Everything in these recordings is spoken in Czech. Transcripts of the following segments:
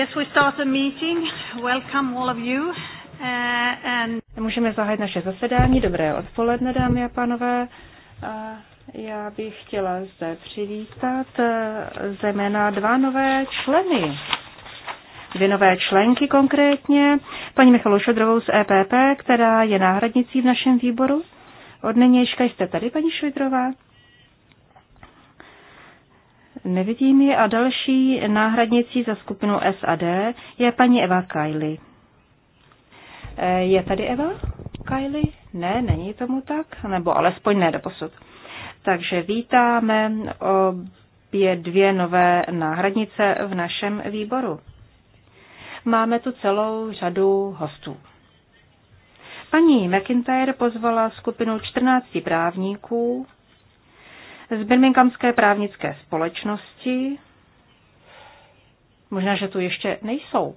Yes, we start the meeting. Welcome all of you. Uh, and... Můžeme zahájit naše zasedání. Dobré odpoledne, dámy a pánové. Uh, já bych chtěla zde přivítat eh, zejména dva nové členy. Dvě nové členky konkrétně, paní Michalu Šodrovou z EPP, která je náhradnicí v našem výboru. Od nynějška jste tady, paní Švidrová? Nevidím ji A další náhradnicí za skupinu SAD je paní Eva Kajli. E, je tady Eva Kajli? Ne, není tomu tak, nebo alespoň ne do posud. Takže vítáme obě dvě nové náhradnice v našem výboru. Máme tu celou řadu hostů. Paní McIntyre pozvala skupinu 14 právníků, z Birminghamské právnické společnosti. Možná, že tu ještě nejsou,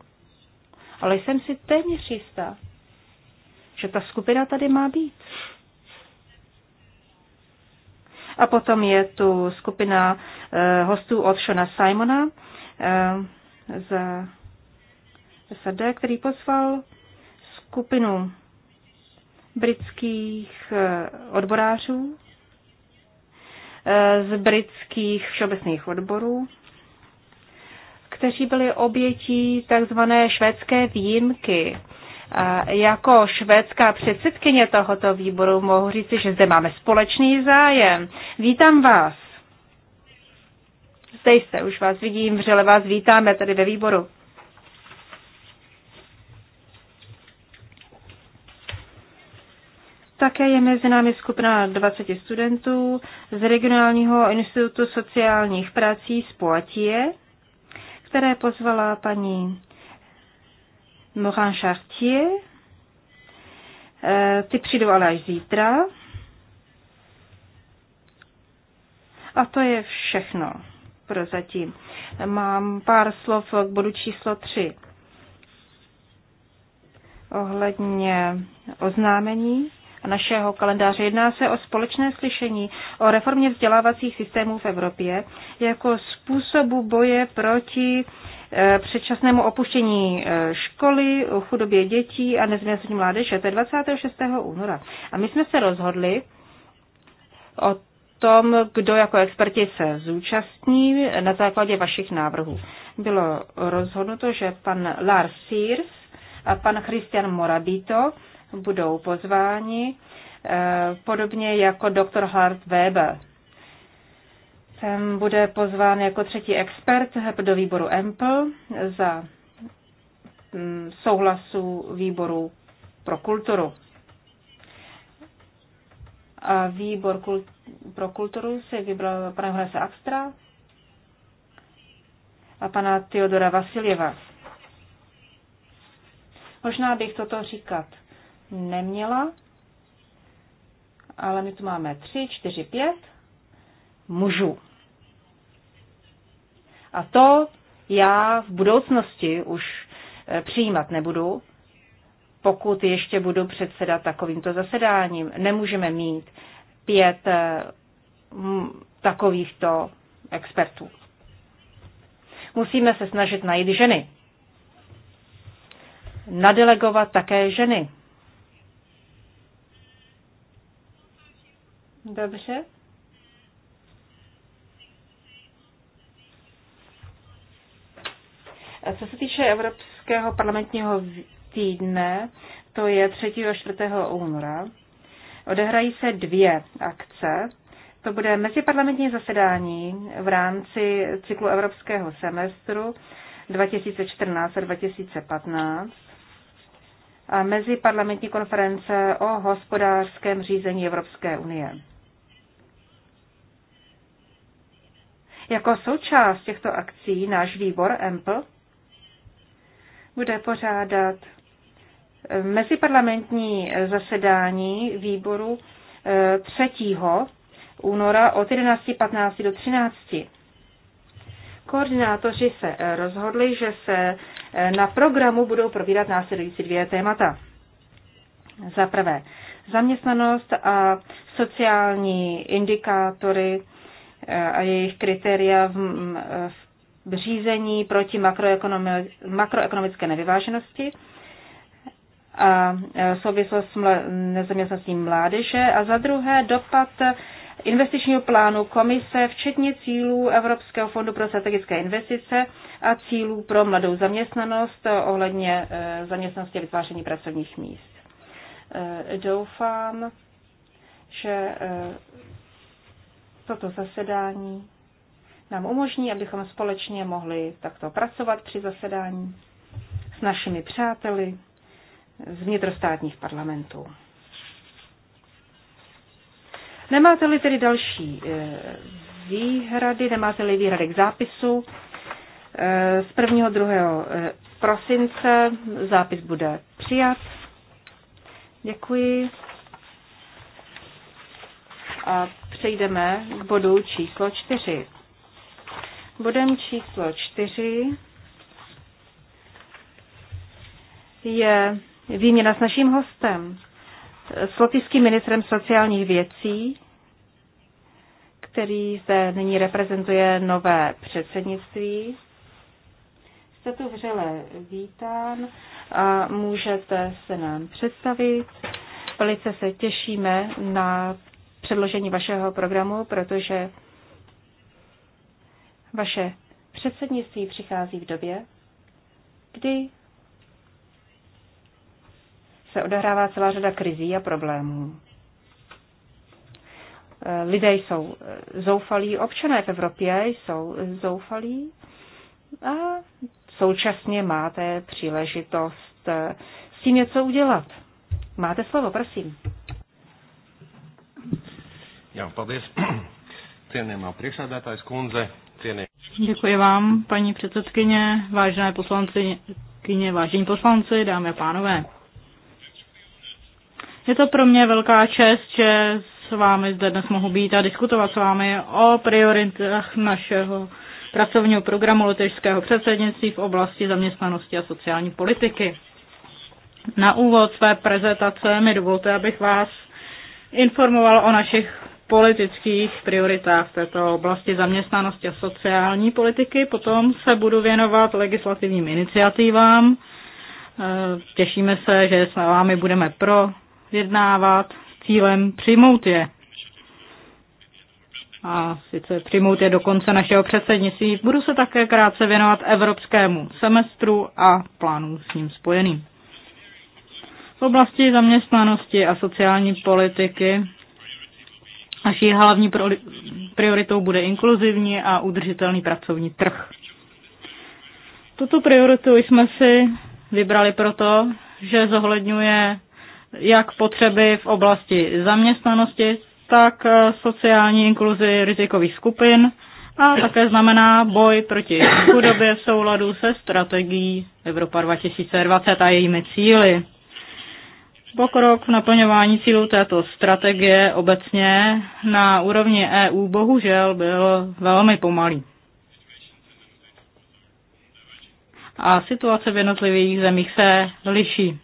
ale jsem si téměř jistá, že ta skupina tady má být. A potom je tu skupina eh, hostů od Shona Simona eh, z SD, který pozval skupinu britských eh, odborářů z britských všeobecných odborů, kteří byli obětí tzv. švédské výjimky. Jako švédská předsedkyně tohoto výboru mohu říci, že zde máme společný zájem. Vítám vás. Zde jste, už vás vidím, vřele vás vítáme tady ve výboru. Také je mezi námi skupina 20 studentů z Regionálního institutu sociálních prací z Poitie, které pozvala paní Morin Chartier. E, ty přijdou ale až zítra. A to je všechno prozatím. Mám pár slov k bodu číslo 3 ohledně oznámení našeho kalendáře. Jedná se o společné slyšení o reformě vzdělávacích systémů v Evropě jako způsobu boje proti eh, předčasnému opuštění eh, školy, chudobě dětí a nezvěstní mládeže. To je 26. února. A my jsme se rozhodli o tom, kdo jako experti se zúčastní na základě vašich návrhů. Bylo rozhodnuto, že pan Lars Sears a pan Christian Morabito budou pozváni, eh, podobně jako doktor Hart Weber. Ten bude pozván jako třetí expert do výboru EMPL za mm, souhlasu výboru pro kulturu. A výbor kultu, pro kulturu si vybral pana Hlesa Axtra a pana Teodora Vasiljeva. Možná bych toto říkat neměla, ale my tu máme 3, 4, 5 mužů. A to já v budoucnosti už eh, přijímat nebudu, pokud ještě budu předsedat takovýmto zasedáním. Nemůžeme mít pět eh, takovýchto expertů. Musíme se snažit najít ženy. Nadelegovat také ženy. Dobře. Co se týče Evropského parlamentního týdne, to je 3. a 4. února, odehrají se dvě akce. To bude meziparlamentní zasedání v rámci cyklu Evropského semestru 2014 a 2015 a meziparlamentní konference o hospodářském řízení Evropské unie. Jako součást těchto akcí náš výbor EMPL bude pořádat eh, meziparlamentní zasedání výboru 3. Eh, února od 11.15 do 13. Koordinátoři se eh, rozhodli, že se na programu budou probírat následující dvě témata. Za prvé, zaměstnanost a sociální indikátory a jejich kritéria v, v řízení proti makroekonomické nevyváženosti a e, souvislost s mle, nezaměstnaností mládeže a za druhé dopad investičního plánu komise, včetně cílů Evropského fondu pro strategické investice a cílů pro mladou zaměstnanost ohledně e, zaměstnanosti a vytváření pracovních míst. E, doufám, že toto zasedání nám umožní, abychom společně mohli takto pracovat při zasedání s našimi přáteli z vnitrostátních parlamentů. Nemáte-li tedy další eh, výhrady, nemáte-li výhrady k zápisu, eh, z 1. 2. Eh, prosince zápis bude přijat. Děkuji. A přejdeme k bodu číslo čtyři. Bodem číslo čtyři je výměna s naším hostem, s lotyským ministrem sociálních věcí, který zde nyní reprezentuje nové předsednictví. Jste tu vřele vítán a můžete se nám představit. Velice se těšíme na předložení vašeho programu, protože vaše předsednictví přichází v době, kdy se odehrává celá řada krizí a problémů. Lidé jsou zoufalí, občané v Evropě jsou zoufalí a současně máte příležitost s tím něco udělat. Máte slovo, prosím. Jā, paldies. Cienījumā priekšsēdētājs kundze, cienījumā. Děkuji vám, paní předsedkyně, vážené poslanci, vážení poslanci, dámy a pánové. Je to pro mě velká čest, že s vámi zde dnes mohu být a diskutovat s vámi o prioritách našeho pracovního programu letežského předsednictví v oblasti zaměstnanosti a sociální politiky. Na úvod své prezentace mi dovolte, abych vás informoval o našich politických prioritách v této oblasti zaměstnanosti a sociální politiky. Potom se budu věnovat legislativním iniciativám. E, těšíme se, že s vámi budeme projednávat s cílem přijmout je. A sice přijmout je do konce našeho předsednictví. Budu se také krátce věnovat evropskému semestru a plánu s ním spojeným. V oblasti zaměstnanosti a sociální politiky Naší hlavní prioritou bude inkluzivní a udržitelný pracovní trh. Tuto prioritu jsme si vybrali proto, že zohledňuje jak potřeby v oblasti zaměstnanosti, tak eh, sociální inkluzi rizikových skupin a také znamená boj proti chudobě v souladu se strategií Evropa 2020 a jejími cíly. Pokrok v naplňování cílů této strategie obecně na úrovni EU bohužel byl velmi pomalý. A situace v jednotlivých zemích se liší.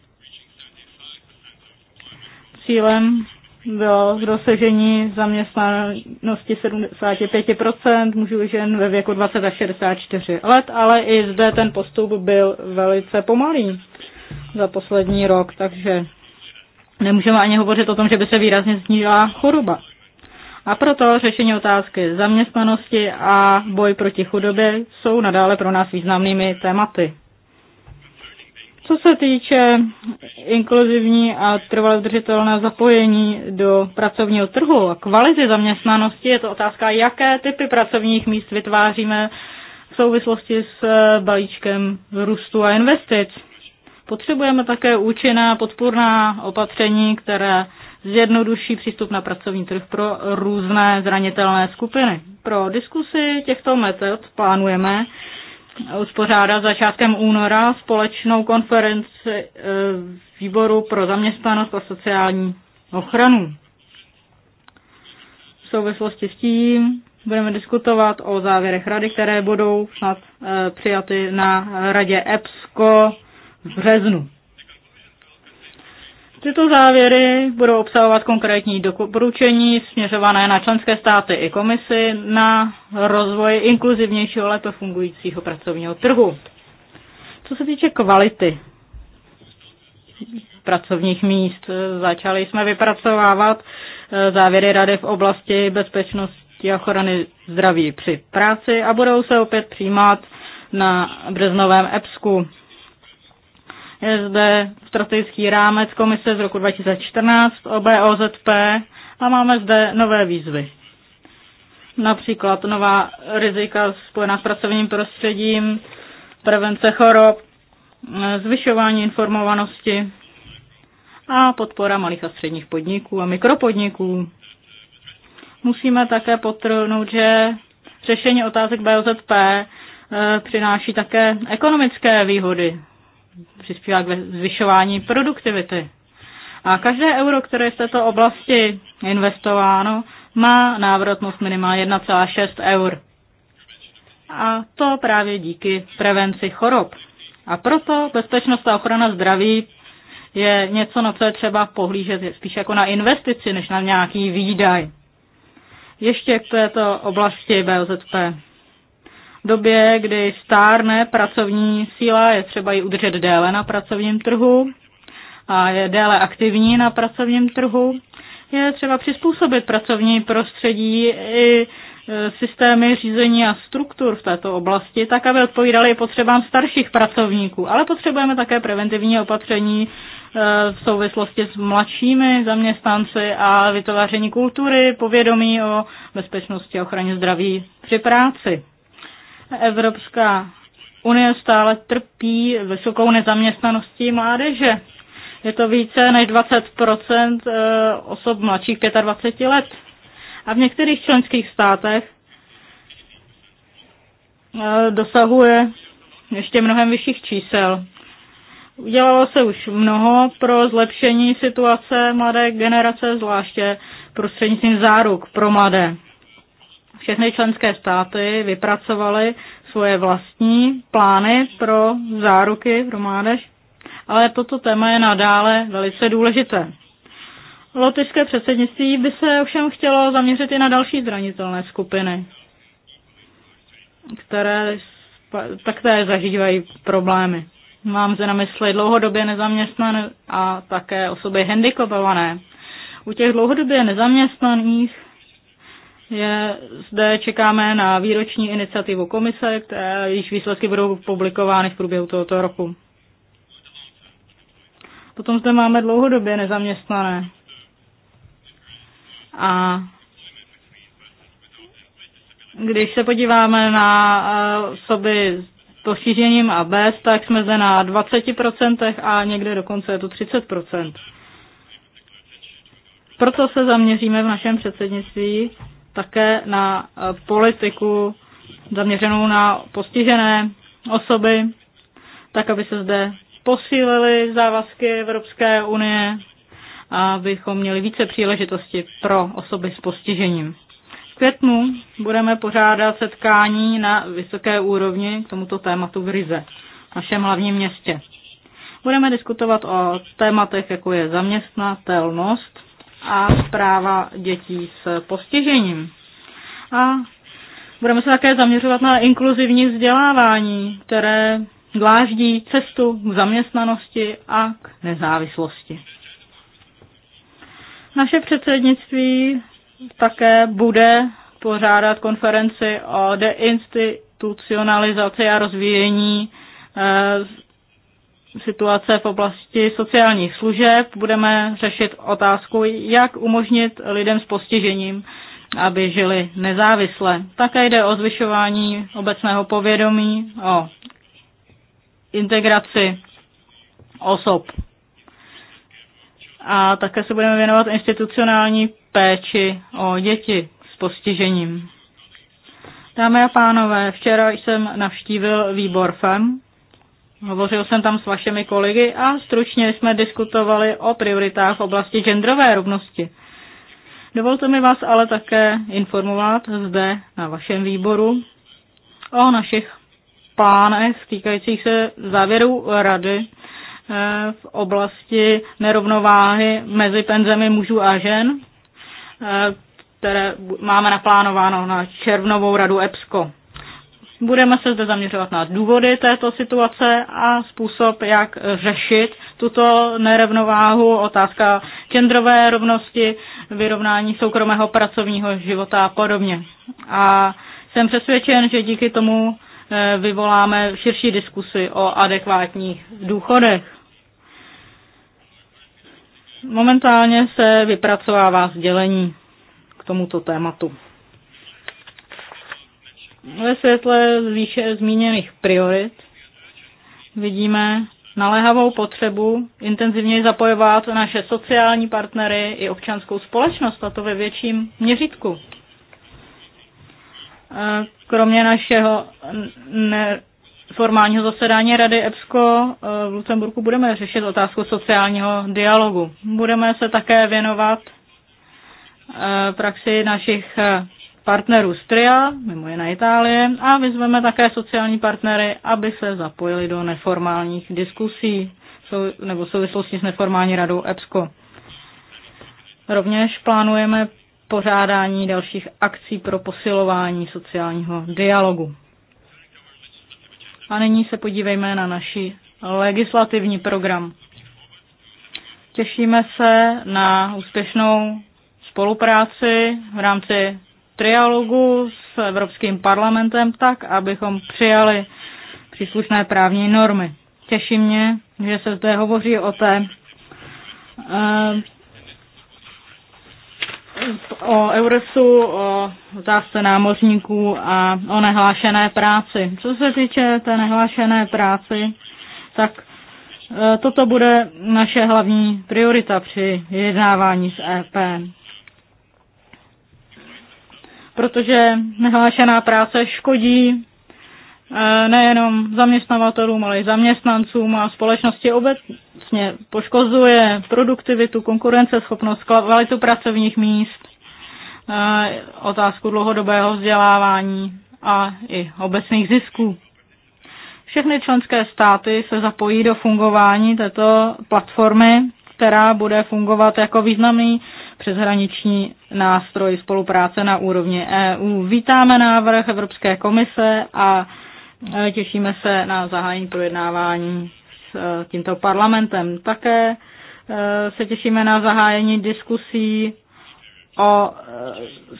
Cílem bylo dosažení zaměstnanosti 75% mužů žen ve věku 20 až 64 let, ale i zde ten postup byl velice pomalý za poslední rok, takže nemůžeme ani hovořit o tom, že by se výrazně snížila choroba. A proto řešení otázky zaměstnanosti a boj proti chudobě jsou nadále pro nás významnými tématy. Co se týče inkluzivní a trvalé držitelné zapojení do pracovního trhu a kvality zaměstnanosti, je to otázka, jaké typy pracovních míst vytváříme v souvislosti s balíčkem růstu a investic. Potřebujeme také účinná podpůrná opatření, které zjednoduší přístup na pracovní trh pro různé zranitelné skupiny. Pro diskusi těchto metod plánujeme uspořádat začátkem února společnou konferenci eh, výboru pro zaměstnanost a sociální ochranu. V souvislosti s tím budeme diskutovat o závěrech rady, které budou snad eh, přijaty na radě EPSCO v březnu. Tyto závěry budou obsahovat konkrétní doporučení směřované na členské státy i komisy na rozvoj inkluzivnějšího lépe fungujícího pracovního trhu. Co se týče kvality pracovních míst, začali jsme vypracovávat eh, závěry rady v oblasti bezpečnosti a ochrany zdraví při práci a budou se opět přijímat na březnovém EPSku. Je zde strategický rámec komise z roku 2014 o BOZP a máme zde nové výzvy. Například nová rizika spojená s pracovním prostředím, prevence chorob, zvyšování informovanosti a podpora malých a středních podniků a mikropodniků. Musíme také potrhnout, že řešení otázek BOZP eh, přináší také ekonomické výhody přispívá k zvyšování produktivity. A každé euro, které je v této oblasti investováno, má návratnost minimálně 1,6 eur. A to právě díky prevenci chorob. A proto bezpečnost a ochrana zdraví je něco, na co je třeba pohlížet spíš jako na investici, než na nějaký výdaj. Ještě k této oblasti BOZP době, kdy stárne pracovní síla, je třeba ji udržet déle na pracovním trhu a je déle aktivní na pracovním trhu. Je třeba přizpůsobit pracovní prostředí i e, systémy řízení a struktur v této oblasti, tak aby odpovídaly potřebám starších pracovníků. Ale potřebujeme také preventivní opatření e, v souvislosti s mladšími zaměstnanci a vytváření kultury, povědomí o bezpečnosti a ochraně zdraví při práci. Evropská unie stále trpí vysokou nezaměstnaností mládeže. Je to více než 20 eh, osob mladších 25 let. A v některých členských státech eh, dosahuje ještě mnohem vyšších čísel. Udělalo se už mnoho pro zlepšení situace mladé generace, zvláště prostřednictvím záruk pro mladé všechny členské státy vypracovaly svoje vlastní plány pro záruky pro mládež, ale toto téma je nadále velice důležité. Lotyšské předsednictví by se ovšem chtělo zaměřit i na další zranitelné skupiny, které také zažívají problémy. Mám zde na mysli dlouhodobě nezaměstnané a také osoby handikopované. U těch dlouhodobě nezaměstnaných je, zde čekáme na výroční iniciativu komise, které již výsledky budou publikovány v průběhu tohoto roku. Potom zde máme dlouhodobě nezaměstnané. A když se podíváme na eh, osoby s postižením a bez, tak jsme zde na 20% a někde dokonce je to 30%. Proto se zaměříme v našem předsednictví také na eh, politiku zaměřenou na postižené osoby, tak aby se zde posílily závazky Evropské unie a abychom měli více příležitosti pro osoby s postižením. V květnu budeme pořádat setkání na vysoké úrovni k tomuto tématu v Rize, našem hlavním městě. Budeme diskutovat o tématech, jako je zaměstnatelnost, a práva dětí s postižením. A budeme se také zaměřovat na inkluzivní vzdělávání, které dláždí cestu k zaměstnanosti a k nezávislosti. Naše předsednictví také bude pořádat konferenci o deinstitucionalizaci a rozvíjení eh, situace v oblasti sociálních služeb. Budeme řešit otázku, jak umožnit lidem s postižením, aby žili nezávisle. Také jde o zvyšování obecného povědomí, o integraci osob. A také se budeme věnovat institucionální péči o děti s postižením. Dámy a pánové, včera jsem navštívil výbor FEM, Hovořil jsem tam s vašimi kolegy a stručně jsme diskutovali o prioritách v oblasti genderové rovnosti. Dovolte mi vás ale také informovat zde na vašem výboru o našich plánech týkajících se závěrů rady eh, v oblasti nerovnováhy mezi penzemi mužů a žen, eh, které máme naplánováno na červnovou radu EPSCO. Budeme se zde zaměřovat na důvody této situace a způsob, jak řešit tuto nerovnováhu, otázka genderové rovnosti, vyrovnání soukromého pracovního života a podobně. A jsem přesvědčen, že díky tomu eh, vyvoláme širší diskusy o adekvátních důchodech. Momentálně se vypracovává sdělení k tomuto tématu. Ve světle výše zmíněných priorit vidíme naléhavou potřebu intenzivně zapojovat naše sociální partnery i občanskou společnost, a to ve větším měřítku. E, kromě našeho formálního zasedání Rady EPSCO e, v Lucemburku budeme řešit otázku sociálního dialogu. Budeme se také věnovat e, praxi našich partnerů z TRIA, mimo jiné Itálie, a vyzveme také sociální partnery, aby se zapojili do neformálních diskusí nebo v souvislosti s neformální radou EPSCO. Rovněž plánujeme pořádání dalších akcí pro posilování sociálního dialogu. A nyní se podívejme na naši legislativní program. Těšíme se na úspěšnou spolupráci v rámci trialogu s Evropským parlamentem tak, abychom přijali příslušné právní normy. Těší mě, že se zde hovoří o té eh, o Euresu, o otázce námořníků a o nehlášené práci. Co se týče té nehlášené práci, tak eh, toto bude naše hlavní priorita při jednávání s EP protože nehlášená práce škodí eh, nejenom zaměstnavatelům, ale i zaměstnancům a společnosti obecně poškozuje produktivitu, konkurenceschopnost, kvalitu pracovních míst, eh, otázku dlouhodobého vzdělávání a i obecných zisků. Všechny členské státy se zapojí do fungování této platformy, která bude fungovat jako významný přeshraniční nástroj spolupráce na úrovni EU. Vítáme návrh Evropské komise a e, těšíme se na zahájení projednávání s e, tímto parlamentem. Také e, se těšíme na zahájení diskusí o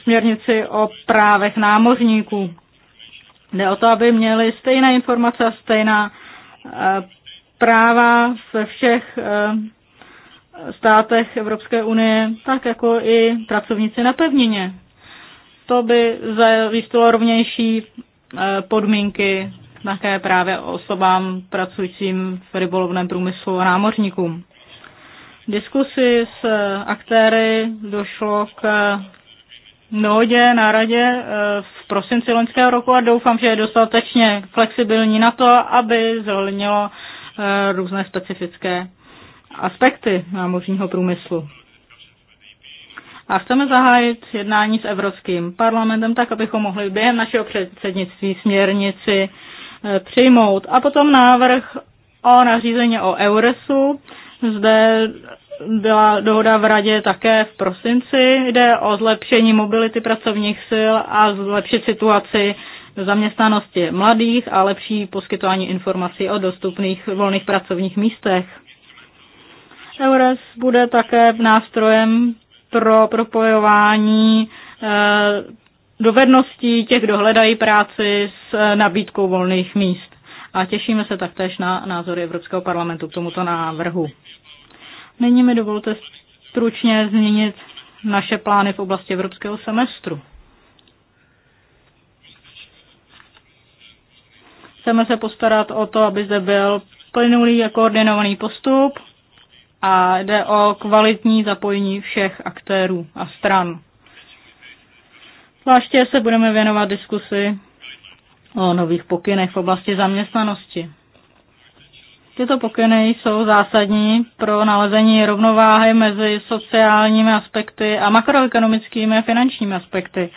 směrnici o právech námořníků. Jde o to, aby měli stejné informace a stejná práva ve všech státech Evropské unie, tak jako i pracovníci na pevnině. To by zajistilo rovnější e, podmínky také právě osobám pracujícím v rybolovném průmyslu a námořníkům. V diskusi s aktéry došlo k dohodě na radě e, v prosinci loňského roku a doufám, že je dostatečně flexibilní na to, aby zohlednilo e, různé specifické aspekty námořního průmyslu. A chceme zahájit jednání s Evropským parlamentem tak, abychom mohli během našeho předsednictví směrnici eh, přijmout. A potom návrh o nařízení o Euresu. Zde byla dohoda v radě také v prosinci. Jde o zlepšení mobility pracovních sil a zlepšit situaci zaměstnanosti mladých a lepší poskytování informací o dostupných volných pracovních místech. EURES bude také nástrojem pro propojování eh, dovedností těch, kdo hledají práci s eh, nabídkou volných míst. A těšíme se taktéž na názory Evropského parlamentu k tomuto návrhu. Nyní mi dovolte stručně změnit naše plány v oblasti evropského semestru. Chceme se postarat o to, aby zde byl plynulý a koordinovaný postup a jde o kvalitní zapojení všech aktérů a stran. Zvláště se budeme věnovat diskusi o nových pokynech v oblasti zaměstnanosti. Tyto pokyny jsou zásadní pro nalezení rovnováhy mezi sociálními aspekty a makroekonomickými a finančními aspekty.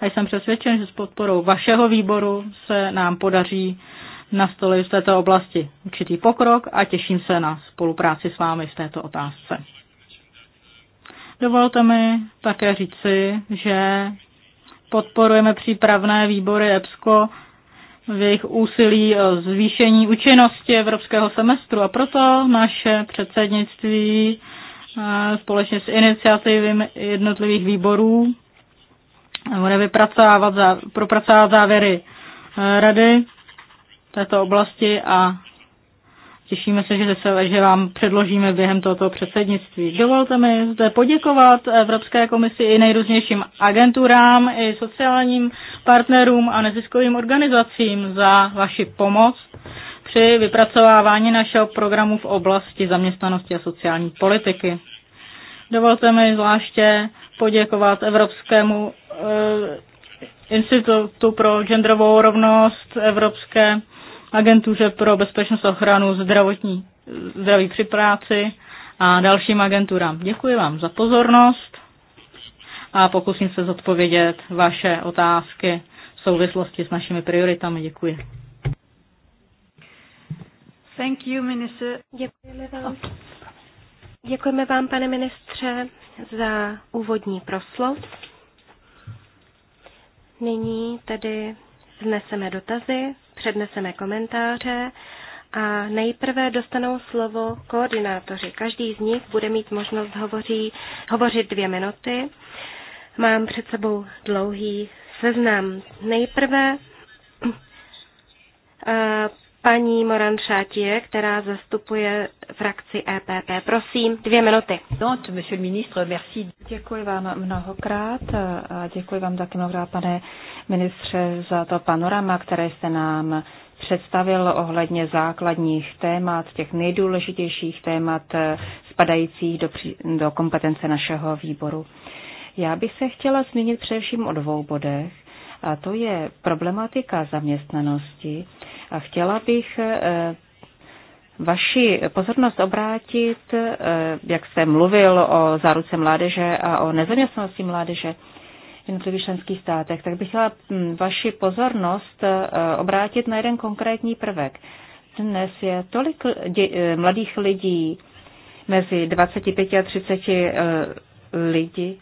A jsem přesvědčen, že s podporou vašeho výboru se nám podaří na stole v této oblasti určitý pokrok a těším se na spolupráci s vámi v této otázce. Dovolte mi také říci, že podporujeme přípravné výbory EBSCO v jejich úsilí o zvýšení účinnosti evropského semestru a proto naše předsednictví eh, společně s iniciativy jednotlivých výborů bude vypracovávat, propracovat závěry eh, rady této oblasti a těšíme se, že, se, že vám předložíme během tohoto předsednictví. Dovolte mi zde poděkovat Evropské komisi i nejrůznějším agenturám, i sociálním partnerům a neziskovým organizacím za vaši pomoc při vypracovávání našeho programu v oblasti zaměstnanosti a sociální politiky. Dovolte mi zvláště poděkovat Evropskému eh, institutu pro genderovou rovnost, Evropské agentuře pro bezpečnost a ochranu zdravotní, zdraví při práci a dalším agenturám. Děkuji vám za pozornost a pokusím se zodpovědět vaše otázky v souvislosti s našimi prioritami. Děkuji. Thank you, minister. Děkujeme vám. Děkujeme vám, pane ministře, za úvodní proslov. Nyní tedy vzneseme dotazy předneseme komentáře a nejprve dostanou slovo koordinátoři. Každý z nich bude mít možnost hovoří, hovořit dvě minuty. Mám před sebou dlouhý seznam. Nejprve eh, paní Moran Šátie, která zastupuje frakci EPP. Prosím, dvě minuty. Děkuji vám mnohokrát a děkuji vám také mnohokrát, pane ministře, za to panorama, které jste nám představil ohledně základních témat, těch nejdůležitějších témat spadajících do, do kompetence našeho výboru. Já bych se chtěla zmínit především o dvou bodech a to je problematika zaměstnanosti. A chtěla bych eh, vaši pozornost obrátit, eh, jak jste mluvil o záruce mládeže a o nezaměstnanosti mládeže v jednotlivých členských státech, tak bych chtěla hm, vaši pozornost eh, obrátit na jeden konkrétní prvek. Dnes je tolik mladých lidí mezi 25 a 30 lidí,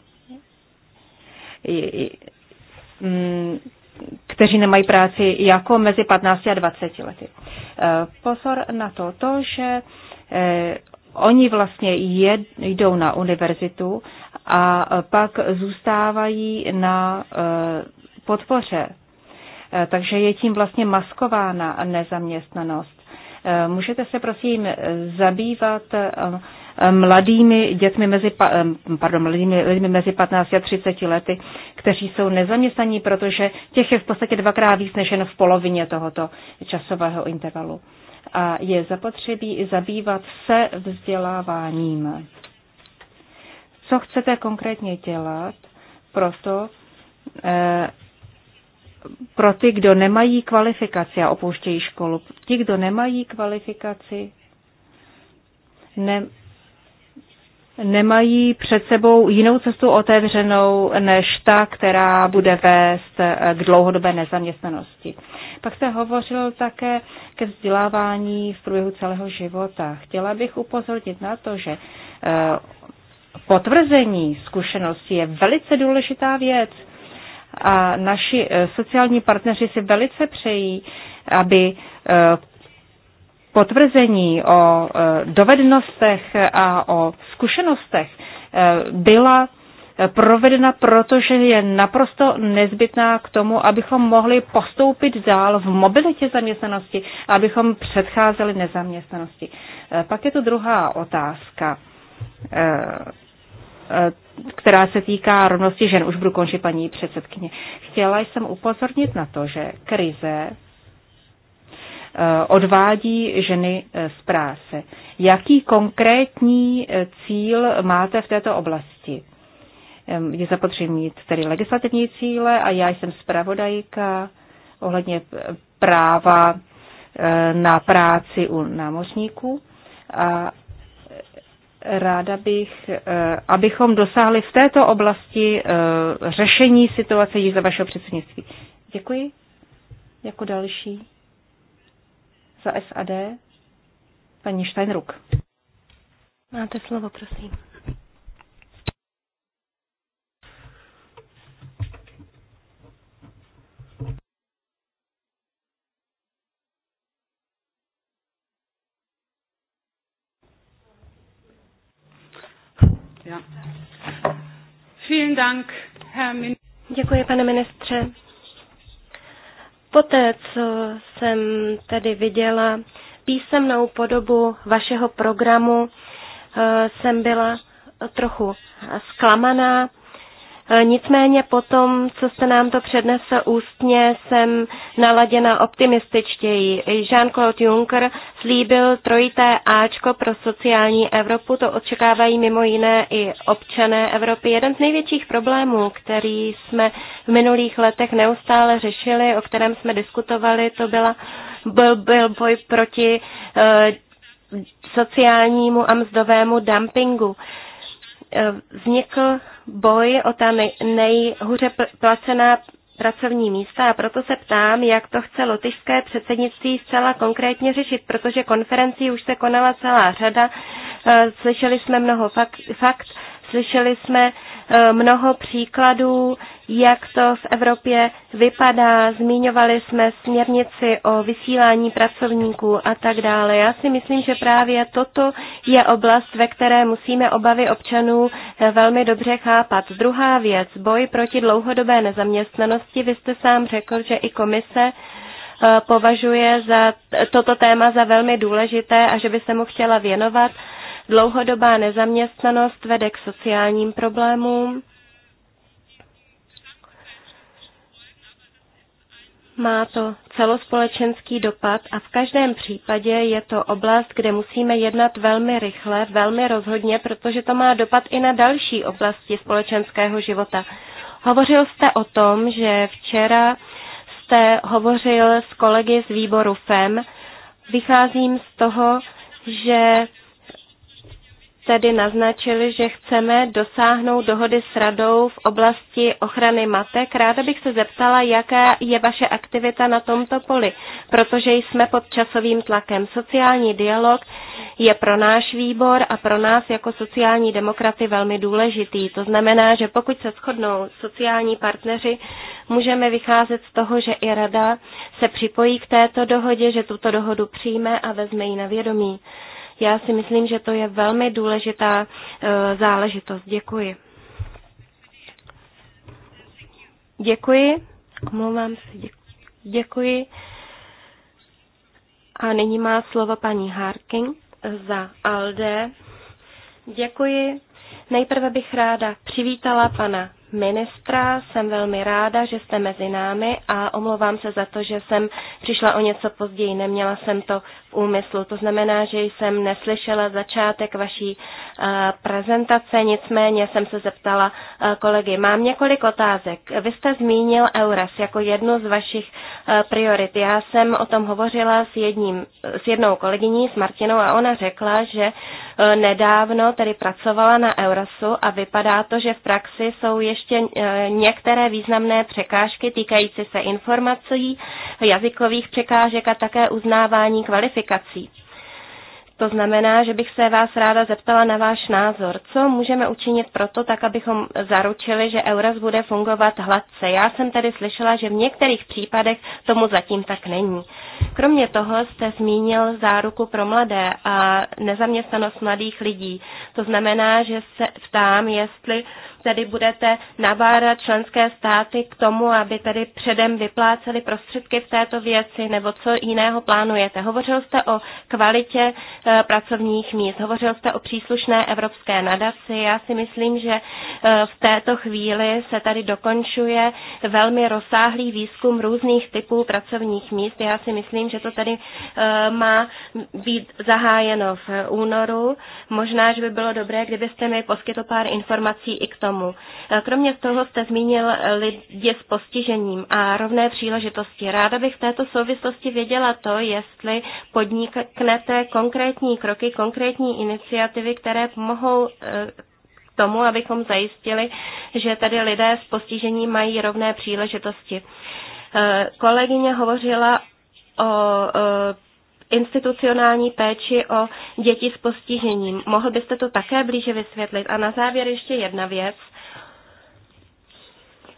Mm, kteří nemají práci jako mezi 15 a 20 lety. E, pozor na to, to že e, oni vlastně jdou na univerzitu a pak zůstávají na e, podpoře. Takže je tím vlastně maskována nezaměstnanost. Můžete se prosím zabývat mladými dětmi mezi, pardon, mladými lidmi mezi 15 a 30 lety, kteří jsou nezaměstnaní, protože těch je v podstatě dvakrát víc než jen v polovině tohoto časového intervalu. A je zapotřebí i zabývat se vzděláváním. Co chcete konkrétně dělat proto, eh, pro ty, kdo nemají kvalifikaci a opouštějí školu. Ti, kdo nemají kvalifikaci, ne, nemají před sebou jinou cestu otevřenou než ta, která bude vést eh, k dlouhodobé nezaměstnanosti. Pak se hovořil také ke vzdělávání v průběhu celého života. Chtěla bych upozornit na to, že eh, potvrzení zkušenosti je velice důležitá věc a naši eh, sociální partneři si velice přejí, aby potvrzení o e, dovednostech a o zkušenostech e, byla e, provedena, protože je naprosto nezbytná k tomu, abychom mohli postoupit dál v mobilitě zaměstnanosti, abychom předcházeli nezaměstnanosti. Pak je to druhá otázka, která se týká rovnosti žen. Už budu končit, paní předsedkyně. Chtěla jsem upozornit na to, že krize Eh, odvádí ženy eh, z práce. Jaký konkrétní eh, cíl máte v této oblasti? Je zapotřebí mít tedy legislativní cíle a já jsem zpravodajka ohledně práva na práci u námořníků a ráda bych, abychom dosáhli v této oblasti řešení situace již za vašeho předsednictví. Děkuji. Jako další za SAD paní Steinruck. Máte slovo, prosím. Ja. Vielen Dank, Herr Minister. Děkuji, pane ministře. Poté, co jsem tedy viděla písemnou podobu vašeho programu, eh, jsem byla trochu zklamaná. Eh, nicméně po tom, co jste nám to přednesl ústně, jsem naladěna optimističtěji. Jean-Claude Juncker slíbil trojité Ačko pro sociální Evropu, to očekávají mimo jiné i občané Evropy. Jeden z největších problémů, který jsme v minulých letech neustále řešili, o kterém jsme diskutovali, to byla, byl, byl boj proti eh, sociálnímu a mzdovému dumpingu. Eh, vznikl boj o ta nejhůře placená pracovní místa a proto se ptám, jak to chce lotyšské předsednictví zcela konkrétně řešit, protože konferenci už se konala celá řada, Eh, slyšeli jsme mnoho fakt, fakt slyšeli jsme eh, mnoho příkladů, jak to v Evropě vypadá, zmiňovali jsme směrnici o vysílání pracovníků a tak dále. Já si myslím, že právě toto je oblast, ve které musíme obavy občanů eh, velmi dobře chápat. Druhá věc, boj proti dlouhodobé nezaměstnanosti. Vy jste sám řekl, že i komise považuje za toto téma za velmi důležité a že by se mu chtěla věnovat. Dlouhodobá nezaměstnanost vede k sociálním problémům. Má to celospolečenský dopad a v každém případě je to oblast, kde musíme jednat velmi rychle, velmi rozhodně, protože to má dopad i na další oblasti společenského života. Hovořil jste o tom, že včera jste hovořil s kolegy z výboru FEM. Vycházím z toho, že tedy naznačili, že chceme dosáhnout dohody s radou v oblasti ochrany matek. Ráda bych se zeptala, jaká je vaše aktivita na tomto poli, protože jsme pod časovým tlakem. Sociální dialog je pro náš výbor a pro nás jako sociální demokraty velmi důležitý. To znamená, že pokud se shodnou sociální partneři, můžeme vycházet z toho, že i rada se připojí k této dohodě, že tuto dohodu přijme a vezme ji na vědomí. Já si myslím, že to je velmi důležitá eh, záležitost. Děkuji. Děkuji. Omlouvám se. Děkuji. A nyní má slovo paní Harking za ALDE. Děkuji. Nejprve bych ráda přivítala pana ministra. Jsem velmi ráda, že jste mezi námi a omlouvám se za to, že jsem přišla o něco později. Neměla jsem to v úmyslu. To znamená, že jsem neslyšela začátek vaší eh, prezentace, nicméně jsem se zeptala eh, kolegy. Mám několik otázek. Vy jste zmínil EURES jako jednu z vašich eh, priorit. Já jsem o tom hovořila s, jedním, s jednou kolegyní, s Martinou, a ona řekla, že Eh, nedávno tedy pracovala na Eurosu a vypadá to, že v praxi jsou ještě eh, některé významné překážky týkající se informací, jazykových překážek a také uznávání kvalifikací. To znamená, že bych se vás ráda zeptala na váš názor. Co můžeme učinit proto, tak abychom zaručili, že Euras bude fungovat hladce? Já jsem tady slyšela, že v některých případech tomu zatím tak není. Kromě toho jste zmínil záruku pro mladé a nezaměstnanost mladých lidí. To znamená, že se ptám, jestli tedy budete navárat členské státy k tomu, aby tedy předem vypláceli prostředky v této věci, nebo co jiného plánujete? Hovořil jste o kvalitě e, pracovních míst, hovořil jste o příslušné evropské nadaci. Já si myslím, že e, v této chvíli se tady dokončuje velmi rozsáhlý výzkum různých typů pracovních míst. Já si myslím, že to tady e, má být zahájeno v únoru. Možná, že by bylo dobré, kdybyste mi poskytl pár informací i k tomu, Romů. E, Kromě toho jste zmínil lidi s postižením a rovné příležitosti. Ráda bych v této souvislosti věděla to, jestli podniknete konkrétní kroky, konkrétní iniciativy, které mohou e, k tomu, abychom zajistili, že tady lidé s postižením mají rovné příležitosti. E, Kolegyně hovořila o institucionální péči o děti s postižením. Mohl byste to také blíže vysvětlit? A na závěr ještě jedna věc.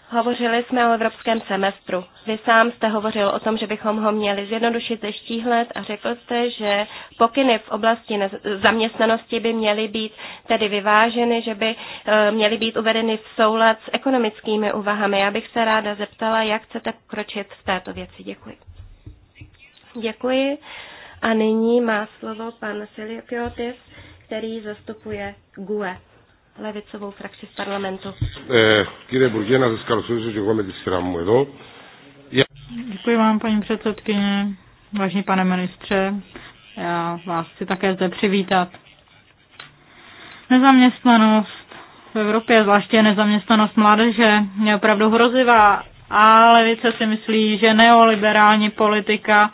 Hovořili jsme o evropském semestru. Vy sám jste hovořil o tom, že bychom ho měli zjednodušit, zeštíhlet a řekl jste, že pokyny v oblasti zaměstnanosti by měly být tedy vyváženy, že by eh, měly být uvedeny v soulad s ekonomickými úvahami. Já bych se ráda zeptala, jak chcete kročit v této věci. Děkuji. Děkuji. A nyní má slovo pan Siliokiotis, který zastupuje GUE, levicovou frakci v parlamentu. Kyrie Burgě, na získal že ho mezi Děkuji vám, paní předsedkyně, vážný pane ministře. Já vás chci také zde přivítat. Nezaměstnanost v Evropě, zvláště nezaměstnanost mládeže, je opravdu hrozivá a levice si myslí, že neoliberální politika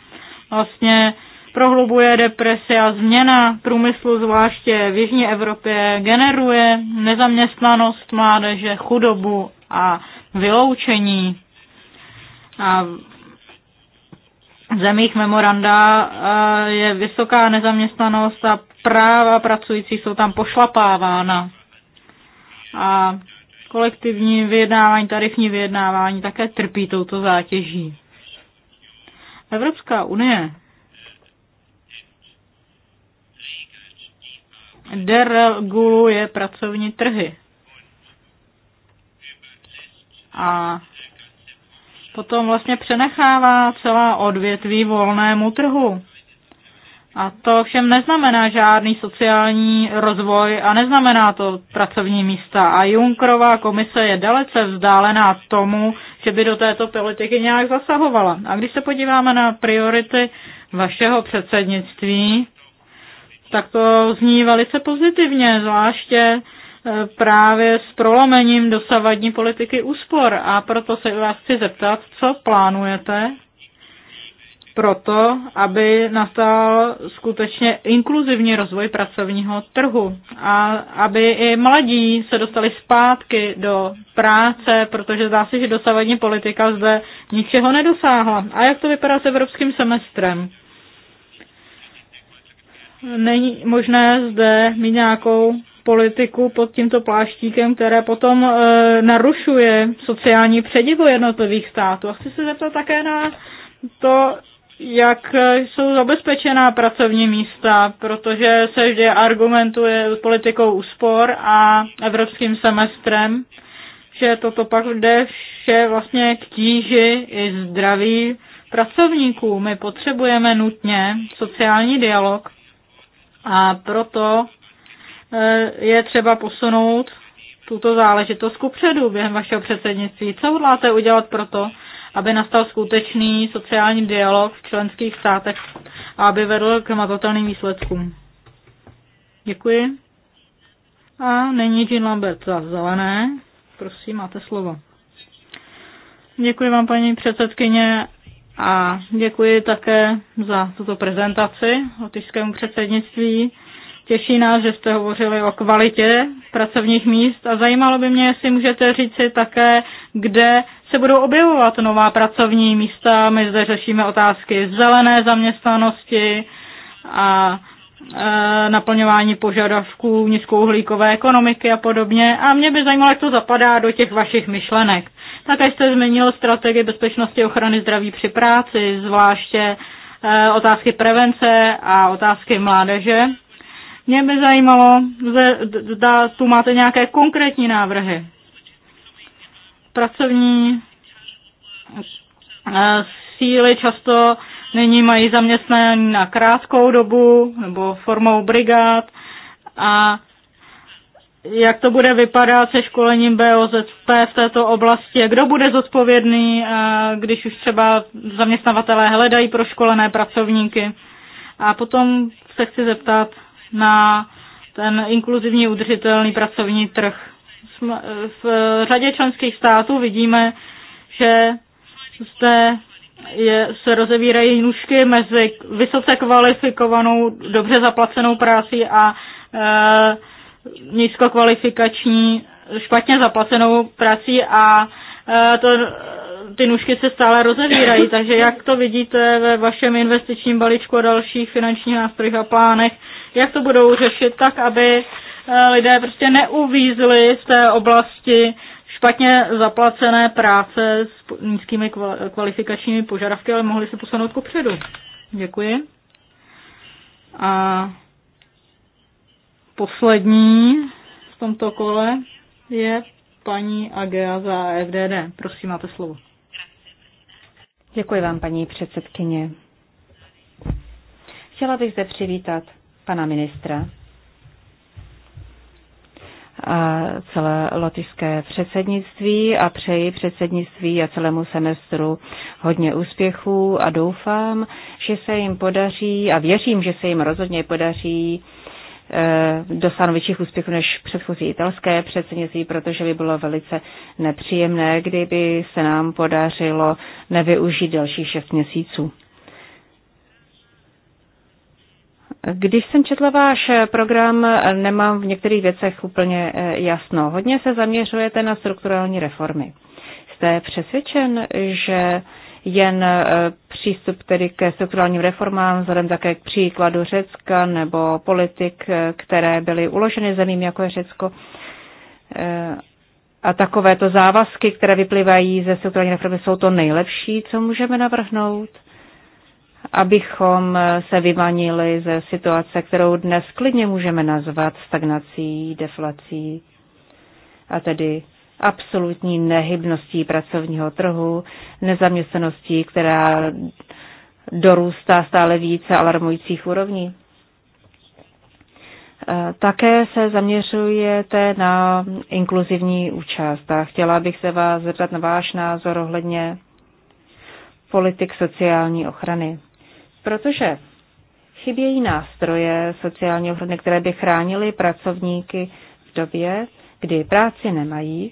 vlastně prohlubuje depresi a změna průmyslu, zvláště v Jižní Evropě, generuje nezaměstnanost mládeže, chudobu a vyloučení. A v zemích memoranda je vysoká nezaměstnanost a práva pracující jsou tam pošlapávána. A kolektivní vyjednávání, tarifní vyjednávání také trpí touto zátěží. Evropská unie dereguluje pracovní trhy. A potom vlastně přenechává celá odvětví volnému trhu. A to všem neznamená žádný sociální rozvoj a neznamená to pracovní místa. A Junkrová komise je dalece vzdálená tomu, že by do této politiky nějak zasahovala. A když se podíváme na priority vašeho předsednictví, tak to zní velice pozitivně, zvláště e, právě s prolomením dosavadní politiky úspor. A proto se vás chci zeptat, co plánujete proto, aby nastal skutečně inkluzivní rozvoj pracovního trhu a aby i mladí se dostali zpátky do práce, protože zdá se, že dosavadní politika zde ničeho nedosáhla. A jak to vypadá s evropským semestrem? není možné zde mít nějakou politiku pod tímto pláštíkem, které potom e, narušuje sociální předivu jednotlivých států. A chci se zeptat také na to, jak jsou zabezpečená pracovní místa, protože se vždy argumentuje politikou úspor a evropským semestrem, že toto pak jde vše vlastně k tíži i zdraví pracovníků. My potřebujeme nutně sociální dialog, a proto eh, je třeba posunout tuto záležitost ku předu během vašeho předsednictví. Co hodláte udělat proto, aby nastal skutečný sociální dialog v členských státech a aby vedl k matotelným výsledkům? Děkuji. A není Jean Lambert za zelené. Prosím, máte slovo. Děkuji vám, paní předsedkyně, a děkuji také za tuto prezentaci lotyšskému předsednictví. Těší nás, že jste hovořili o kvalitě pracovních míst a zajímalo by mě, jestli můžete říci také, kde se budou objevovat nová pracovní místa. My zde řešíme otázky zelené zaměstnanosti a e, naplňování požadavků nízkouhlíkové ekonomiky a podobně. A mě by zajímalo, jak to zapadá do těch vašich myšlenek. Také jste zmínil strategii bezpečnosti ochrany zdraví při práci, zvláště eh, otázky prevence a otázky mládeže. Mě by zajímalo, zda tu máte nějaké konkrétní návrhy. Pracovní eh, síly často nyní mají zaměstnání na krátkou dobu nebo formou brigád a jak to bude vypadat se školením BOZP v této oblasti, kdo bude zodpovědný, když už třeba zaměstnavatelé hledají pro školené pracovníky. A potom se chci zeptat na ten inkluzivní udržitelný pracovní trh. V řadě členských států vidíme, že zde je, se rozevírají nůžky mezi vysoce kvalifikovanou, dobře zaplacenou práci a e, nízkokvalifikační, špatně zaplacenou prací a e, to, ty nůžky se stále rozevírají, takže jak to vidíte ve vašem investičním balíčku a dalších finančních nástrojích a plánech, jak to budou řešit tak, aby e, lidé prostě neuvízli z té oblasti špatně zaplacené práce s nízkými kvalifikačními požadavky, ale mohli se posunout kupředu. Děkuji. A poslední v tomto kole je paní Agea za FDD. Prosím, máte slovo. Děkuji vám, paní předsedkyně. Chtěla bych zde přivítat pana ministra a celé lotyšské předsednictví a přeji předsednictví a celému semestru hodně úspěchů a doufám, že se jim podaří a věřím, že se jim rozhodně podaří Eh, dosáhnout větších úspěchů než předchozí italské předsednictví, protože by bylo velice nepříjemné, kdyby se nám podařilo nevyužít dalších šest měsíců. Když jsem četla váš program, nemám v některých věcech úplně eh, jasno. Hodně se zaměřujete na strukturální reformy. Jste přesvědčen, že jen e, přístup tedy ke strukturálním reformám, vzhledem také k příkladu Řecka nebo politik, e, které byly uloženy zemím jako je Řecko. E, a takovéto závazky, které vyplývají ze strukturální reformy, jsou to nejlepší, co můžeme navrhnout, abychom se vymanili ze situace, kterou dnes klidně můžeme nazvat stagnací, deflací a tedy absolutní nehybností pracovního trhu, nezaměstnaností, která dorůstá stále více alarmujících úrovní. E, také se zaměřujete na inkluzivní účast a chtěla bych se vás zeptat na váš názor ohledně politik sociální ochrany. Protože chybějí nástroje sociální ochrany, které by chránily pracovníky v době, kdy práci nemají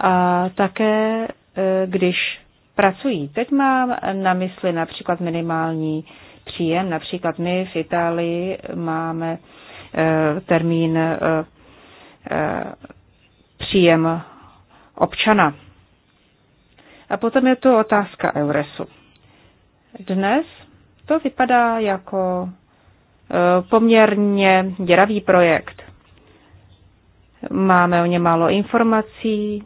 a také e, když pracují. Teď mám na mysli například minimální příjem. Například my v Itálii máme e, termín e, příjem občana. A potom je to otázka Euresu. Dnes to vypadá jako poměrně děravý projekt. Máme o ně málo informací,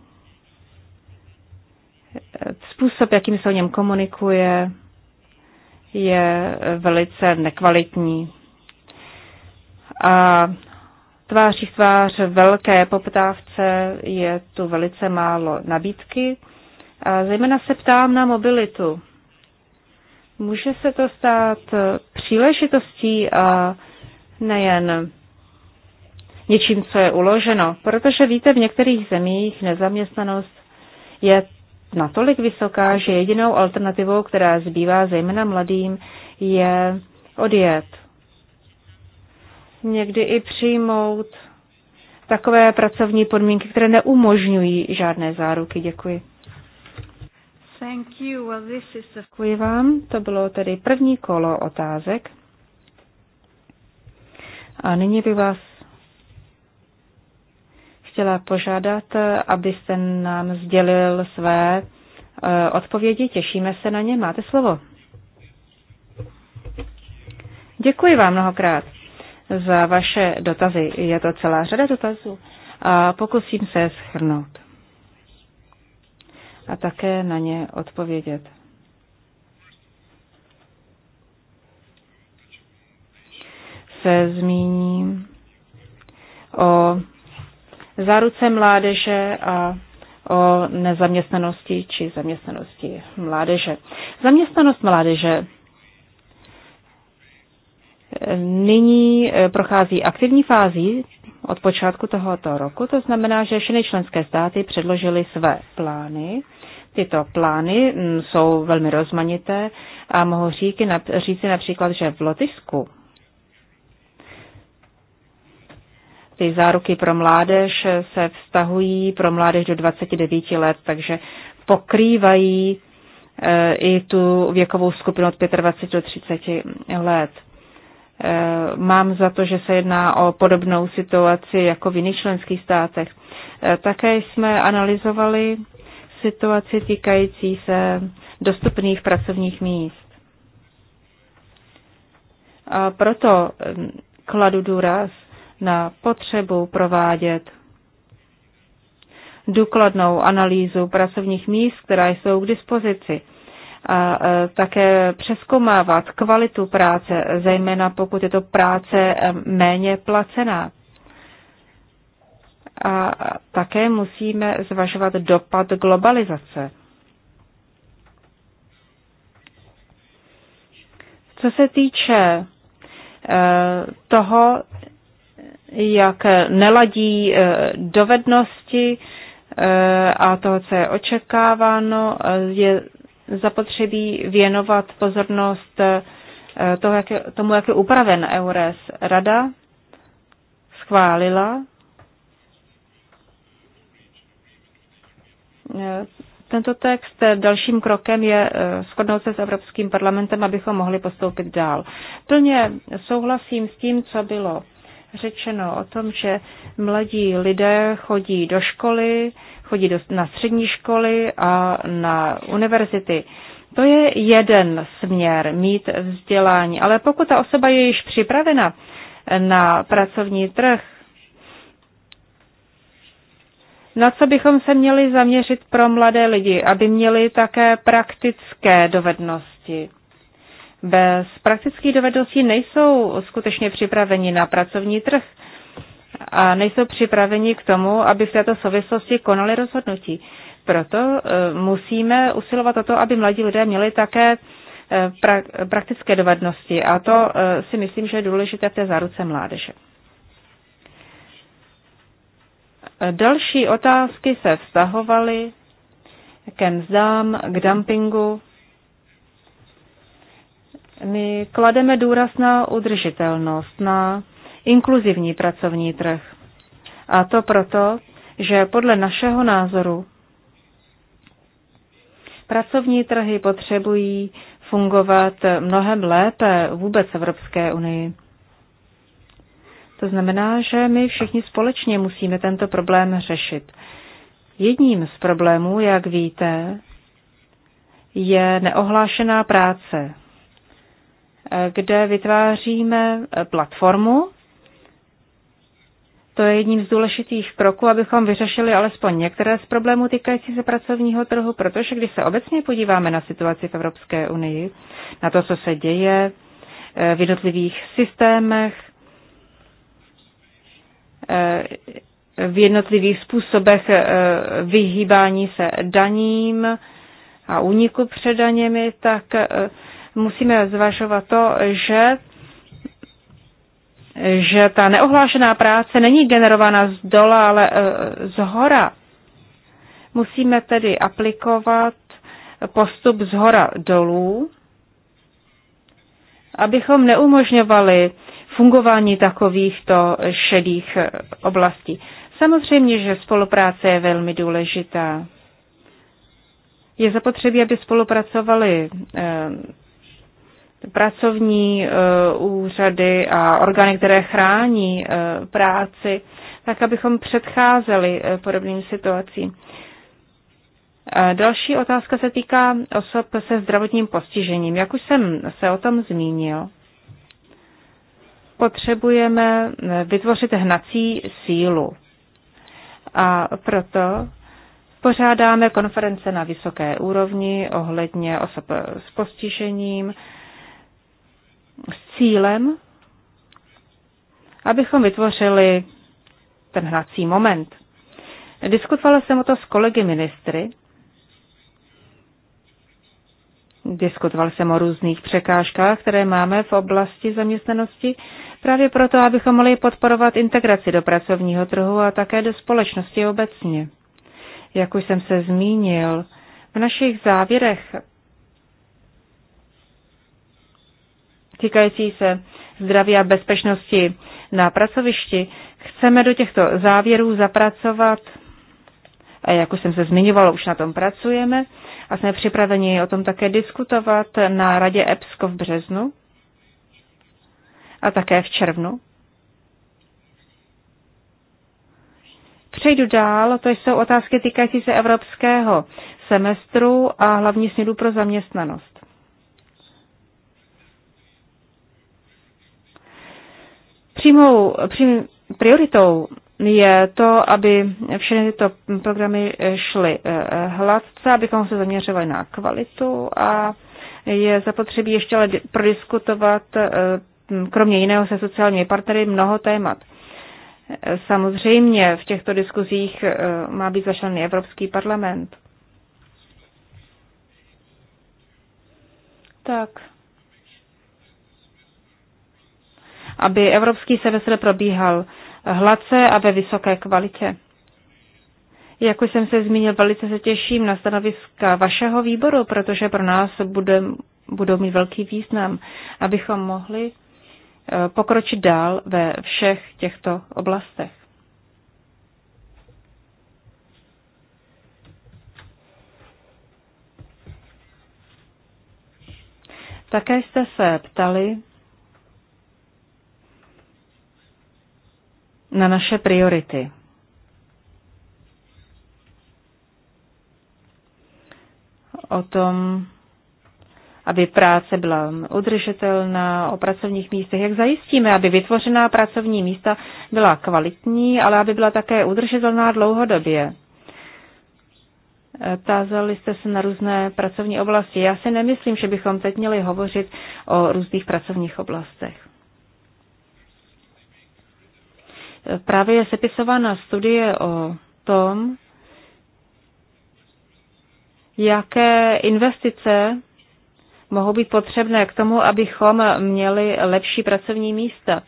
Způsob, jakým se o něm komunikuje, je velice nekvalitní. A tváří v tvář velké poptávce je tu velice málo nabídky. A zejména se ptám na mobilitu. Může se to stát příležitostí a nejen něčím, co je uloženo, protože víte, v některých zemích nezaměstnanost je natolik vysoká, že jedinou alternativou, která zbývá zejména mladým, je odjet. Někdy i přijmout takové pracovní podmínky, které neumožňují žádné záruky. Děkuji. Děkuji vám. To bylo tedy první kolo otázek. A nyní bych vás chtěla požádat, abyste nám sdělil své eh, odpovědi. Těšíme se na ně. Máte slovo. Děkuji vám mnohokrát za vaše dotazy. Je to celá řada dotazů a pokusím se schrnout a také na ně odpovědět. Se zmíním o záruce mládeže a o nezaměstnanosti či zaměstnanosti mládeže. Zaměstnanost mládeže eh, nyní eh, prochází aktivní fází od počátku tohoto roku, to znamená, že všechny členské státy předložily své plány. Tyto plány mm, jsou velmi rozmanité a mohu říci například, že v Lotyšsku Ty záruky pro mládež se vztahují pro mládež do 29 let, takže pokrývají e, i tu věkovou skupinu od 25 do 30 let. E, mám za to, že se jedná o podobnou situaci jako v jiných členských státech. E, také jsme analyzovali situaci týkající se dostupných pracovních míst. A proto kladu důraz na potřebu provádět důkladnou analýzu pracovních míst, která jsou k dispozici a e, také přeskomávat kvalitu práce, zejména pokud je to práce e, méně placená. A také musíme zvažovat dopad globalizace. Co se týče e, toho, jak neladí eh, dovednosti eh, a toho, co je očekáváno, eh, je zapotřebí věnovat pozornost toho, jak je, tomu, jak je upraven EURES. Rada schválila tento text. Dalším krokem je shodnout se s Evropským parlamentem, abychom mohli postoupit dál. Plně souhlasím s tím, co bylo řečeno o tom, že mladí lidé chodí do školy, chodí do, na střední školy a na univerzity. To je jeden směr, mít vzdělání, ale pokud ta osoba je již připravena na pracovní trh, na co bychom se měli zaměřit pro mladé lidi, aby měli také praktické dovednosti? bez praktických dovedností nejsou skutečně připraveni na pracovní trh a nejsou připraveni k tomu, aby v této souvislosti konali rozhodnutí. Proto eh, musíme usilovat o to, aby mladí lidé měli také eh, pra- praktické dovednosti a to eh, si myslím, že je důležité v té záruce mládeže. Další otázky se vztahovaly ke mzdám, k dumpingu my klademe důraz na udržitelnost, na inkluzivní pracovní trh. A to proto, že podle našeho názoru pracovní trhy potřebují fungovat mnohem lépe vůbec v Evropské unii. To znamená, že my všichni společně musíme tento problém řešit. Jedním z problémů, jak víte, je neohlášená práce kde vytváříme eh, platformu. To je jedním z důležitých kroků, abychom vyřešili alespoň některé z problémů týkající se pracovního trhu, protože když se obecně podíváme na situaci v Evropské unii, na to, co se děje eh, v jednotlivých systémech, eh, v jednotlivých způsobech vyhýbání se daním a úniku před daněmi, tak musíme zvažovat to, že že ta neohlášená práce není generována z dola, ale e, z hora. Musíme tedy aplikovat postup z hora dolů, abychom neumožňovali fungování takovýchto šedých e, oblastí. Samozřejmě, že spolupráce je velmi důležitá. Je zapotřebí, aby spolupracovali e, pracovní eh, úřady a orgány, které chrání eh, práci, tak abychom předcházeli eh, podobným situacím. Další otázka se týká osob se zdravotním postižením. Jak už jsem se o tom zmínil, potřebujeme vytvořit hnací sílu. A proto pořádáme konference na vysoké úrovni ohledně osob s postižením, cílem, abychom vytvořili ten hrací moment. Diskutovala jsem o to s kolegy ministry. Diskutoval jsem o různých překážkách, které máme v oblasti zaměstnanosti, právě proto, abychom mohli podporovat integraci do pracovního trhu a také do společnosti obecně. Jak už jsem se zmínil, v našich závěrech týkající se zdraví a bezpečnosti na pracovišti, chceme do těchto závěrů zapracovat, a jak už jsem se zmiňovala, už na tom pracujeme, a jsme připraveni o tom také diskutovat na Radě EPSCO v březnu a také v červnu. Přejdu dál, to jsou otázky týkající se evropského semestru a hlavní snědu pro zaměstnanost. Přímou, přím, prioritou je to, aby všechny tyto programy šly eh, hladce, abychom se zaměřovali na kvalitu a je zapotřebí ještě ale prodiskutovat, eh, kromě jiného se sociálními partnery, mnoho témat. Eh, samozřejmě v těchto diskuzích má být zašlený Evropský parlament. Tak. aby evropský semestr probíhal hladce a ve vysoké kvalitě. Jak už jsem se zmínil, velice se těším na stanoviska vašeho výboru, protože pro nás bude, budou mít velký význam, abychom mohli eh, pokročit dál ve všech těchto oblastech. Také jste se ptali, na naše priority. O tom, aby práce byla udržitelná, o pracovních místech, jak zajistíme, aby vytvořená pracovní místa byla kvalitní, ale aby byla také udržitelná dlouhodobě. Tázali jste se na různé pracovní oblasti. Já si nemyslím, že bychom teď měli hovořit o různých pracovních oblastech. Právě je sepisována studie o tom, jaké investice mohou být potřebné k tomu, abychom měli lepší pracovní místa.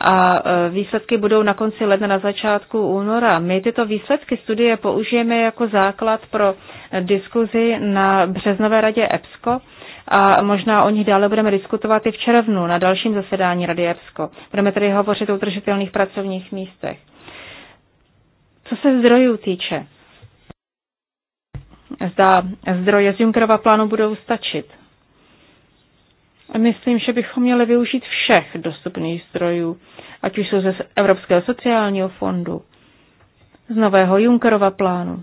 A e, výsledky budou na konci ledna, na začátku února. My tyto výsledky studie použijeme jako základ pro diskuzi na březnové radě EPSCO a možná o nich dále budeme diskutovat i v červnu na dalším zasedání Rady EPSCO. Budeme tedy hovořit o udržitelných pracovních místech. Co se zdrojů týče, zda zdroje z Junckerova plánu budou stačit. Myslím, že bychom měli využít všech dostupných zdrojů, ať už jsou ze Evropského sociálního fondu, z nového Junckerova plánu.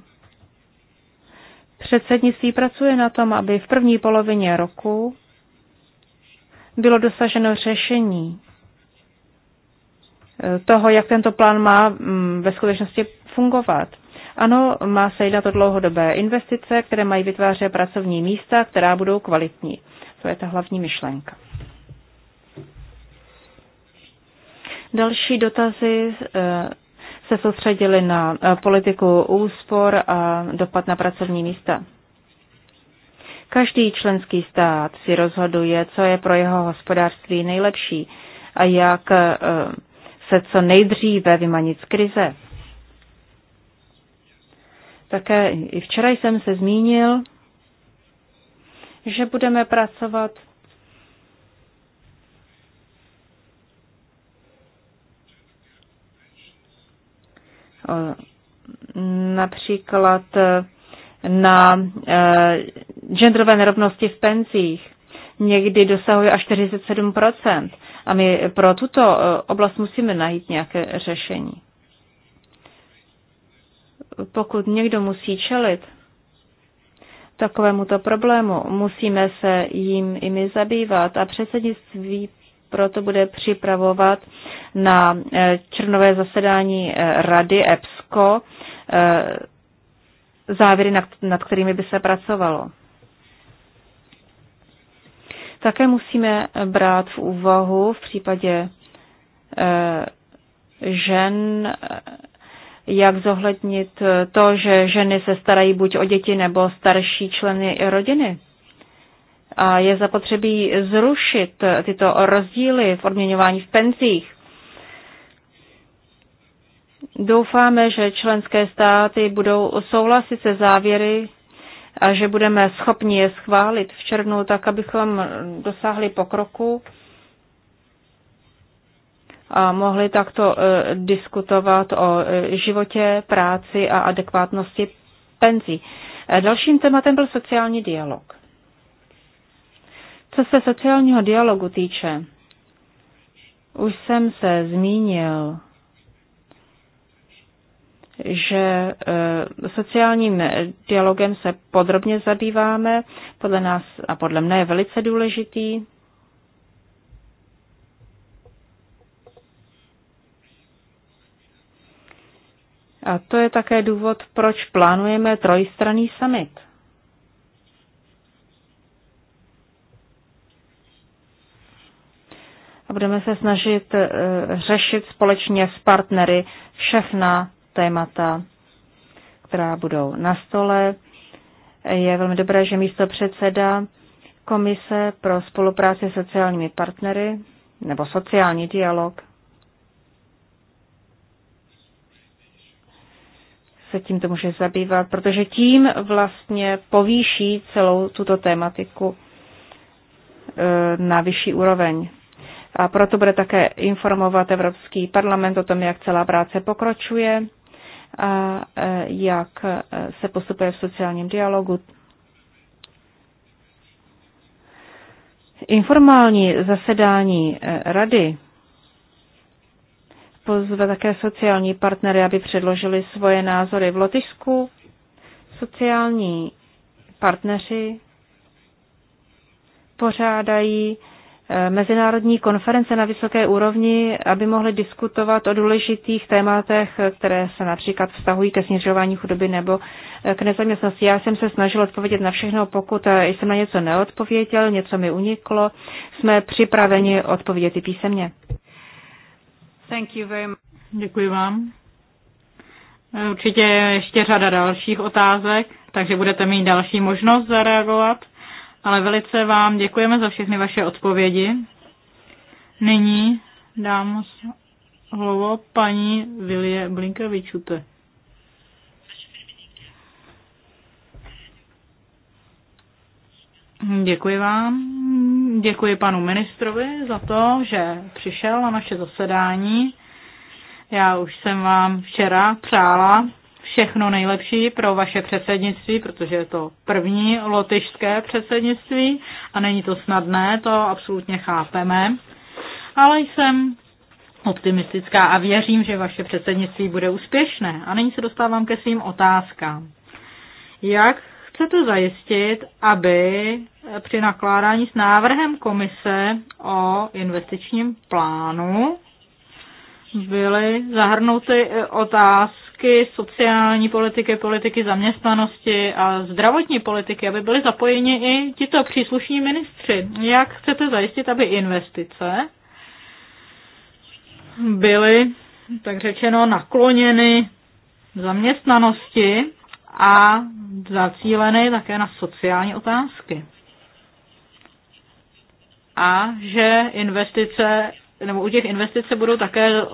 Předsednictví pracuje na tom, aby v první polovině roku bylo dosaženo řešení eh, toho, jak tento plán má mm, ve skutečnosti fungovat. Ano, má se na to dlouhodobé investice, které mají vytvářet pracovní místa, která budou kvalitní. To je ta hlavní myšlenka. Další dotazy eh, se soustředili na eh, politiku úspor a dopad na pracovní místa. Každý členský stát si rozhoduje, co je pro jeho hospodářství nejlepší a jak eh, se co nejdříve vymanit z krize. Také i včera jsem se zmínil, že budeme pracovat například eh, na eh, genderové nerovnosti v penzích. Někdy dosahuje až 47 a my pro tuto eh, oblast musíme najít nějaké řešení. Pokud někdo musí čelit takovémuto problému, musíme se jim i my zabývat a předsednictví proto bude připravovat na eh, černové zasedání eh, Rady EPSCO eh, závěry, nad kterými by se pracovalo. Také musíme brát v úvahu v případě žen, jak zohlednit to, že ženy se starají buď o děti nebo starší členy rodiny a je zapotřebí zrušit tyto rozdíly v odměňování v penzích. Doufáme, že členské státy budou souhlasit se závěry a že budeme schopni je schválit v červnu, tak abychom dosáhli pokroku a mohli takto e, diskutovat o e, životě, práci a adekvátnosti penzí. E, dalším tématem byl sociální dialog. Co se sociálního dialogu týče, už jsem se zmínil, že eh, sociálním dialogem se podrobně zabýváme, podle nás a podle mne je velice důležitý. A to je také důvod, proč plánujeme trojstranný summit. budeme se snažit eh, řešit společně s partnery všechna témata, která budou na stole. Je velmi dobré, že místo předseda Komise pro spolupráci s sociálními partnery nebo sociální dialog se tímto může zabývat, protože tím vlastně povýší celou tuto tématiku eh, na vyšší úroveň a proto bude také informovat Evropský parlament o tom, jak celá práce pokročuje a e, jak e, se postupuje v sociálním dialogu. Informální zasedání e, rady pozve také sociální partnery, aby předložili svoje názory. V Lotyšsku sociální partneři pořádají mezinárodní konference na vysoké úrovni, aby mohly diskutovat o důležitých tématech, které se například vztahují ke snižování chudoby nebo eh, k nezaměstnosti. Já jsem se snažil odpovědět na všechno, pokud eh, jsem na něco neodpověděl, něco mi uniklo, jsme připraveni odpovědět i písemně. Thank you very much. Děkuji vám. Eh, určitě ještě řada dalších otázek, takže budete mít další možnost zareagovat ale velice vám děkujeme za všechny vaše odpovědi. Nyní dám slovo paní Vilie Blinkevičute. Děkuji vám. Děkuji panu ministrovi za to, že přišel na naše zasedání. Já už jsem vám včera přála všechno nejlepší pro vaše předsednictví, protože je to první lotyšské předsednictví a není to snadné, to absolutně chápeme. Ale jsem optimistická a věřím, že vaše předsednictví bude úspěšné. A nyní se dostávám ke svým otázkám. Jak chcete zajistit, aby při nakládání s návrhem komise o investičním plánu byly zahrnuty otázky, politiky, sociální politiky, politiky zaměstnanosti a zdravotní politiky, aby byly zapojeni i tito příslušní ministři. Jak chcete zajistit, aby investice byly, tak řečeno, nakloněny zaměstnanosti a zacíleny také na sociální otázky. A že investice nebo u těch investic se budou také eh,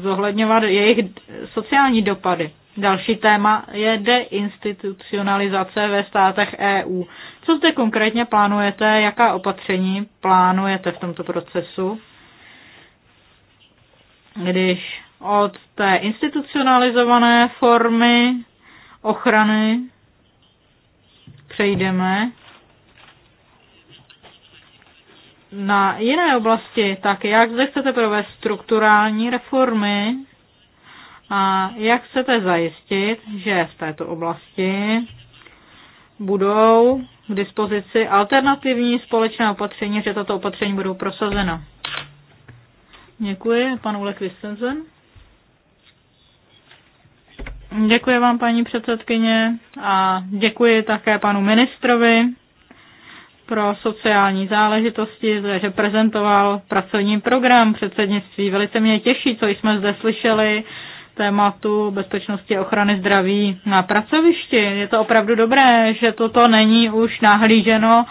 zohledňovat jejich sociální dopady. Další téma je deinstitucionalizace ve státech EU. Co zde konkrétně plánujete, jaká opatření plánujete v tomto procesu? Když od té institucionalizované formy ochrany přejdeme na jiné oblasti, tak jak zde chcete provést strukturální reformy a jak chcete zajistit, že v této oblasti budou k dispozici alternativní společné opatření, že tato opatření budou prosazena. Děkuji, pan Ule Vistensen. Děkuji vám, paní předsedkyně, a děkuji také panu ministrovi pro sociální záležitosti, že prezentoval pracovní program předsednictví. Velice mě těší, co jsme zde slyšeli tématu bezpečnosti ochrany zdraví na pracovišti. Je to opravdu dobré, že toto není už nahlíženo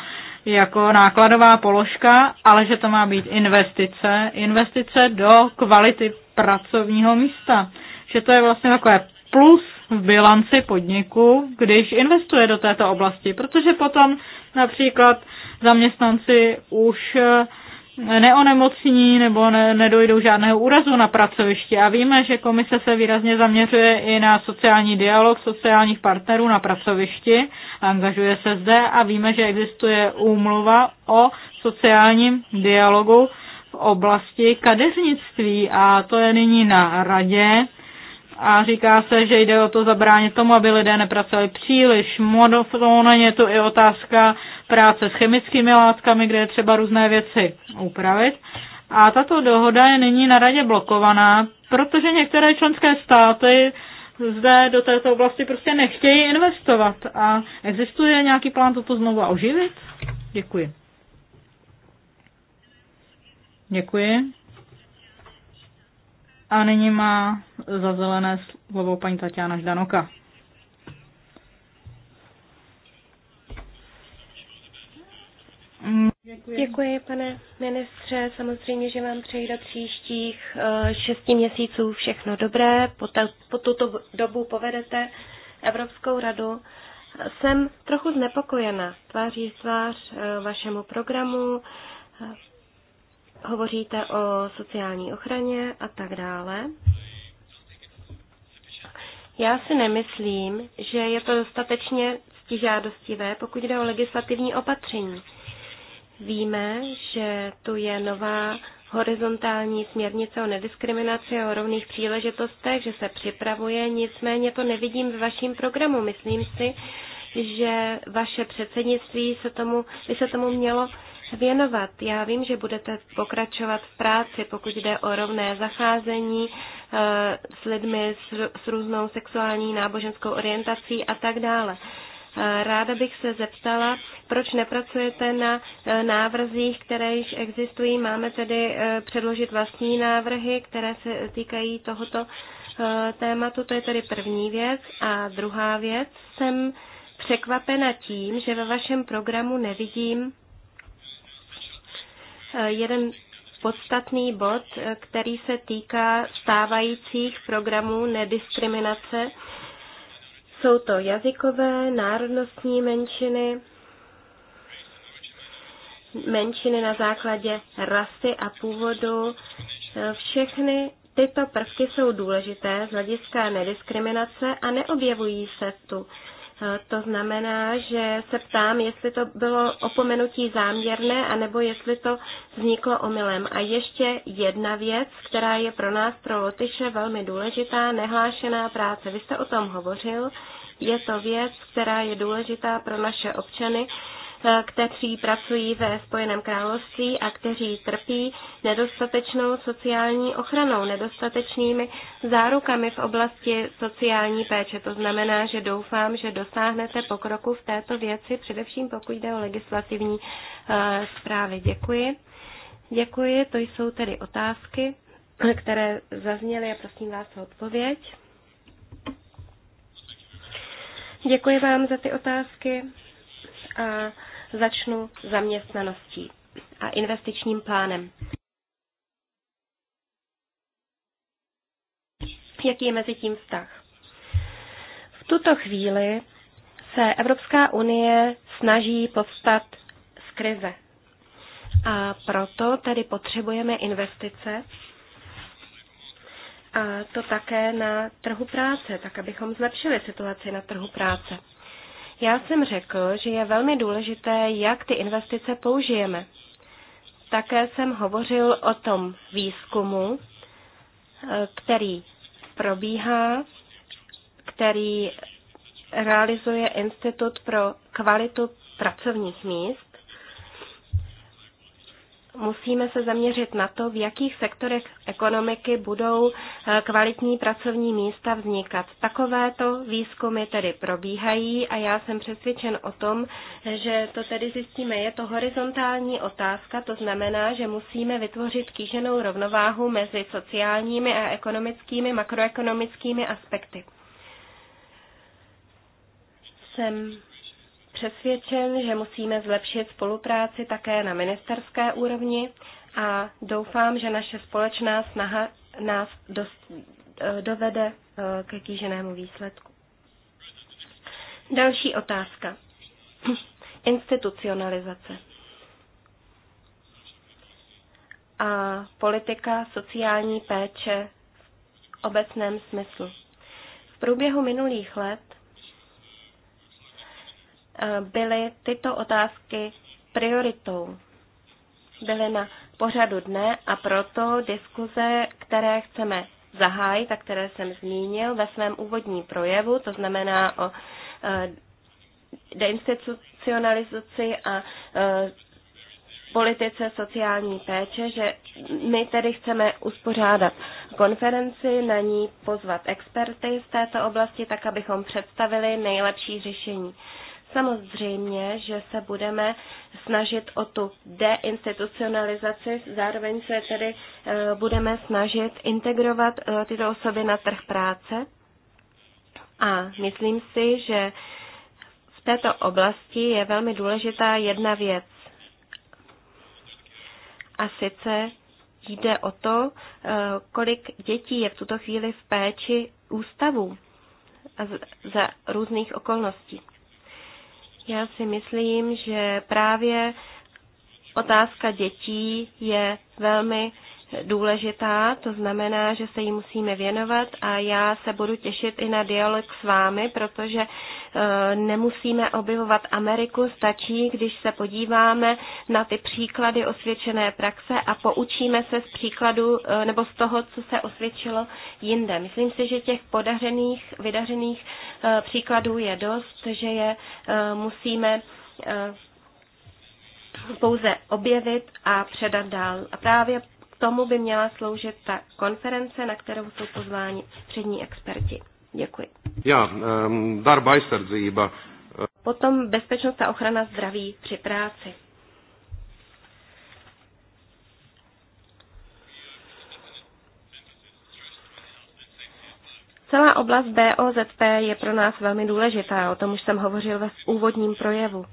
jako nákladová položka, ale že to má být investice, investice do kvality pracovního místa. Že to je vlastně takové plus v bilanci podniku, když investuje do této oblasti, protože potom Například zaměstnanci už eh, neonemocní nebo ne, nedojdou žádného úrazu na pracovišti. A víme, že komise se výrazně zaměřuje i na sociální dialog sociálních partnerů na pracovišti, angažuje se zde a víme, že existuje úmluva o sociálním dialogu v oblasti kadeřnictví a to je nyní na radě, a říká se, že jde o to zabránit tomu, aby lidé nepracovali příliš monotónně. Je to i otázka práce s chemickými látkami, kde je třeba různé věci upravit. A tato dohoda je nyní na radě blokovaná, protože některé členské státy zde do této oblasti prostě nechtějí investovat. A existuje nějaký plán toto znovu oživit? Děkuji. Děkuji. A nyní má za zelené slovo paní Tatiana Ždanoka. Děkuji. Děkuji, pane ministře. Samozřejmě, že vám přeji do příštích eh, šesti měsíců všechno dobré. Po, ta, po tuto dobu povedete Evropskou radu. Jsem trochu znepokojena tváří tvář eh, vašemu programu, hovoříte o sociální ochraně a tak dále. Já si nemyslím, že je to dostatečně stižádostivé, pokud jde o legislativní opatření. Víme, že tu je nová horizontální směrnice o nediskriminaci a o rovných příležitostech, že se připravuje, nicméně to nevidím v vašem programu. Myslím si, že vaše předsednictví se tomu, by se tomu mělo věnovat. Já vím, že budete pokračovat v práci, pokud jde o rovné zacházení eh, s lidmi s různou sexuální náboženskou orientací a tak dále. Eh, ráda bych se zeptala, proč nepracujete na eh, návrzích, které již existují. Máme tedy předložit vlastní návrhy, které se týkají tohoto tématu. To je tedy první věc. A druhá věc, jsem překvapena tím, že ve vašem programu nevidím jeden podstatný bod, který se týká stávajících programů nediskriminace. Jsou to jazykové, národnostní menšiny, menšiny na základě rasy a původu. Všechny tyto prvky jsou důležité z hlediska nediskriminace a neobjevují se tu to znamená, že se ptám, jestli to bylo opomenutí záměrné, anebo jestli to vzniklo omylem. A ještě jedna věc, která je pro nás, pro Lotyše, velmi důležitá, nehlášená práce. Vy jste o tom hovořil. Je to věc, která je důležitá pro naše občany E, kteří pracují ve Spojeném království a kteří trpí nedostatečnou sociální ochranou, nedostatečnými zárukami v oblasti sociální péče. To znamená, že doufám, že dosáhnete pokroku v této věci, především pokud jde o legislativní e, zprávy. Děkuji. Děkuji, to jsou tedy otázky, které zazněly a prosím vás o odpověď. Děkuji vám za ty otázky a Začnu zaměstnaností a investičním plánem. Jaký je mezi tím vztah? V tuto chvíli se Evropská unie snaží povstat z krize. A proto tedy potřebujeme investice, a to také na trhu práce, tak abychom zlepšili situaci na trhu práce. Já jsem řekl, že je velmi důležité, jak ty investice použijeme. Také jsem hovořil o tom výzkumu, eh, který probíhá, který realizuje Institut pro kvalitu pracovních míst musíme se zaměřit na to, v jakých sektorech ekonomiky budou eh, kvalitní pracovní místa vznikat. Takovéto výzkumy tedy probíhají a já jsem přesvědčen o tom, že to tedy zjistíme. Je to horizontální otázka, to znamená, že musíme vytvořit kýženou rovnováhu mezi sociálními a ekonomickými, makroekonomickými aspekty. Jsem přesvědčen, že musíme zlepšit spolupráci také na ministerské úrovni a doufám, že naše společná snaha nás dost, eh, dovede eh, ke kýženému výsledku. Další otázka. Institucionalizace. A politika sociální péče v obecném smyslu. V průběhu minulých let Eh, byly tyto otázky prioritou. Byly na pořadu dne a proto diskuze, které chceme zahájit a které jsem zmínil ve svém úvodním projevu, to znamená o eh, deinstitucionalizaci a eh, politice sociální péče, že my tedy chceme uspořádat konferenci, na ní pozvat experty z této oblasti, tak abychom představili nejlepší řešení. Samozřejmě, že se budeme snažit o tu deinstitucionalizaci, zároveň se tedy eh, budeme snažit integrovat eh, tyto osoby na trh práce. A myslím si, že v této oblasti je velmi důležitá jedna věc. A sice jde o to, eh, kolik dětí je v tuto chvíli v péči ústavů za různých okolností. Já si myslím, že právě otázka dětí je velmi důležitá, to znamená, že se jí musíme věnovat a já se budu těšit i na dialog s vámi, protože eh, nemusíme objevovat Ameriku, stačí, když se podíváme na ty příklady osvědčené praxe a poučíme se z příkladu eh, nebo z toho, co se osvědčilo jinde. Myslím si, že těch podařených, vydařených eh, příkladů je dost, že je musíme pouze objevit a předat dál. A právě tomu by měla sloužit ta konference, na kterou jsou pozváni přední experti. Děkuji. Já, ehm, dar darba Potom bezpečnost a ochrana zdraví při práci. Celá oblast BOZP je pro nás velmi důležitá, o tom už jsem hovořil ve úvodním projevu.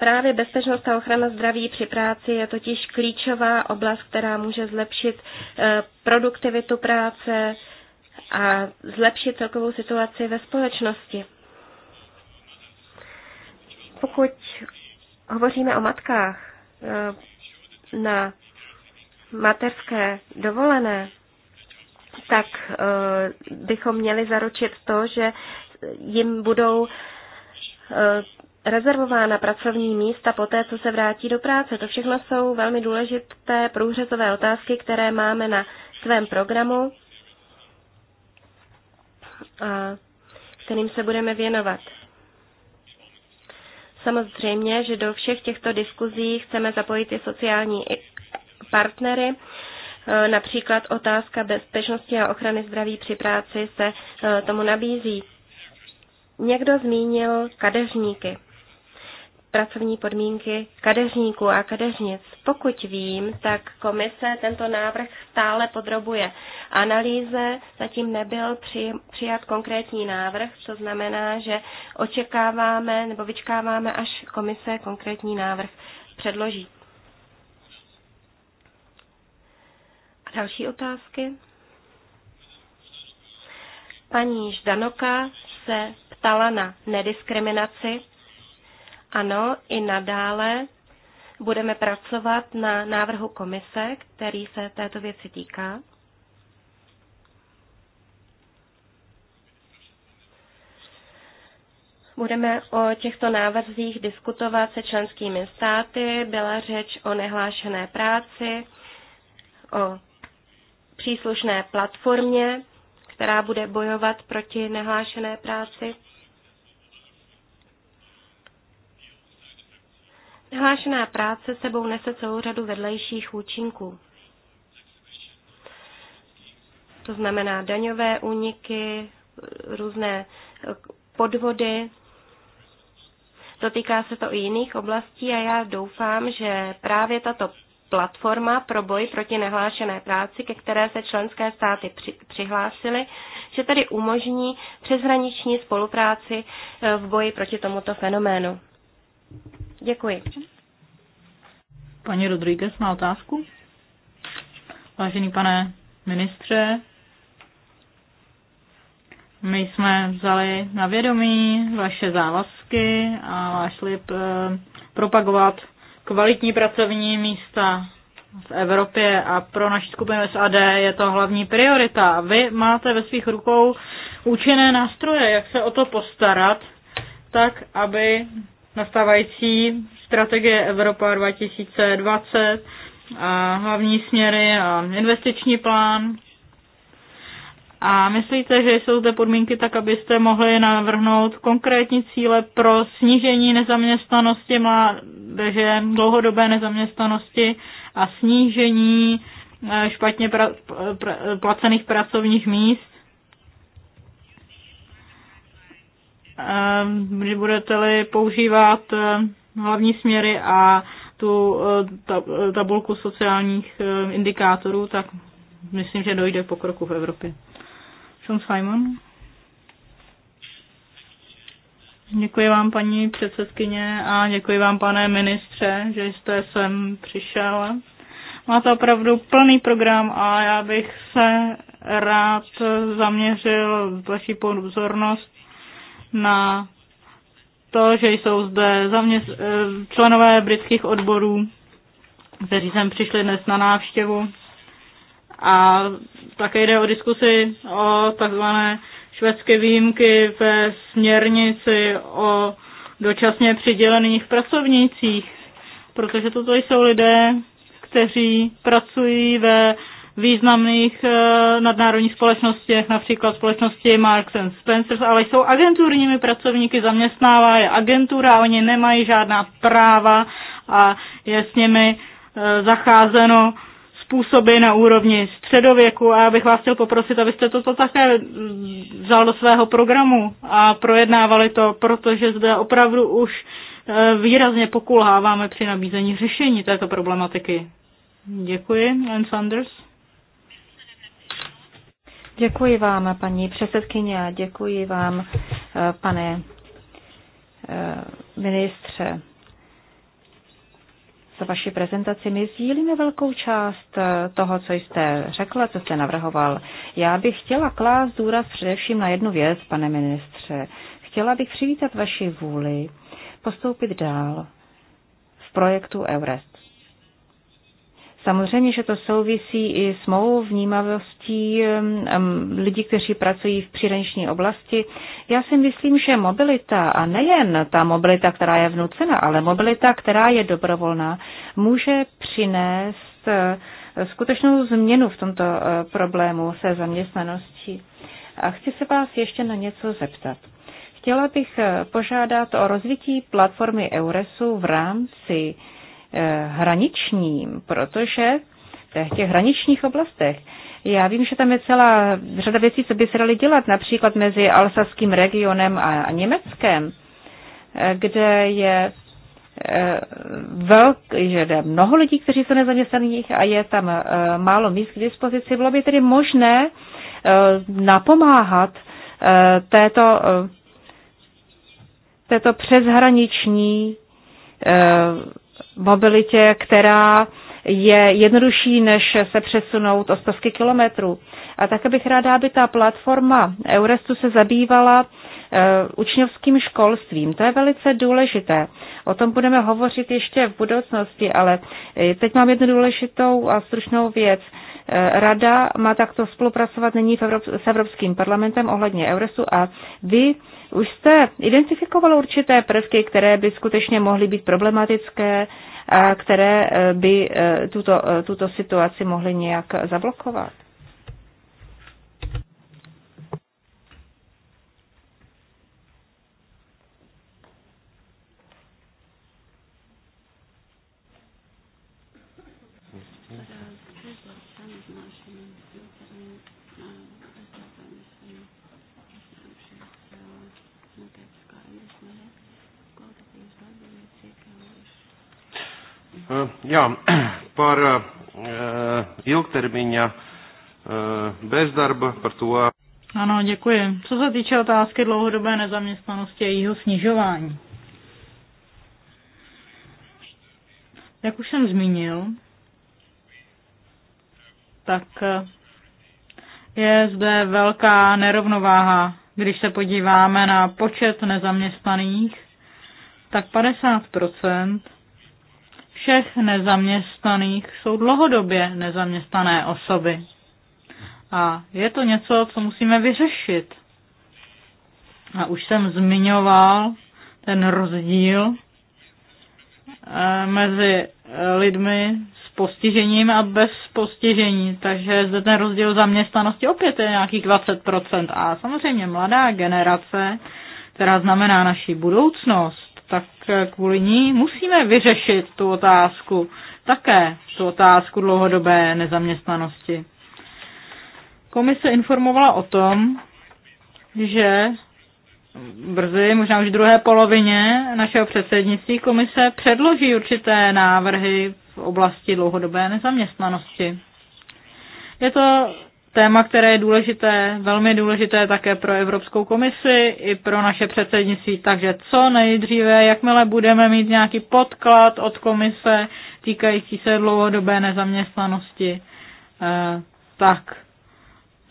Právě bezpečnost a ochrana zdraví při práci je totiž klíčová oblast, která může zlepšit eh, produktivitu práce a zlepšit celkovou situaci ve společnosti. Pokud hovoříme o matkách eh, na mateřské dovolené, tak eh, bychom měli zaručit to, že jim budou rezervována pracovní místa po té, co se vrátí do práce. To všechno jsou velmi důležité průřezové otázky, které máme na svém programu, a kterým se budeme věnovat. Samozřejmě, že do všech těchto diskuzí chceme zapojit i sociální partnery. E, například otázka bezpečnosti a ochrany zdraví při práci se e, tomu nabízí. Někdo zmínil kadeřníky pracovní podmínky kadeřníků a kadeřnic. Pokud vím, tak komise tento návrh stále podrobuje analýze. Zatím nebyl při, přijat konkrétní návrh, co znamená, že očekáváme nebo vyčkáváme, až komise konkrétní návrh předloží. A další otázky? Paní Ždanoka se ptala na nediskriminaci ano, i nadále budeme pracovat na návrhu komise, který se této věci týká. Budeme o těchto návrzích diskutovat se členskými státy. Byla řeč o nehlášené práci, o příslušné platformě, která bude bojovat proti nehlášené práci. Hlášená práce sebou nese celou řadu vedlejších účinků. To znamená daňové úniky, různé podvody. Dotýká se to i jiných oblastí a já doufám, že právě tato platforma pro boj proti nehlášené práci, ke které se členské státy při, přihlásily, že tedy umožní přeshraniční spolupráci eh, v boji proti tomuto fenoménu. Děkuji. Paní Rodríguez má otázku. Vážený pane ministře, my jsme vzali na vědomí vaše závazky a váš slib eh, propagovat kvalitní pracovní místa v Evropě a pro naši skupinu SAD je to hlavní priorita. Vy máte ve svých rukou účinné nástroje, jak se o to postarat, tak aby nastávající strategie Evropa 2020 a hlavní směry a investiční plán. A myslíte, že jsou zde podmínky tak, abyste mohli navrhnout konkrétní cíle pro snížení nezaměstnanosti mládeže, dlouhodobé nezaměstnanosti a snížení eh, špatně pra, pra, placených pracovních míst? když ehm, budete-li používat eh, hlavní směry a tu eh, eh, tabulku sociálních indikátorů, tak myslím, že dojde k pokroku v Evropě. Sean Simon. Děkuji vám, paní předsedkyně, a děkuji vám, pane ministře, že jste sem přišel. Máte opravdu plný program a já bych se rád zaměřil vaši pozornost na to, že jsou zde zaměst... Eh, členové britských odborů, kteří sem přišli dnes na návštěvu. A také jde o diskusi o takzvané švédské výjimky ve směrnici o dočasně přidělených pracovnících, protože toto jsou lidé, kteří pracují ve významných eh, nadnárodních společnostech, například společnosti Marks and Spencers, ale jsou agenturními pracovníky, zaměstnává je agentura, oni nemají žádná práva a je s nimi eh, zacházeno způsoby na úrovni středověku a já bych vás chtěl poprosit, abyste toto také vzal do svého programu a projednávali to, protože zde opravdu už eh, výrazně pokulháváme při nabízení řešení této problematiky. Děkuji, Len Sanders. Děkuji vám, paní předsedkyně, a děkuji vám, eh, pane eh, ministře, za vaši prezentaci. My sdílíme velkou část eh, toho, co jste řekla, co jste navrhoval. Já bych chtěla klást důraz především na jednu věc, pane ministře. Chtěla bych přivítat vaši vůli postoupit dál v projektu Eurest. Samozřejmě, že to souvisí i s mou vnímavostí lidí, kteří pracují v příraniční oblasti. Já si myslím, že mobilita, a nejen ta mobilita, která je vnucena, ale mobilita, která je dobrovolná, může přinést eh, skutečnou změnu v tomto eh, problému se zaměstnaností. A chci se vás ještě na něco zeptat. Chtěla bych eh, požádat o rozvití platformy Euresu v rámci Eh, hraničním, protože v těch hraničních oblastech já vím, že tam je celá řada věcí, co by se daly dělat, například mezi alsaským regionem a Německem, eh, kde je eh, velk, že jde mnoho lidí, kteří jsou nezaměstnaných a je tam málo míst k dispozici, bylo by tedy možné napomáhat této, této přeshraniční mobilitě, která je jednodušší, než se přesunout o stovky kilometrů. A také bych ráda, aby ta platforma Eurestu se zabývala eh, učňovským školstvím. To je velice důležité. O tom budeme hovořit ještě v budoucnosti, ale eh, teď mám jednu důležitou a stručnou věc. Eh, Rada má takto spolupracovat nyní Evrop- s Evropským parlamentem ohledně Euresu a vy už jste identifikoval určité prvky, které by skutečně mohly být problematické, které eh, by eh, tuto, eh, tuto situaci mohly nějak zablokovat? Eh, Jā, par eh, ilgtermiņa eh, bezdarba, par to. Ano, děkuji. Co se týče otázky dlouhodobé nezaměstnanosti a jejího snižování. Jak už jsem zmínil, tak je zde velká nerovnováha. Když se podíváme na počet nezaměstnaných, tak 50 všech nezaměstnaných jsou dlouhodobě nezaměstnané osoby. A je to něco, co musíme vyřešit. A už jsem zmiňoval ten rozdíl eh, mezi lidmi s postižením a bez postižení. Takže zde ten rozdíl zaměstnanosti opět je nějakých 20%. A samozřejmě mladá generace, která znamená naši budoucnost, tak kvůli ní musíme vyřešit tu otázku, také tu otázku dlouhodobé nezaměstnanosti. Komise informovala o tom, že brzy, možná už v druhé polovině našeho předsednictví komise předloží určité návrhy v oblasti dlouhodobé nezaměstnanosti. Je to téma, které je důležité, velmi důležité také pro Evropskou komisi i pro naše předsednictví. Takže co nejdříve, jakmile budeme mít nějaký podklad od komise týkající se dlouhodobé nezaměstnanosti, eh, tak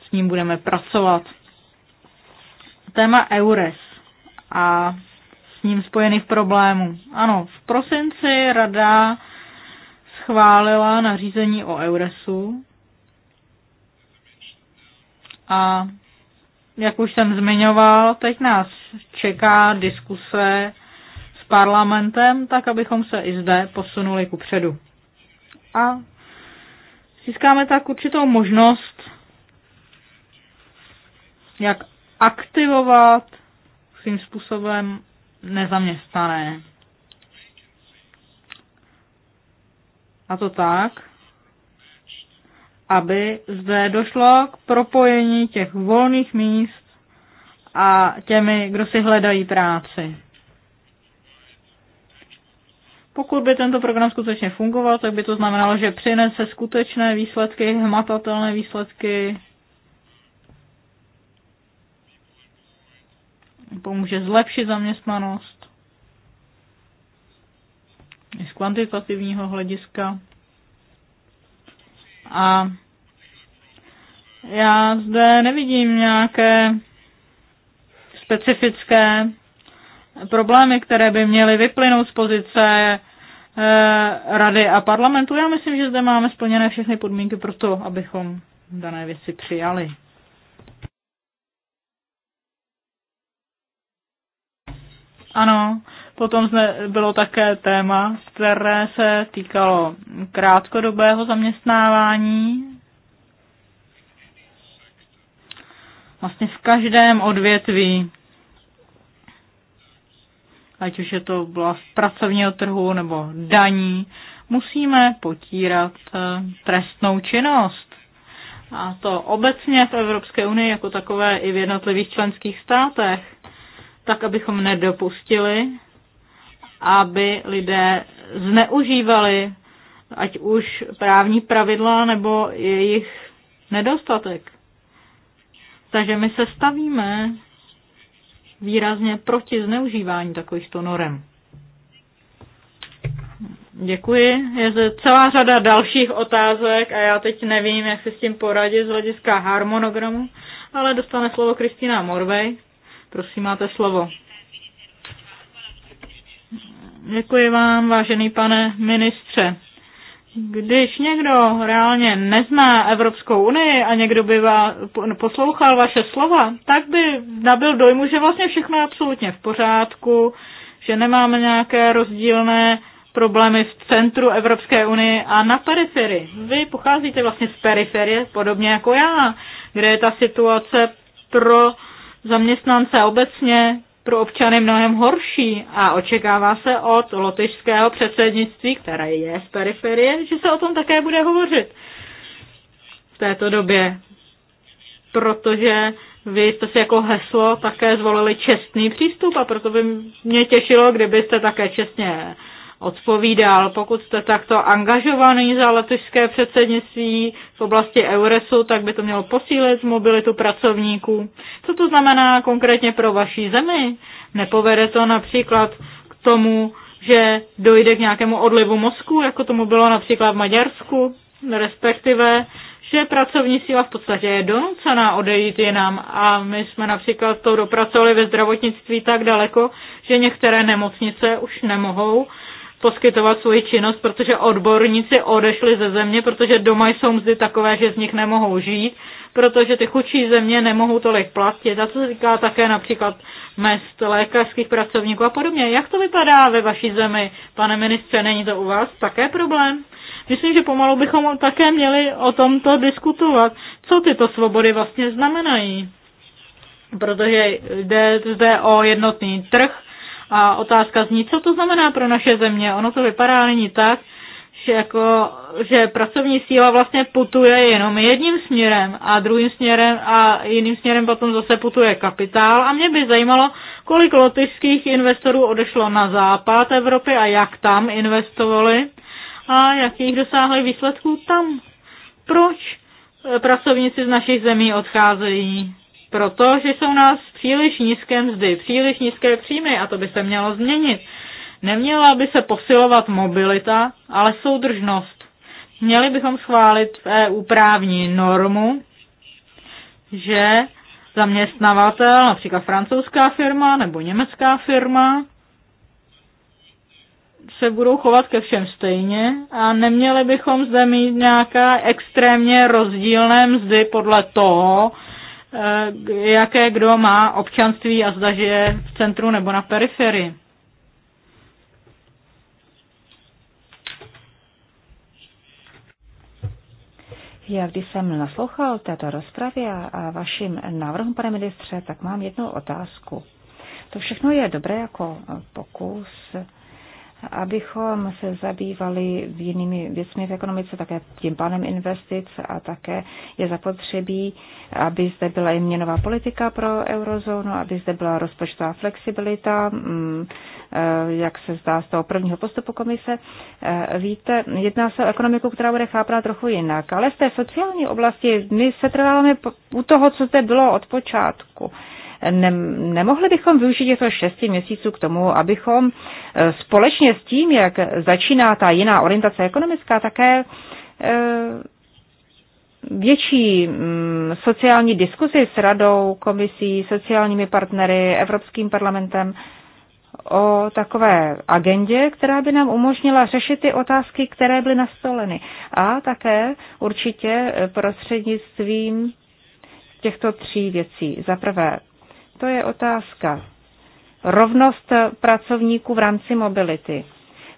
s ním budeme pracovat. Téma EURES a s ním spojených problémů. Ano, v prosinci rada schválila nařízení o EURESu, a jak už jsem zmiňoval, teď nás čeká diskuse s parlamentem, tak abychom se i zde posunuli ku předu. A získáme tak určitou možnost, jak aktivovat svým způsobem nezaměstnané. A to tak, aby zde došlo k propojení těch volných míst a těmi, kdo si hledají práci. Pokud by tento program skutečně fungoval, tak by to znamenalo, že přinese skutečné výsledky, hmatatelné výsledky, pomůže zlepšit zaměstnanost i z kvantitativního hlediska. A já zde nevidím nějaké specifické problémy, které by měly vyplynout z pozice eh, rady a parlamentu. Já myslím, že zde máme splněné všechny podmínky pro to, abychom dané věci přijali. Ano, Potom bylo také téma, které se týkalo krátkodobého zaměstnávání. Vlastně v každém odvětví, ať už je to oblast pracovního trhu nebo daní, musíme potírat eh, trestnou činnost. A to obecně v Evropské unii jako takové i v jednotlivých členských státech, tak abychom nedopustili aby lidé zneužívali ať už právní pravidla nebo jejich nedostatek. Takže my se stavíme výrazně proti zneužívání takovýchto norem. Děkuji. Je zde celá řada dalších otázek a já teď nevím, jak se s tím poradit z hlediska harmonogramu, ale dostane slovo Kristýna Morvej. Prosím, máte slovo. Děkuji vám, vážený pane ministře. Když někdo reálně nezná Evropskou unii a někdo by vás poslouchal vaše slova, tak by nabil dojmu, že vlastně všechno je absolutně v pořádku, že nemáme nějaké rozdílné problémy v centru Evropské unie a na periferii. Vy pocházíte vlastně z periferie, podobně jako já, kde je ta situace pro zaměstnance obecně pro občany mnohem horší a očekává se od lotyšského předsednictví, které je z periferie, že se o tom také bude hovořit v této době. Protože vy jste si jako heslo také zvolili čestný přístup a proto by mě těšilo, kdybyste také čestně odpovídal. Pokud jste takto angažovaný za letošské předsednictví v oblasti Euresu, tak by to mělo posílit mobilitu pracovníků. Co to znamená konkrétně pro vaší zemi? Nepovede to například k tomu, že dojde k nějakému odlivu mozku, jako tomu bylo například v Maďarsku, respektive že pracovní síla v podstatě je donucená odejít jinam a my jsme například to dopracovali ve zdravotnictví tak daleko, že některé nemocnice už nemohou poskytovat svoji činnost, protože odborníci odešli ze země, protože doma jsou mzdy takové, že z nich nemohou žít, protože ty chudší země nemohou tolik platit. A co se týká také například mest lékařských pracovníků a podobně. Jak to vypadá ve vaší zemi, pane ministře, není to u vás také problém? Myslím, že pomalu bychom také měli o tomto diskutovat. Co tyto svobody vlastně znamenají? Protože jde zde o jednotný trh, a otázka zní, co to znamená pro naše země. Ono to vypadá není tak, že, jako, že pracovní síla vlastně putuje jenom jedním směrem a druhým směrem a jiným směrem potom zase putuje kapitál. A mě by zajímalo, kolik lotyšských investorů odešlo na západ Evropy a jak tam investovali a jakých dosáhli výsledků tam. Proč pracovníci z našich zemí odcházejí protože jsou nás příliš nízké mzdy, příliš nízké příjmy a to by se mělo změnit. Neměla by se posilovat mobilita, ale soudržnost. Měli bychom schválit v EU právní normu, že zaměstnavatel, například francouzská firma nebo německá firma, se budou chovat ke všem stejně a neměli bychom zde mít nějaká extrémně rozdílné mzdy podle toho, Eh, jaké kdo má občanství a zda žije v centru nebo na periferii. Já když jsem naslouchal této rozpravě a vašim návrhům, pane ministře, tak mám jednu otázku. To všechno je dobré jako pokus abychom se zabývali jinými věcmi v ekonomice, také tím pánem investic a také je zapotřebí, aby zde byla i měnová politika pro eurozónu, aby zde byla rozpočtová flexibilita, mm, eh, jak se zdá z toho prvního postupu komise. Eh, víte, jedná se o ekonomiku, která bude chápána trochu jinak, ale z té sociální oblasti my se trváme u toho, co zde bylo od počátku ne, nemohli bychom využít těchto šesti měsíců k tomu, abychom e, společně s tím, jak začíná ta jiná orientace ekonomická, také e, větší mm, sociální diskuzi s radou, komisí, sociálními partnery, Evropským parlamentem o takové agendě, která by nám umožnila řešit ty otázky, které byly nastoleny. A také určitě e, prostřednictvím těchto tří věcí. Za prvé, to je otázka. Rovnost pracovníků v rámci mobility.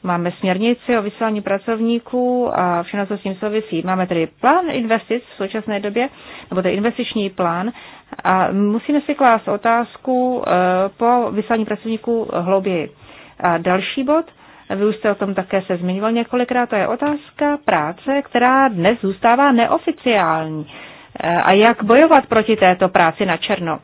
Máme směrnici o vysílání pracovníků a všechno, co s tím souvisí. Máme tedy plán investic v současné době, nebo je investiční plán a musíme si klást otázku eh, po vysílání pracovníků hlouběji. A další bod, vy už jste o tom také se zmiňoval několikrát, to je otázka práce, která dnes zůstává neoficiální. Eh, a jak bojovat proti této práci na černo?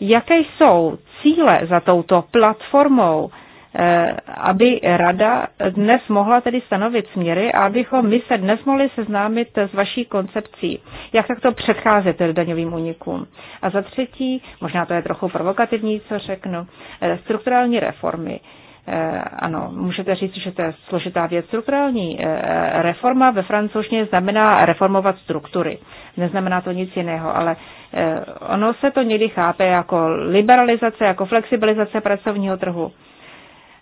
jaké jsou cíle za touto platformou, eh, aby rada dnes mohla tedy stanovit směry a abychom my se dnes mohli seznámit s vaší koncepcí, jak takto předcházet daňovým unikům. A za třetí, možná to je trochu provokativní, co řeknu, eh, strukturální reformy. Eh, ano, můžete říct, že to je složitá věc. Strukturální eh, reforma ve francouzštině znamená reformovat struktury. Neznamená to nic jiného, ale eh, ono se to někdy chápe jako liberalizace, jako flexibilizace pracovního trhu.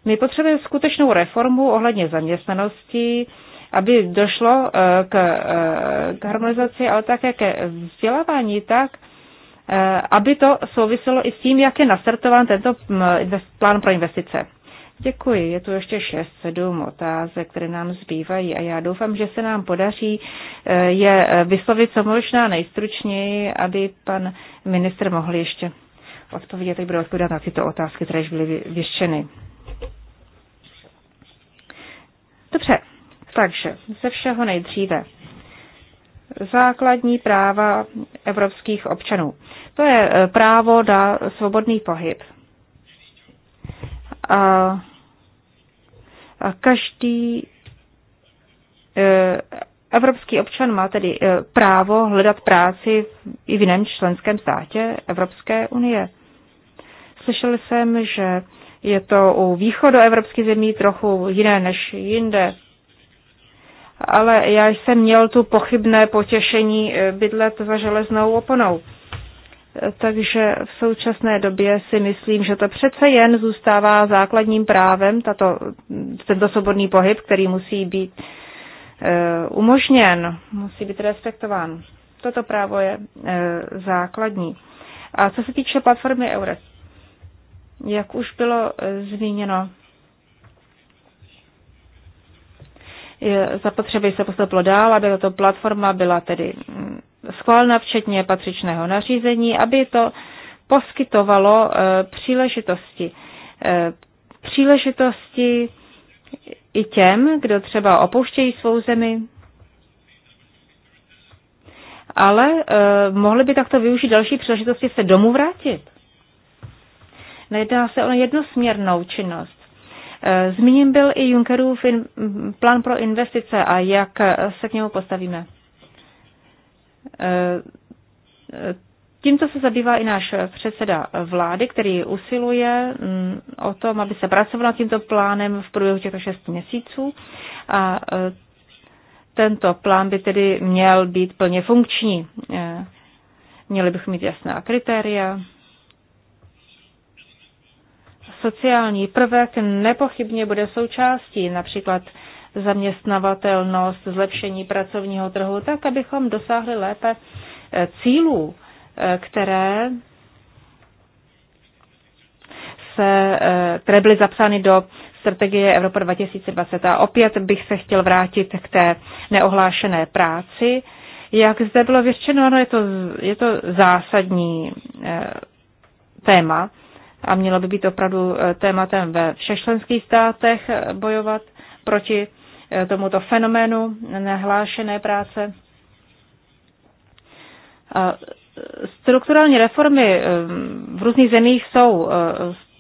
My potřebujeme skutečnou reformu ohledně zaměstnanosti, aby došlo k, k harmonizaci, ale také ke vzdělávání tak, aby to souviselo i s tím, jak je nastartován tento plán pro investice. Děkuji. Je tu ještě 6-7 otázek, které nám zbývají a já doufám, že se nám podaří eh, je eh, vyslovit co možná nejstručněji, aby pan ministr mohl ještě odpovědět, jak bude odpovídat na tyto otázky, které již byly vyštěny. Dobře, takže ze všeho nejdříve. Základní práva evropských občanů. To je eh, právo na svobodný pohyb. A, a každý e, evropský občan má tedy e, právo hledat práci i v jiném členském státě Evropské unie. Slyšel jsem, že je to u evropských zemí trochu jiné než jinde. Ale já jsem měl tu pochybné potěšení e, bydlet za železnou oponou. Takže v současné době si myslím, že to přece jen zůstává základním právem, tato, tento svobodný pohyb, který musí být e, umožněn, musí být respektován. Toto právo je e, základní. A co se týče platformy EURES, jak už bylo zmíněno, je zapotřebí se postoupilo dál, aby tato platforma byla tedy mm, schválena včetně patřičného nařízení, aby to poskytovalo eh, příležitosti. Eh, příležitosti i těm, kdo třeba opouštějí svou zemi, ale eh, mohli by takto využít další příležitosti se domů vrátit. Nejedná se o jednosměrnou činnost. Eh, zmíním byl i Junckerův plán pro investice a jak eh, se k němu postavíme. Eh, tímto se zabývá i náš předseda vlády, který usiluje mm, o tom, aby se pracovala tímto plánem v průběhu těchto šesti měsíců. A tento plán by tedy měl být plně funkční. Měli bychom mít jasná kritéria, sociální prvek nepochybně bude součástí, například zaměstnavatelnost, zlepšení pracovního trhu, tak abychom dosáhli lépe eh, cílů, eh, které se, eh, které byly zapsány do strategie Evropa 2020. A opět bych se chtěl vrátit k té neohlášené práci. Jak zde bylo vyřečeno, ano, je to, je to zásadní téma a mělo by být opravdu eh, tématem ve všech členských státech eh, bojovat proti eh, tomuto fenoménu nehlášené práce. Strukturální reformy v různých zemích jsou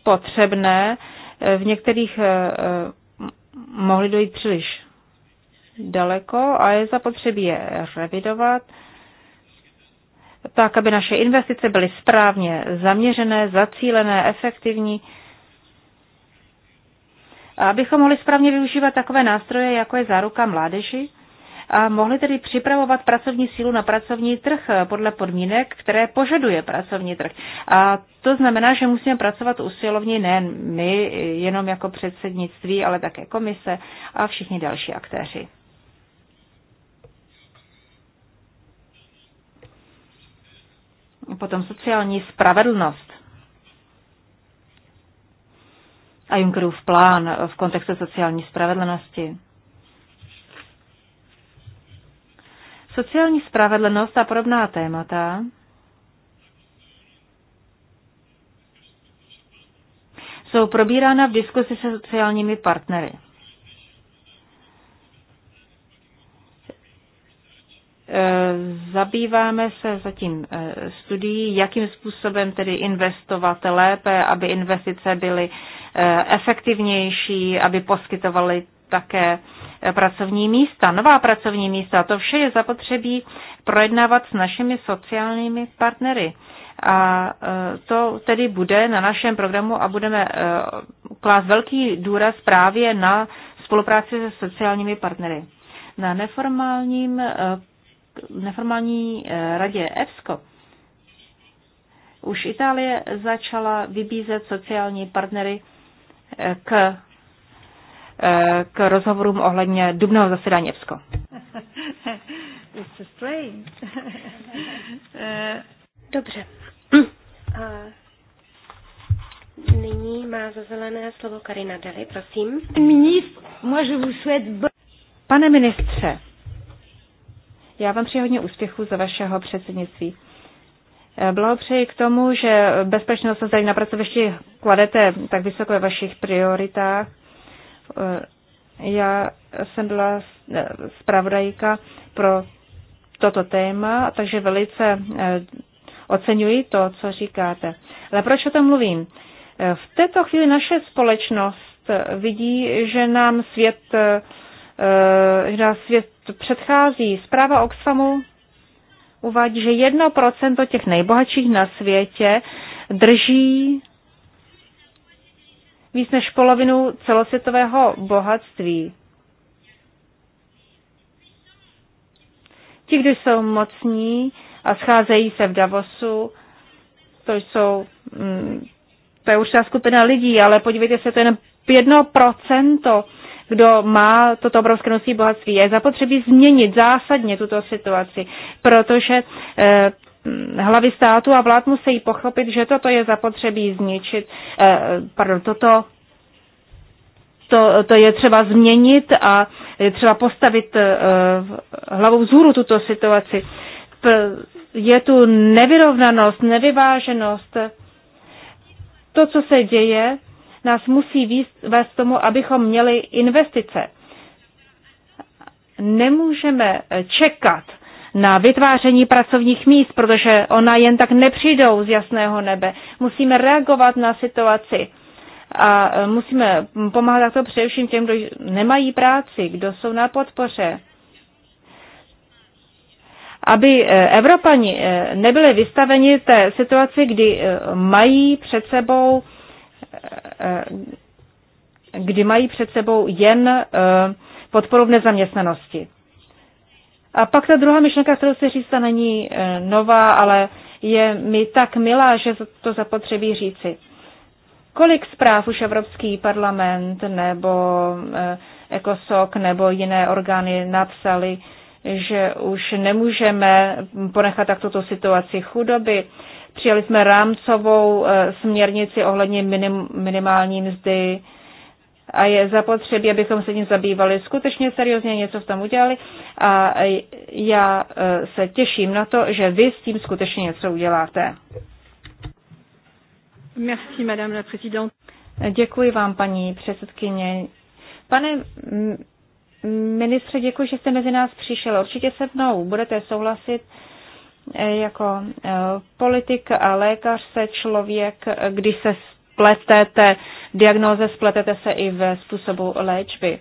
potřebné, v některých mohly dojít příliš daleko a je zapotřebí je revidovat tak, aby naše investice byly správně zaměřené, zacílené, efektivní. A abychom mohli správně využívat takové nástroje, jako je záruka mládeži, a mohli tedy připravovat pracovní sílu na pracovní trh podle podmínek, které požaduje pracovní trh. A to znamená, že musíme pracovat usilovně nejen my, jenom jako předsednictví, ale také komise a všichni další aktéři. Potom sociální spravedlnost a Junckerův plán v kontextu sociální spravedlnosti. Sociální spravedlnost a podobná témata jsou probírána v diskusi se sociálními partnery. Eh, zabýváme se zatím eh, studií, jakým způsobem tedy investovat lépe, aby investice byly eh, efektivnější, aby poskytovaly také pracovní místa, nová pracovní místa. To vše je zapotřebí projednávat s našimi sociálními partnery. A to tedy bude na našem programu a budeme klást velký důraz právě na spolupráci se sociálními partnery. Na neformálním neformální eh, radě EFSCO už Itálie začala vybízet sociální partnery eh, k, eh, k rozhovorům ohledně dubného zasedání EFSCO. Dobře. nyní má za zelené slovo Karina Deli, prosím. Pane ministře, já vám přeji hodně úspěchu za vašeho předsednictví. Eh, blahopřeji k tomu, že bezpečnost a zdraví na pracovišti kladete tak vysoko ve vašich prioritách. Eh, já jsem byla eh, zpravodajka pro toto téma, takže velice oceňuji to, co říkáte. Ale proč o tom mluvím? V této chvíli naše společnost vidí, že nám svět že nás svět předchází zpráva Oxfamu uvádí, že 1% těch nejbohatších na světě drží víc než polovinu celosvětového bohatství. Ti, kdo jsou mocní a scházejí se v Davosu, to jsou, mm, to je určitá skupina lidí, ale podívejte se, to je jen 1% kdo má toto obrovské množství bohatství. Je zapotřebí změnit zásadně tuto situaci, protože eh, hlavy státu a vlád musí pochopit, že toto je zapotřebí zničit, eh, pardon, toto to, to je třeba změnit a je třeba postavit eh, hlavou vzhůru tuto situaci. Je tu nevyrovnanost, nevyváženost. To, co se děje, nás musí vést k tomu, abychom měli investice. Nemůžeme čekat na vytváření pracovních míst, protože ona jen tak nepřijdou z jasného nebe. Musíme reagovat na situaci a musíme pomáhat to především těm, kdo nemají práci, kdo jsou na podpoře. Aby eh, Evropani eh, nebyli vystaveni té situaci, kdy eh, mají před sebou kdy mají před sebou jen e, podporu v nezaměstnanosti. A pak ta druhá myšlenka, kterou se říct, není e, nová, ale je mi tak milá, že to zapotřebí říci. Kolik zpráv už Evropský parlament nebo e, ECOSOC nebo jiné orgány napsali, že už nemůžeme ponechat tak tuto situaci chudoby, Přijali jsme rámcovou eh, směrnici ohledně minim, minimální mzdy a je zapotřebí, abychom se tím zabývali skutečně seriózně, něco tom udělali a já eh, se těším na to, že vy s tím skutečně něco uděláte. Merci, madame la Děkuji vám, paní předsedkyně. Pane ministře, děkuji, že jste mezi nás přišel. Určitě se mnou budete souhlasit, Eh, jako eh, politik a lékař se člověk, když se spletete, diagnoze spletete se i ve způsobu léčby.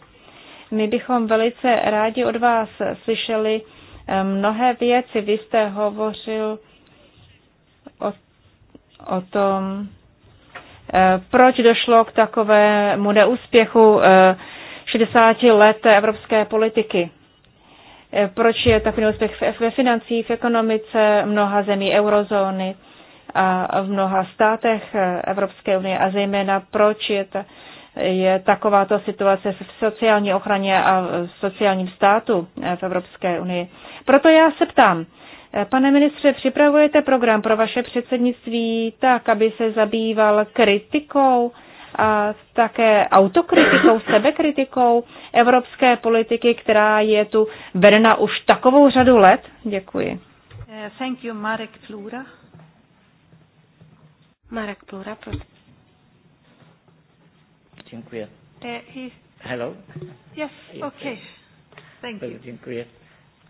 My bychom velice rádi od vás slyšeli eh, mnohé věci. Vy jste hovořil o, o tom, proč došlo k takovému neúspěchu 60 let evropské politiky. Eh, proč je takový úspěch ve financí, v ekonomice mnoha zemí eurozóny a v mnoha státech eh, Evropské unie a zejména proč je, ta, je takováto situace v sociální ochraně a v sociálním státu eh, v Evropské unii. Proto já se ptám, pane ministře, připravujete program pro vaše předsednictví tak, aby se zabýval kritikou a také autokritikou, sebekritikou evropské politiky, která je tu vedena už takovou řadu let? Děkuji. Eh, thank you, Marek Plura. Marek Plura, prosím. he... Eh, Hello? Yes, okay. Thank you. Děkuji.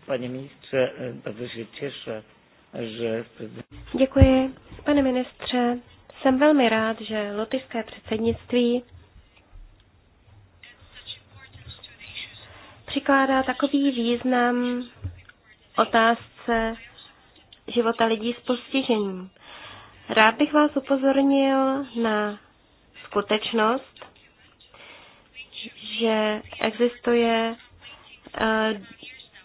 Pane ministře, e, bardzo się cieszę, Děkuji, pane ministře. Jsem velmi rád, že lotyšské předsednictví přikládá takový význam otázce života lidí s postižením. Rád bych vás upozornil na skutečnost, že existuje eh,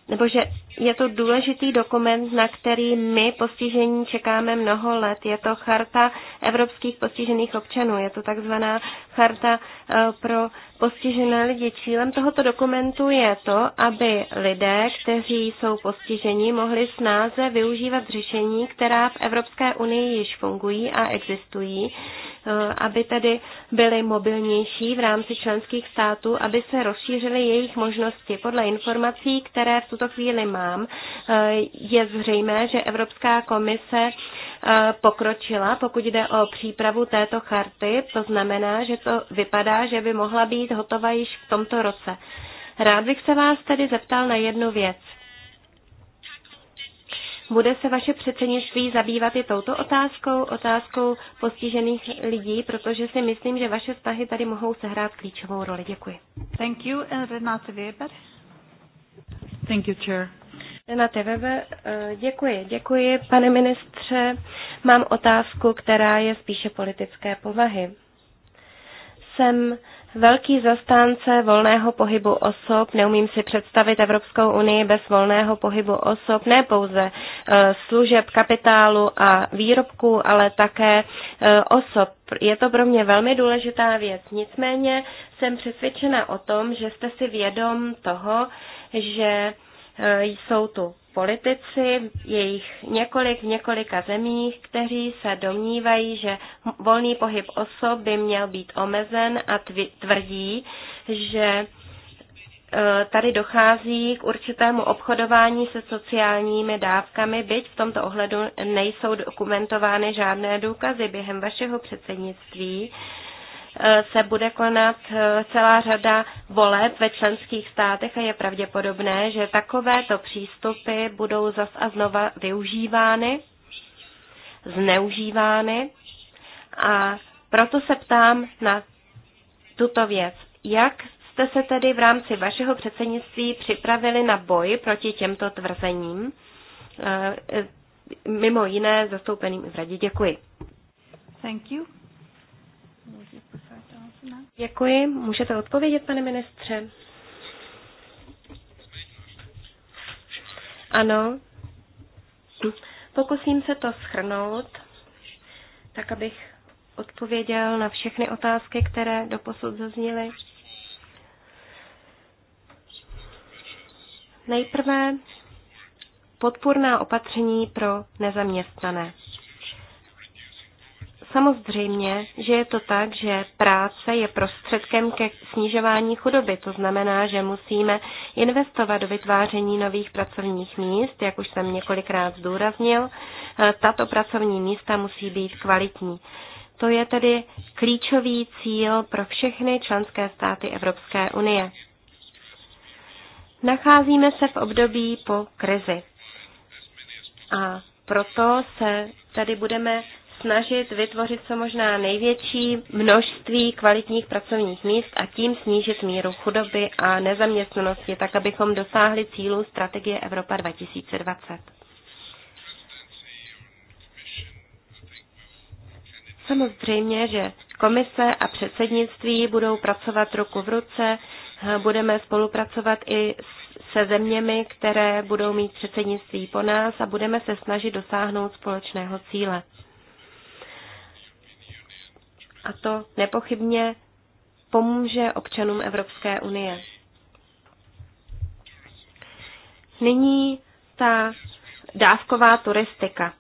nebo že je to důležitý dokument, na který my postižení čekáme mnoho let. Je to charta evropských postižených občanů, je to takzvaná charta eh, pro postižené lidi. Cílem tohoto dokumentu je to, aby lidé, kteří jsou postiženi, mohli snáze využívat řešení, která v Evropské unii již fungují a existují, eh, aby tedy byly mobilnější v rámci členských států, aby se rozšířily jejich možnosti. Podle informací, které v tuto chvíli má, firmám. Eh, je zřejmé, že Evropská komise eh, pokročila, pokud jde o přípravu této charty. To znamená, že to vypadá, že by mohla být hotova již v tomto roce. Rád bych se vás tedy zeptal na jednu věc. Bude se vaše předsednictví zabývat i touto otázkou, otázkou postižených lidí, protože si myslím, že vaše vztahy tady mohou sehrát klíčovou roli. Děkuji. Thank you, Renate Weber. Thank you, Chair. Na Weber, eh, děkuji, děkuji, pane ministře. Mám otázku, která je spíše politické povahy. Jsem velký zastánce volného pohybu osob. Neumím si představit Evropskou unii bez volného pohybu osob, ne pouze eh, služeb, kapitálu a výrobků, ale také eh, osob. Je to pro mě velmi důležitá věc. Nicméně jsem přesvědčena o tom, že jste si vědom toho, že Eh, jsou tu politici, jejich několik v několika zemích, kteří se domnívají, že volný pohyb osob by měl být omezen a tvrdí, že eh, tady dochází k určitému obchodování se sociálními dávkami, byť v tomto ohledu nejsou dokumentovány žádné důkazy během vašeho předsednictví se bude konat eh, celá řada voleb ve členských státech a je pravděpodobné, že takovéto přístupy budou zas a znova využívány, zneužívány. A proto se ptám na tuto věc. Jak jste se tedy v rámci vašeho předsednictví připravili na boj proti těmto tvrzením, eh, eh, mimo jiné zastoupeným v radě? Děkuji. Thank you. Děkuji. Můžete odpovědět, pane ministře? Ano. Pokusím se to schrnout, tak abych odpověděl na všechny otázky, které doposud zazněly. Nejprve podpůrná opatření pro nezaměstnané. Samozřejmě, že je to tak, že práce je prostředkem ke snižování chudoby. To znamená, že musíme investovat do vytváření nových pracovních míst, jak už jsem několikrát zdůraznil. E, tato pracovní místa musí být kvalitní. To je tedy klíčový cíl pro všechny členské státy Evropské unie. Nacházíme se v období po krizi. A proto se tady budeme snažit vytvořit co možná největší množství kvalitních pracovních míst a tím snížit míru chudoby a nezaměstnanosti, tak abychom dosáhli cílů strategie Evropa 2020. Samozřejmě, že komise a předsednictví budou pracovat ruku v ruce, budeme spolupracovat i se zeměmi, které budou mít předsednictví po nás a budeme se snažit dosáhnout společného cíle a to nepochybně pomůže občanům Evropské unie. Nyní ta dávková turistika.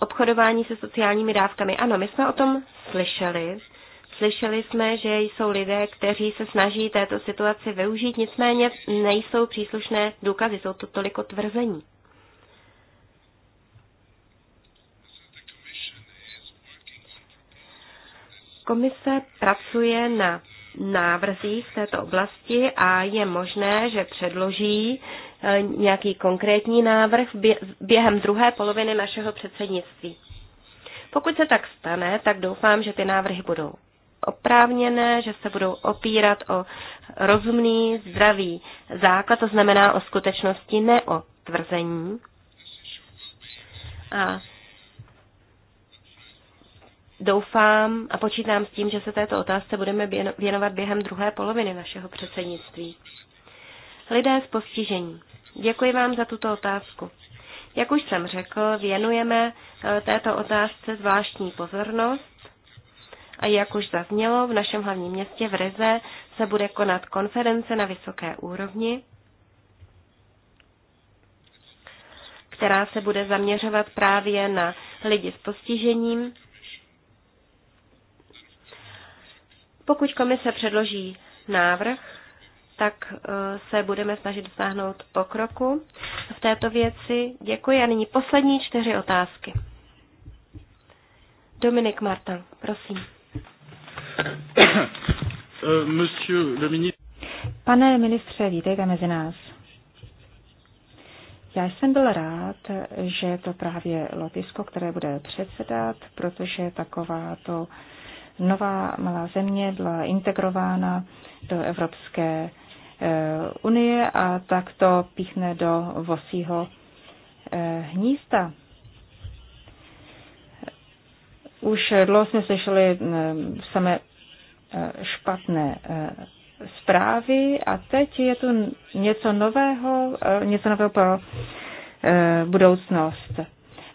Obchodování se sociálními dávkami. Ano, my jsme o tom slyšeli. Slyšeli jsme, že jsou lidé, kteří se snaží této situaci využít, nicméně nejsou příslušné důkazy, jsou to toliko tvrzení. Komise pracuje na návrzích v této oblasti a je možné, že předloží eh, nějaký konkrétní návrh během druhé poloviny našeho předsednictví. Pokud se tak stane, tak doufám, že ty návrhy budou oprávněné, že se budou opírat o rozumný, zdravý základ, to znamená o skutečnosti, ne o tvrzení. A Doufám a počítám s tím, že se této otázce budeme věnovat během druhé poloviny našeho předsednictví. Lidé s postižením. Děkuji vám za tuto otázku. Jak už jsem řekl, věnujeme eh, této otázce zvláštní pozornost a jak už zaznělo, v našem hlavním městě v Rize se bude konat konference na vysoké úrovni, která se bude zaměřovat právě na lidi s postižením Pokud komise předloží návrh, tak eh, se budeme snažit dosáhnout pokroku v této věci. Děkuji a nyní poslední čtyři otázky. Dominik Martin, prosím. Eh, Pane ministře, vítejte mezi nás. Já jsem byl rád, že je to právě lotisko, které bude předsedat, protože takováto nová malá země byla integrována do Evropské eh, unie a tak to píchne do vosího eh, hnízda. Už dlouho jsme slyšeli eh, samé špatné zprávy a teď je tu něco nového, něco nového pro budoucnost.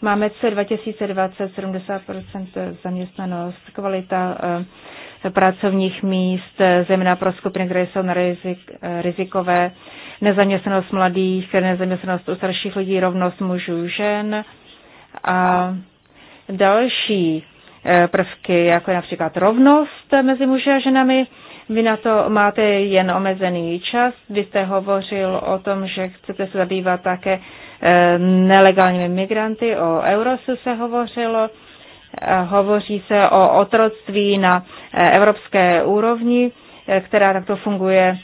Máme C 2020 70% zaměstnanost, kvalita eh, pracovních míst, eh, zejména pro skupiny, které jsou na rizik, eh, rizikové, nezaměstnanost mladých, nezaměstnanost u starších lidí, rovnost mužů, žen a další prvky, jako je například rovnost mezi muži a ženami. Vy na to máte jen omezený čas. Vy jste hovořil o tom, že chcete se zabývat také Eh, nelegálními migranty, o Eurosu se hovořilo, hovoří se o otroctví na eh, evropské úrovni, eh, která takto funguje.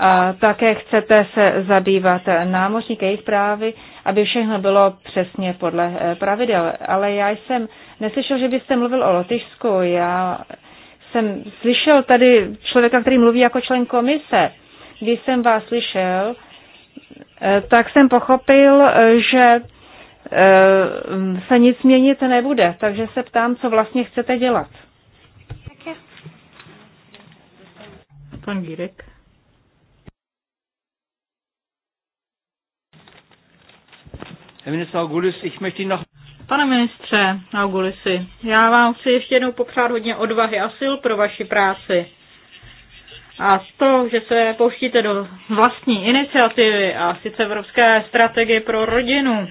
A také chcete se zabývat námořníky, jejich právy, aby všechno bylo přesně podle pravidel. Ale já jsem neslyšel, že byste mluvil o Lotyšsku. Já jsem slyšel tady člověka, který mluví jako člen komise. Když jsem vás slyšel, Eh, tak jsem pochopil, eh, že eh, se nic měnit nebude. Takže se ptám, co vlastně chcete dělat. Pan Gírek. Pane ministře Augulisi, já vám chci ještě jednou popřát hodně odvahy a sil pro vaši práci. A to, že se pouštíte do vlastní iniciativy a sice Evropské strategie pro rodinu,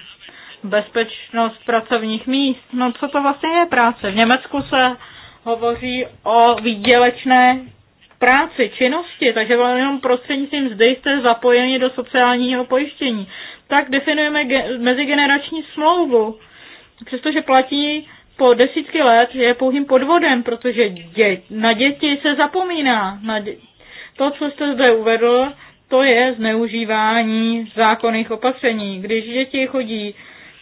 bezpečnost pracovních míst, no co to vlastně je práce? V Německu se hovoří o výdělečné práci, činnosti, takže vlastně jenom prostřednictvím zde jste zapojeni do sociálního pojištění. Tak definujeme ge- mezigenerační smlouvu, přestože platí po desítky let, je pouhým podvodem, protože dě- na děti se zapomíná, na dě- to, co jste zde uvedl, to je zneužívání zákonných opatření. Když děti chodí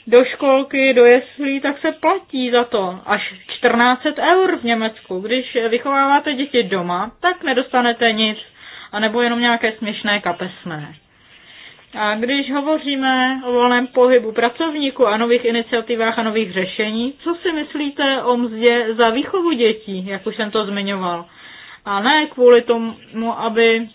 do školky, do jeslí, tak se platí za to až 14 eur v Německu. Když vychováváte děti doma, tak nedostanete nic, anebo jenom nějaké směšné kapesné. A když hovoříme o volném pohybu pracovníků a nových iniciativách a nových řešení, co si myslíte o mzdě za výchovu dětí, jak už jsem to zmiňoval? A ne kvůli tomu, aby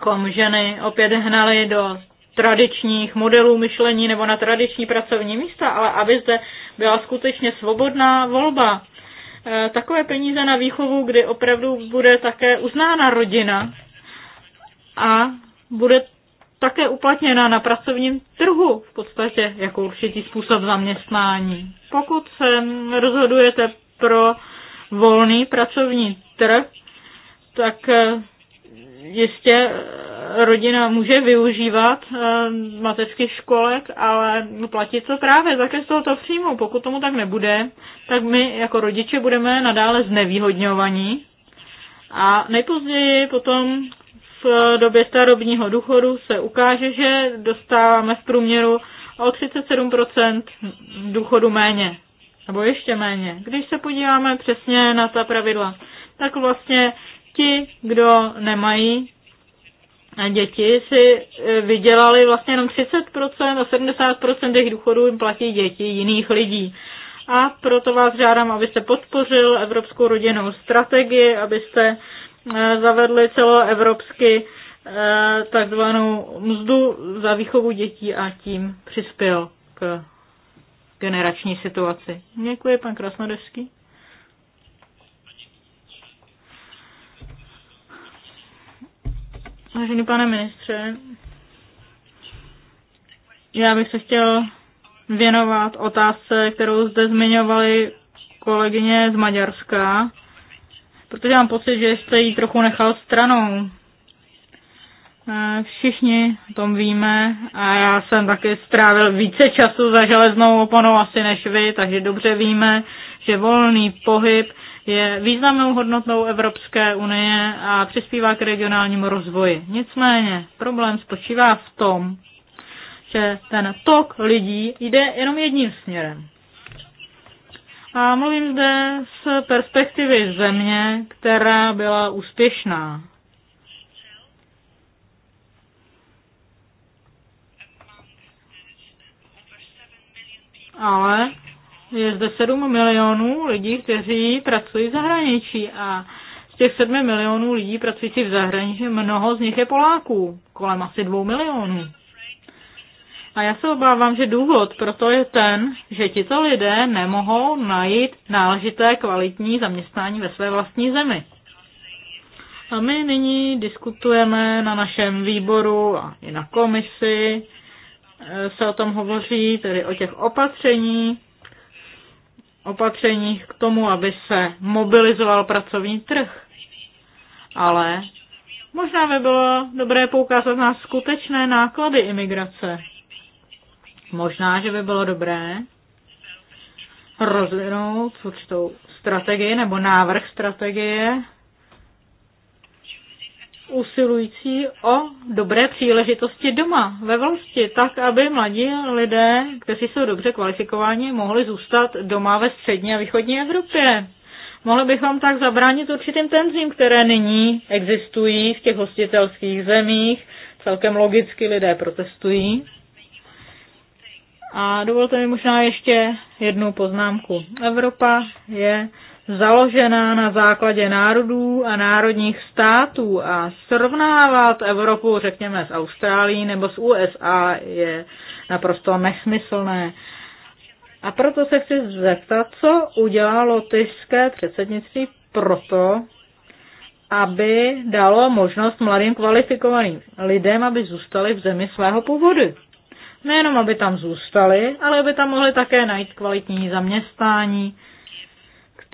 kom ženy opět hnaly do tradičních modelů myšlení nebo na tradiční pracovní místa, ale aby zde byla skutečně svobodná volba. E, takové peníze na výchovu, kdy opravdu bude také uznána rodina a bude také uplatněna na pracovním trhu v podstatě jako určitý způsob zaměstnání. Pokud se rozhodujete pro volný pracovní trh, tak eh, jistě eh, rodina může využívat eh, mateřských školek, ale platí to právě také z tohoto příjmu. Pokud tomu tak nebude, tak my jako rodiče budeme nadále znevýhodňovaní a nejpozději potom v době starobního důchodu se ukáže, že dostáváme v průměru o 37% důchodu méně, nebo ještě méně. Když se podíváme přesně na ta pravidla, tak vlastně ti, kdo nemají děti, si e, vydělali vlastně jenom 30% a 70% těch důchodů jim platí děti jiných lidí. A proto vás žádám, abyste podpořil Evropskou rodinnou strategii, abyste e, zavedli celoevropsky e, takzvanou mzdu za výchovu dětí a tím přispěl k generační situaci. Děkuji, pan Krasnodevský. Vážený pane ministře, já bych se chtěl věnovat otázce, kterou zde zmiňovali kolegyně z Maďarska, protože mám pocit, že jste ji trochu nechal stranou. Eh, všichni o tom víme a já jsem taky strávil více času za železnou oponou asi než vy, takže dobře víme, že volný pohyb je významnou hodnotou Evropské unie a přispívá k regionálnímu rozvoji. Nicméně problém spočívá v tom, že ten tok lidí jde jenom jedním směrem. A mluvím zde z perspektivy země, která byla úspěšná. Ale je zde 7 milionů lidí, kteří pracují v zahraničí a z těch 7 milionů lidí pracující v zahraničí mnoho z nich je Poláků, kolem asi 2 milionů. A já se obávám, že důvod pro to je ten, že tito lidé nemohou najít náležité kvalitní zaměstnání ve své vlastní zemi. A my nyní diskutujeme na našem výboru a i na komisi, e, se o tom hovoří, tedy o těch opatření, opatřeních k tomu, aby se mobilizoval pracovní trh. Ale možná by bylo dobré poukázat na skutečné náklady imigrace. Možná, že by bylo dobré rozvinout určitou strategii nebo návrh strategie usilující o dobré příležitosti doma, ve vlasti, tak, aby mladí lidé, kteří jsou dobře kvalifikováni, mohli zůstat doma ve střední a východní Evropě. Mohli bychom tak zabránit určitým tenzím, které nyní existují v těch hostitelských zemích. Celkem logicky lidé protestují. A dovolte mi možná ještě jednu poznámku. Evropa je založená na základě národů a národních států a srovnávat Evropu, řekněme, s Austrálií nebo s USA je naprosto nesmyslné. A proto se chci zeptat, co udělalo tyžské předsednictví proto, aby dalo možnost mladým kvalifikovaným lidem, aby zůstali v zemi svého původu. Nejenom, aby tam zůstali, ale aby tam mohli také najít kvalitní zaměstnání,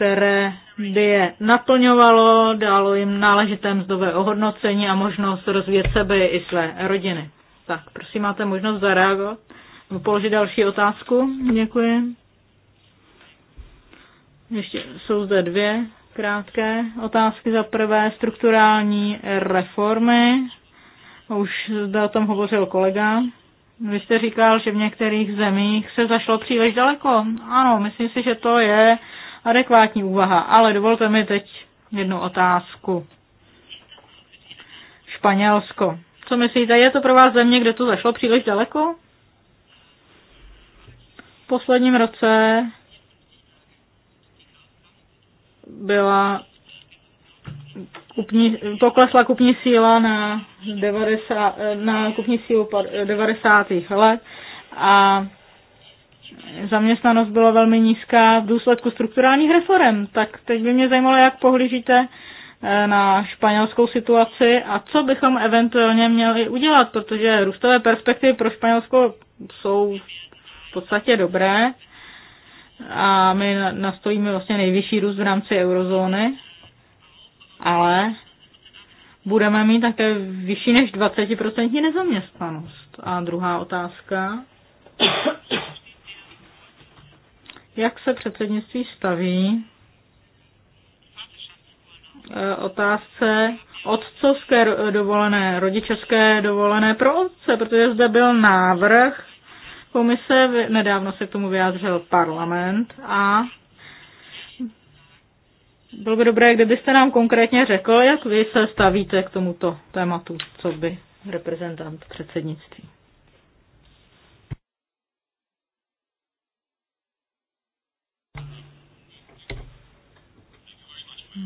které by je naplňovalo, dalo jim náležité mzdové ohodnocení a možnost rozvíjet sebe i své rodiny. Tak, prosím, máte možnost zareagovat, položit další otázku. Děkuji. Ještě jsou zde dvě krátké otázky. Za prvé strukturální reformy. Už zde o tom hovořil kolega. Vy jste říkal, že v některých zemích se zašlo příliš daleko. Ano, myslím si, že to je adekvátní úvaha. Ale dovolte mi teď jednu otázku. Španělsko. Co myslíte, je to pro vás země, kde to zašlo příliš daleko? V posledním roce byla kupní, poklesla kupní síla na, 90, na kupní sílu 90. let a zaměstnanost byla velmi nízká v důsledku strukturálních reform. Tak teď by mě zajímalo, jak pohlížíte eh, na španělskou situaci a co bychom eventuálně měli udělat, protože růstové perspektivy pro Španělsko jsou v podstatě dobré a my nastojíme vlastně nejvyšší růst v rámci eurozóny, ale budeme mít také vyšší než 20% nezaměstnanost. A druhá otázka. Jak se předsednictví staví e, otázce otcovské dovolené, rodičovské dovolené pro otce, protože zde byl návrh komise, nedávno se k tomu vyjádřil parlament a bylo by dobré, kdybyste nám konkrétně řekl, jak vy se stavíte k tomuto tématu, co by reprezentant předsednictví.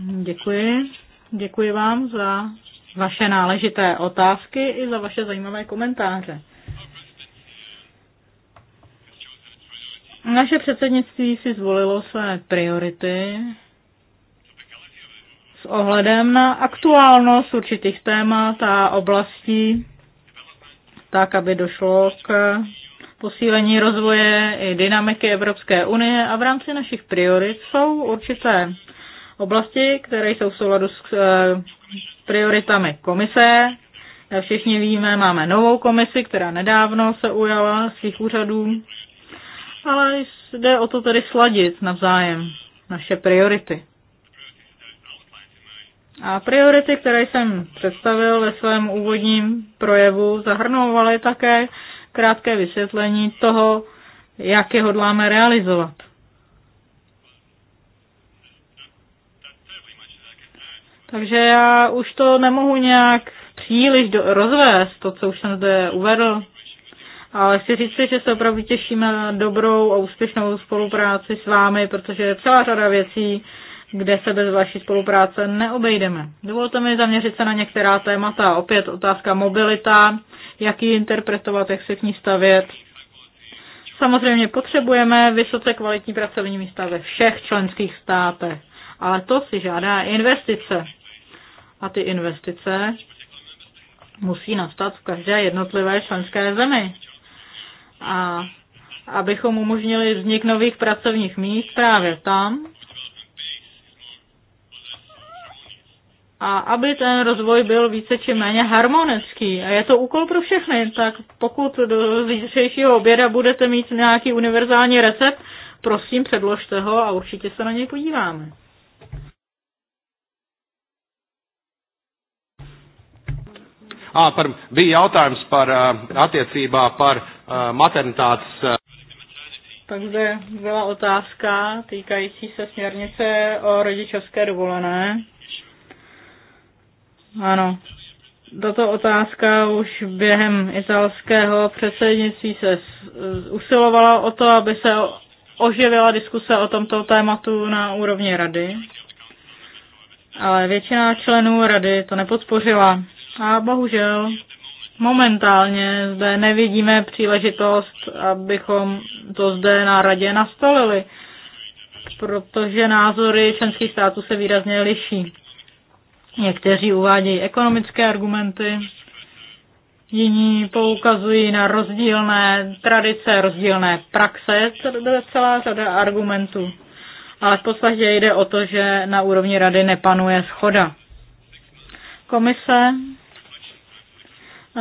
Děkuji. Děkuji vám za vaše náležité otázky i za vaše zajímavé komentáře. Naše předsednictví si zvolilo své priority s ohledem na aktuálnost určitých témat a oblastí, tak aby došlo k posílení rozvoje i dynamiky Evropské unie a v rámci našich priorit jsou určité oblasti, které jsou v souladu s eh, prioritami komise. Eh, všichni víme, máme novou komisi, která nedávno se ujala svých úřadů, ale jde o to tedy sladit navzájem naše priority. A priority, které jsem představil ve svém úvodním projevu, zahrnovaly také krátké vysvětlení toho, jak je hodláme realizovat. Takže já už to nemohu nějak příliš do, rozvést, to, co už jsem zde uvedl. Ale chci říct, že se opravdu těšíme na dobrou a úspěšnou spolupráci s vámi, protože je celá řada věcí, kde se bez vaší spolupráce neobejdeme. Dovolte mi zaměřit se na některá témata. Opět otázka mobilita, jak ji interpretovat, jak se k ní stavět. Samozřejmě potřebujeme vysoce kvalitní pracovní místa ve všech členských státech, ale to si žádá investice a ty investice musí nastat v každé jednotlivé členské zemi. A abychom umožnili vznik nových pracovních míst právě tam, a aby ten rozvoj byl více či méně harmonický. A je to úkol pro všechny, tak pokud do zítřejšího oběda budete mít nějaký univerzální recept, prosím předložte ho a určitě se na něj podíváme. Ā, par, bija jautājums par attiecībā par maternitātes. Takže byla otázka týkající se směrnice o rodičovské dovolené. Ano. Tato otázka už během italského předsednictví se usilovala o to, aby se oživila diskuse o tomto tématu na úrovni rady. Ale většina členů rady to nepodpořila. A bohužel momentálně zde nevidíme příležitost, abychom to zde na radě nastolili, protože názory členských států se výrazně liší. Někteří uvádějí ekonomické argumenty, jiní poukazují na rozdílné tradice, rozdílné praxe, to je celá řada argumentů. Ale v podstatě jde o to, že na úrovni rady nepanuje schoda. Komise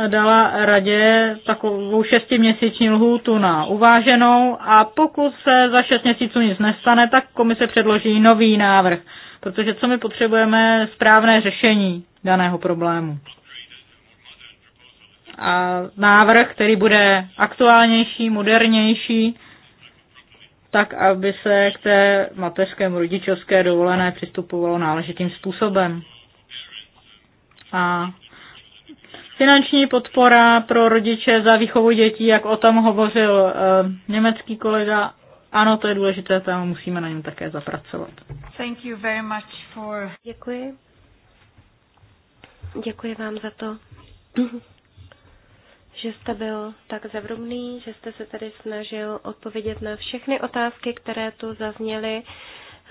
dala radě takovou šestiměsíční lhůtu na uváženou a pokud se za šest měsíců nic nestane, tak komise předloží nový návrh, protože co my potřebujeme správné řešení daného problému. A návrh, který bude aktuálnější, modernější, tak, aby se k té mateřské rodičovské dovolené přistupovalo náležitým způsobem. A Finanční podpora pro rodiče za výchovu dětí, jak o tom hovořil e, německý kolega. Ano, to je důležité téma, musíme na něm také zapracovat. Thank you very much for... Děkuji. Děkuji vám za to, že jste byl tak zevrubný, že jste se tady snažil odpovědět na všechny otázky, které tu zazněly.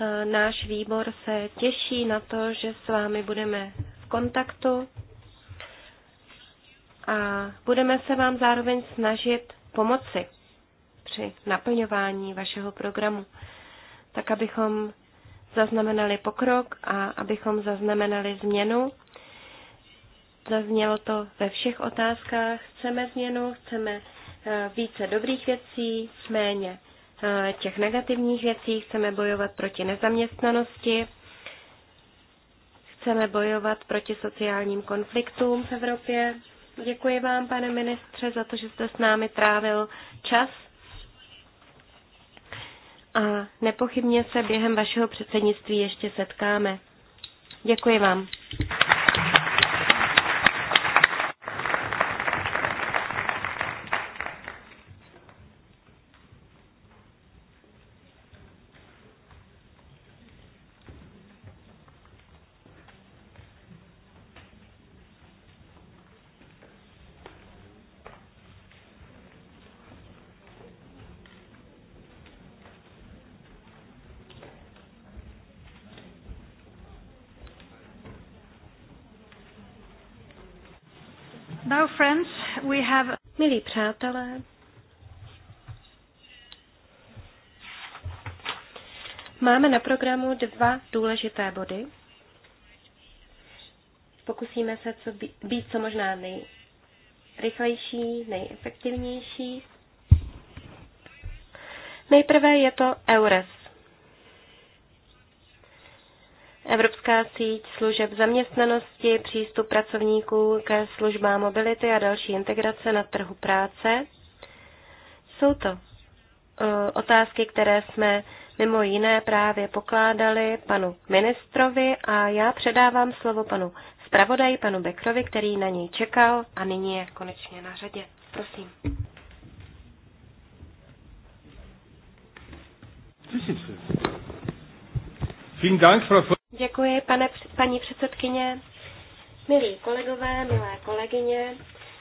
Eh, náš výbor se těší na to, že s vámi budeme v kontaktu a budeme se vám zároveň snažit pomoci při naplňování vašeho programu, tak abychom zaznamenali pokrok a abychom zaznamenali změnu. Zaznělo to ve všech otázkách. Chceme změnu, chceme eh, více dobrých věcí, méně eh, těch negativních věcí, chceme bojovat proti nezaměstnanosti, chceme bojovat proti sociálním konfliktům v Evropě, Děkuji vám, pane ministře, za to, že jste s námi trávil čas. A nepochybně se během vašeho předsednictví ještě setkáme. Děkuji vám. Milí přátelé, máme na programu dva důležité body. Pokusíme se co být, být co možná nejrychlejší, nejefektivnější. Nejprve je to EURES, Evropská síť služeb zaměstnanosti, přístup pracovníků ke službám mobility a další integrace na trhu práce. Jsou to e, otázky, které jsme mimo jiné právě pokládali panu ministrovi a já předávám slovo panu zpravodaji, panu Bekrovi, který na něj čekal a nyní je konečně na řadě. Prosím. Vielen Dank, Frau Děkuji, pane, paní předsedkyně. Milí kolegové, milé kolegyně,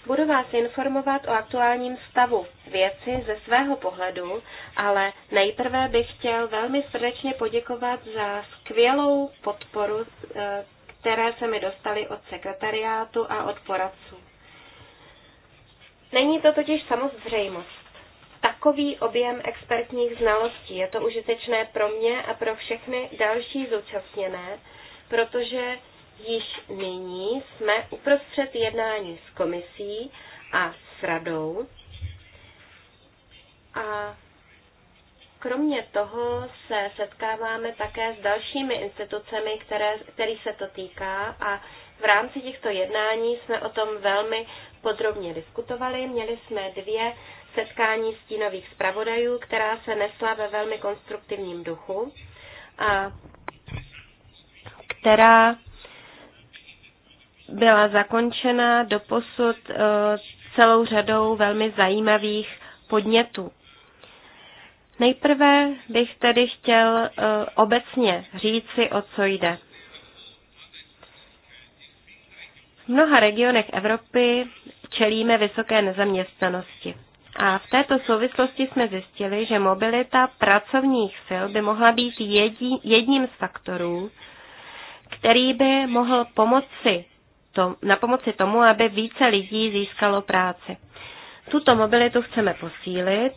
budu vás informovat o aktuálním stavu věci ze svého pohledu, ale nejprve bych chtěl velmi srdečně poděkovat za skvělou podporu, eh, které se mi dostaly od sekretariátu a od poradců. Není to totiž samozřejmost takový objem expertních znalostí. Je to užitečné pro mě a pro všechny další zúčastněné, protože již nyní jsme uprostřed jednání s komisí a s radou. A kromě toho se setkáváme také s dalšími institucemi, které, který se to týká a v rámci těchto jednání jsme o tom velmi podrobně diskutovali. Měli jsme dvě setkání stínových zpravodajů, která se nesla ve velmi konstruktivním duchu a která byla zakončena doposud eh, celou řadou velmi zajímavých podnětů. Nejprve bych tedy chtěl eh, obecně říci, o co jde. V mnoha regionech Evropy čelíme vysoké nezaměstnanosti. A v této souvislosti jsme zjistili, že mobilita pracovních sil by mohla být jedí, jedním z faktorů, který by mohl pomoci to, na pomoci tomu, aby více lidí získalo práci. Tuto mobilitu chceme posílit.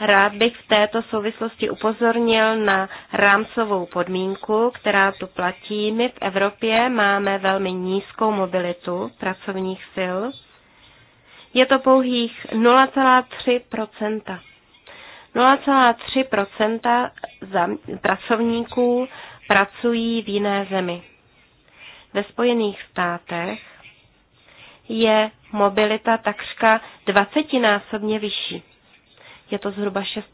Rád bych v této souvislosti upozornil na rámcovou podmínku, která tu platí. My v Evropě máme velmi nízkou mobilitu pracovních sil je to pouhých 0,3 0,3 pracovníků pracují v jiné zemi. Ve Spojených státech je mobilita takřka dvacetinásobně vyšší. Je to zhruba 6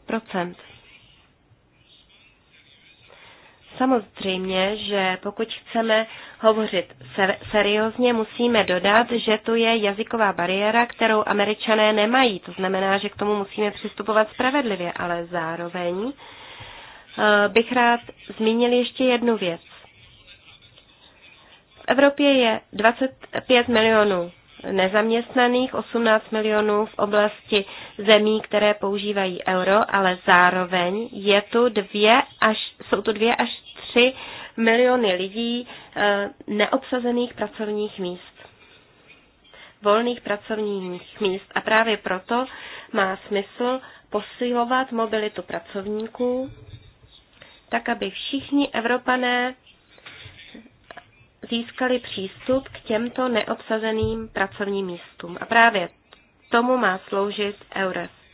Samozřejmě, že pokud chceme hovořit seriózně, musíme dodat, že to je jazyková bariéra, kterou američané nemají. To znamená, že k tomu musíme přistupovat spravedlivě, ale zároveň eh, bych rád zmínil ještě jednu věc. V Evropě je 25 milionů nezaměstnaných, 18 milionů v oblasti zemí, které používají euro, ale zároveň je tu dvě až, jsou tu dvě až 3 miliony lidí eh, neobsazených pracovních míst volných pracovních míst a právě proto má smysl posilovat mobilitu pracovníků, tak aby všichni Evropané získali přístup k těmto neobsazeným pracovním místům. A právě tomu má sloužit EURES.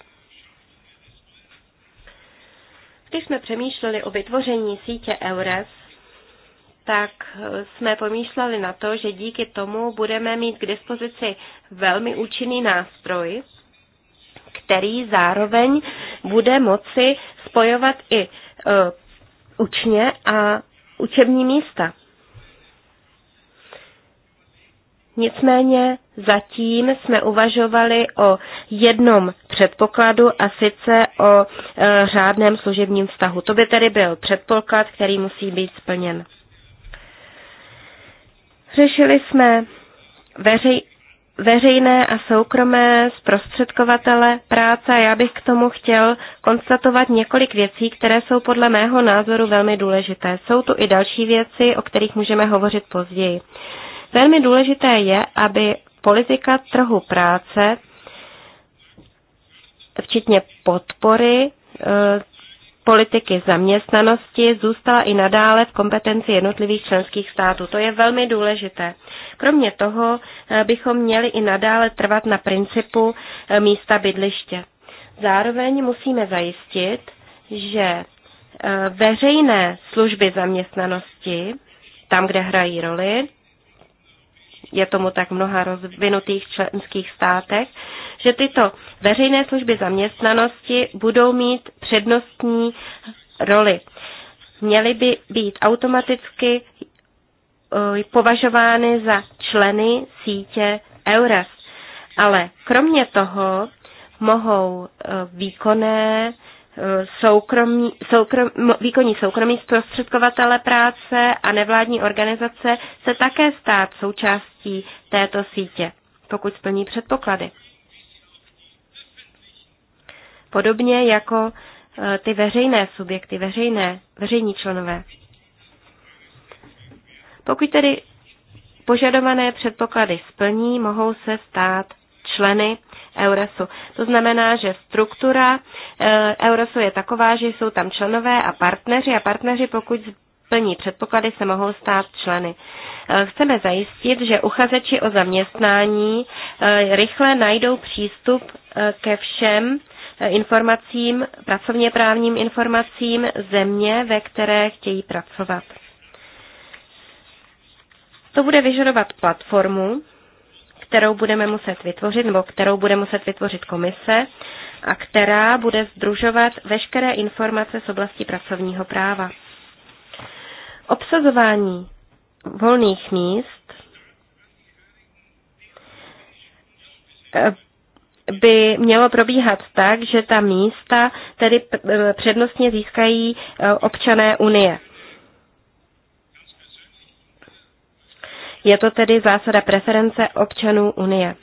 Když jsme přemýšleli o vytvoření sítě EURES, tak jsme pomýšleli na to, že díky tomu budeme mít k dispozici velmi účinný nástroj, který zároveň bude moci spojovat i uh, učně a učební místa. Nicméně zatím jsme uvažovali o jednom předpokladu a sice o e, řádném služebním vztahu. To by tedy byl předpoklad, který musí být splněn. Řešili jsme veřej, veřejné a soukromé zprostředkovatele práce a já bych k tomu chtěl konstatovat několik věcí, které jsou podle mého názoru velmi důležité. Jsou tu i další věci, o kterých můžeme hovořit později. Velmi důležité je, aby politika trhu práce, včetně podpory e, politiky zaměstnanosti zůstala i nadále v kompetenci jednotlivých členských států. To je velmi důležité. Kromě toho e, bychom měli i nadále trvat na principu e, místa bydliště. Zároveň musíme zajistit, že veřejné služby zaměstnanosti, tam, kde hrají roli, je tomu tak v mnoha rozvinutých členských státech, že tyto veřejné služby zaměstnanosti budou mít přednostní roli. Měly by být automaticky eh, považovány za členy sítě EURES. Ale kromě toho mohou eh, výkonné soukromí, soukrom, výkonní soukromí zprostředkovatele práce a nevládní organizace se také stát součástí této sítě, pokud splní předpoklady. Podobně jako e, ty veřejné subjekty, veřejné, veřejní členové. Pokud tedy požadované předpoklady splní, mohou se stát členy Eurasu. To znamená, že struktura eh, Eurasu je taková, že jsou tam členové a partneři a partneři, pokud plní předpoklady, se mohou stát členy. Eh, chceme zajistit, že uchazeči o zaměstnání eh, rychle najdou přístup ke všem informacím, pracovně právním informacím země, ve které chtějí pracovat. To bude vyžadovat platformu, kterou budeme muset vytvořit, nebo kterou bude muset vytvořit komise, a která bude združovat veškeré informace z oblasti pracovního práva. Obsazování volných míst eh, by mělo probíhat tak, že ta místa tedy eh, přednostně získají eh, občané Unie. Je to tedy zásada preference občanů Unie.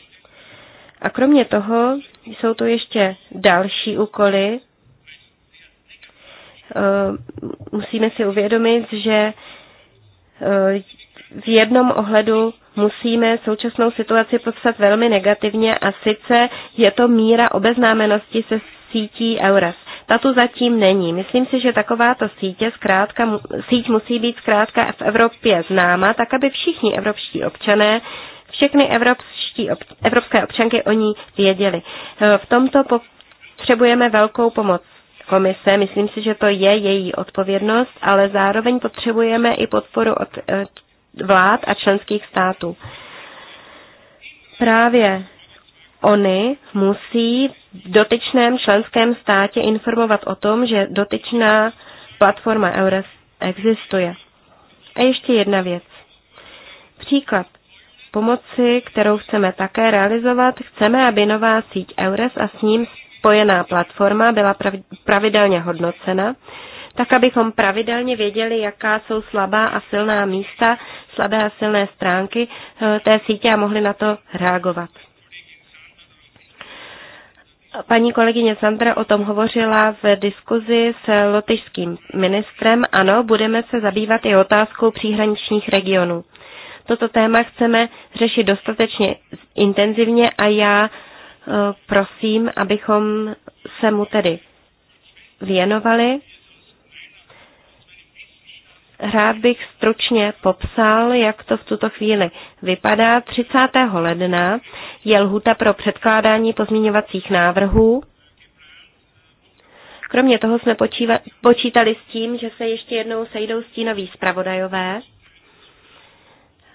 A kromě toho jsou tu ještě další úkoly. E, musíme si uvědomit, že e, v jednom ohledu musíme současnou situaci popsat velmi negativně a sice je to míra obeznámenosti se sítí Euras ta tu zatím není. Myslím si, že takováto sítě zkrátka, síť musí být zkrátka v Evropě známa, tak aby všichni evropští občané, všechny evropští, evropské občanky o ní věděli. E, v tomto potřebujeme velkou pomoc komise. Myslím si, že to je její odpovědnost, ale zároveň potřebujeme i podporu od e, vlád a členských států. Právě Ony musí v dotyčném členském státě informovat o tom, že dotyčná platforma EURES existuje. A ještě jedna věc. Příklad pomoci, kterou chceme také realizovat, chceme, aby nová síť EURES a s ním spojená platforma byla pravidelně hodnocena, tak abychom pravidelně věděli, jaká jsou slabá a silná místa, slabé a silné stránky eh, té sítě a mohli na to reagovat. Paní kolegyně Sandra o tom hovořila v diskuzi s lotyšským ministrem. Ano, budeme se zabývat i otázkou příhraničních regionů. Toto téma chceme řešit dostatečně intenzivně a já e, prosím, abychom se mu tedy věnovali rád bych stručně popsal, jak to v tuto chvíli vypadá. 30. ledna je lhuta pro předkládání pozměňovacích návrhů. Kromě toho jsme počíva- počítali s tím, že se ještě jednou sejdou stínoví zpravodajové,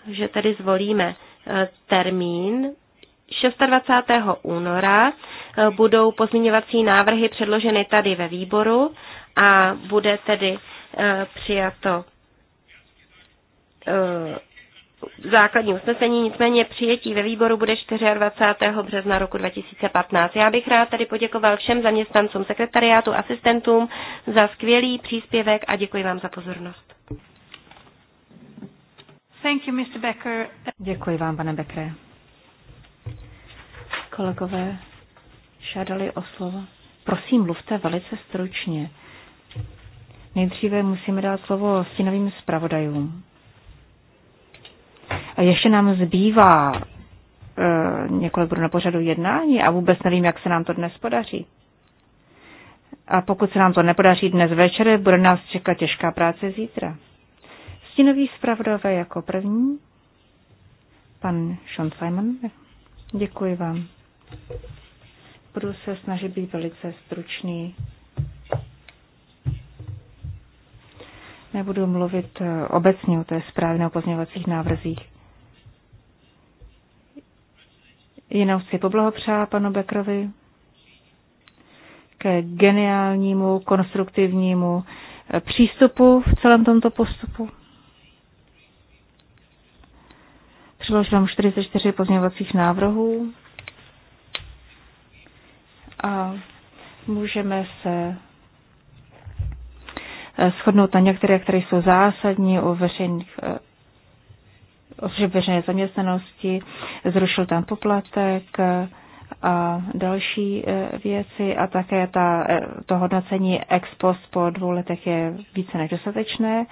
že tedy zvolíme e, termín 26. února e, budou pozměňovací návrhy předloženy tady ve výboru a bude tedy e, přijato Eh, základní usnesení, nicméně přijetí ve výboru bude 24. března roku 2015. Já bych rád tady poděkoval všem zaměstnancům sekretariátu, asistentům za skvělý příspěvek a děkuji vám za pozornost. Thank you, Mr. Becker. Děkuji vám, pane Bekre. Kolegové žádali o slovo. Prosím, mluvte velice stručně. Nejdříve musíme dát slovo stínovým zpravodajům. Ještě nám zbývá eh, několik budu na pořadu jednání a vůbec nevím, jak se nám to dnes podaří. A pokud se nám to nepodaří dnes večer, bude nás čekat těžká práce zítra. Stínový zpravodové jako první, pan Sean Simon. Děkuji vám. Budu se snažit být velice stručný. Nebudu mluvit eh, obecně o té zprávě o pozměňovacích návrzích. Jenom chci poblahopřát panu Bekrovi ke geniálnímu, konstruktivnímu eh, přístupu v celém tomto postupu. Přiložil vám 44 pozměňovacích návrhů a můžeme se Eh, shodnout na některé, které jsou zásadní u veřejných eh, veřejné zaměstnanosti, zrušil tam poplatek eh, a další věci a také ta, to hodnocení ex post po dvou letech je více než dostatečné.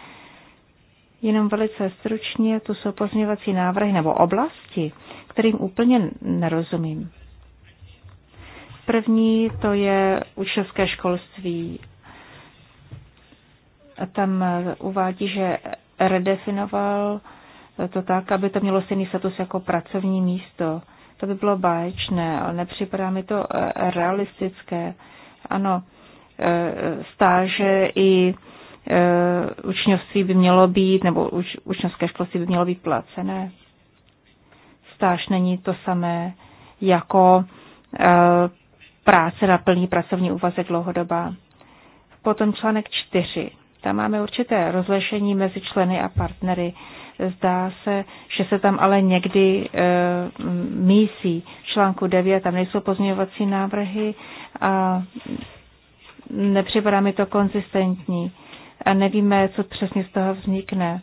Jenom velice stručně, tu jsou pozměňovací návrhy nebo oblasti, kterým úplně nerozumím. První to je učitelské školství tam eh, uvádí, že redefinoval to tak, aby to mělo stejný status jako pracovní místo. To by bylo báječné, ale nepřipadá mi to eh, realistické. Ano, eh, stáže i učňovství by mělo být, nebo uč, učňovské školství by mělo být placené. Stáž není to samé jako práce na plný pracovní úvazek dlouhodobá. Potom článek 4. Tam máme určité rozlišení mezi členy a partnery. Zdá se, že se tam ale někdy e, mísí. V článku 9 tam nejsou pozměňovací návrhy a nepřipadá mi to konzistentní. A nevíme, co přesně z toho vznikne.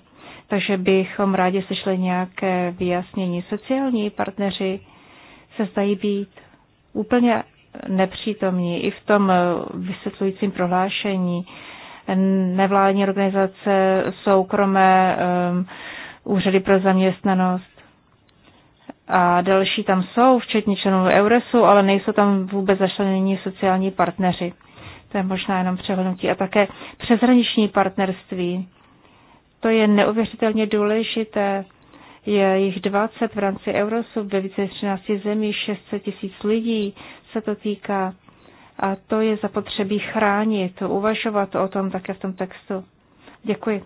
Takže bychom rádi sešli nějaké vyjasnění. Sociální partneři se zdají být úplně nepřítomní i v tom vysvětlujícím prohlášení nevládní organizace, soukromé um, úřady pro zaměstnanost a další tam jsou, včetně členů Euresu, ale nejsou tam vůbec zašlenění sociální partneři. To je možná jenom přehodnutí. A také přeshraniční partnerství. To je neuvěřitelně důležité. Je jich 20 v rámci Eurosu, ve více než 13 zemí, 600 tisíc lidí se to týká a to je zapotřebí chránit, uvažovat o tom také v tom textu. Děkuji.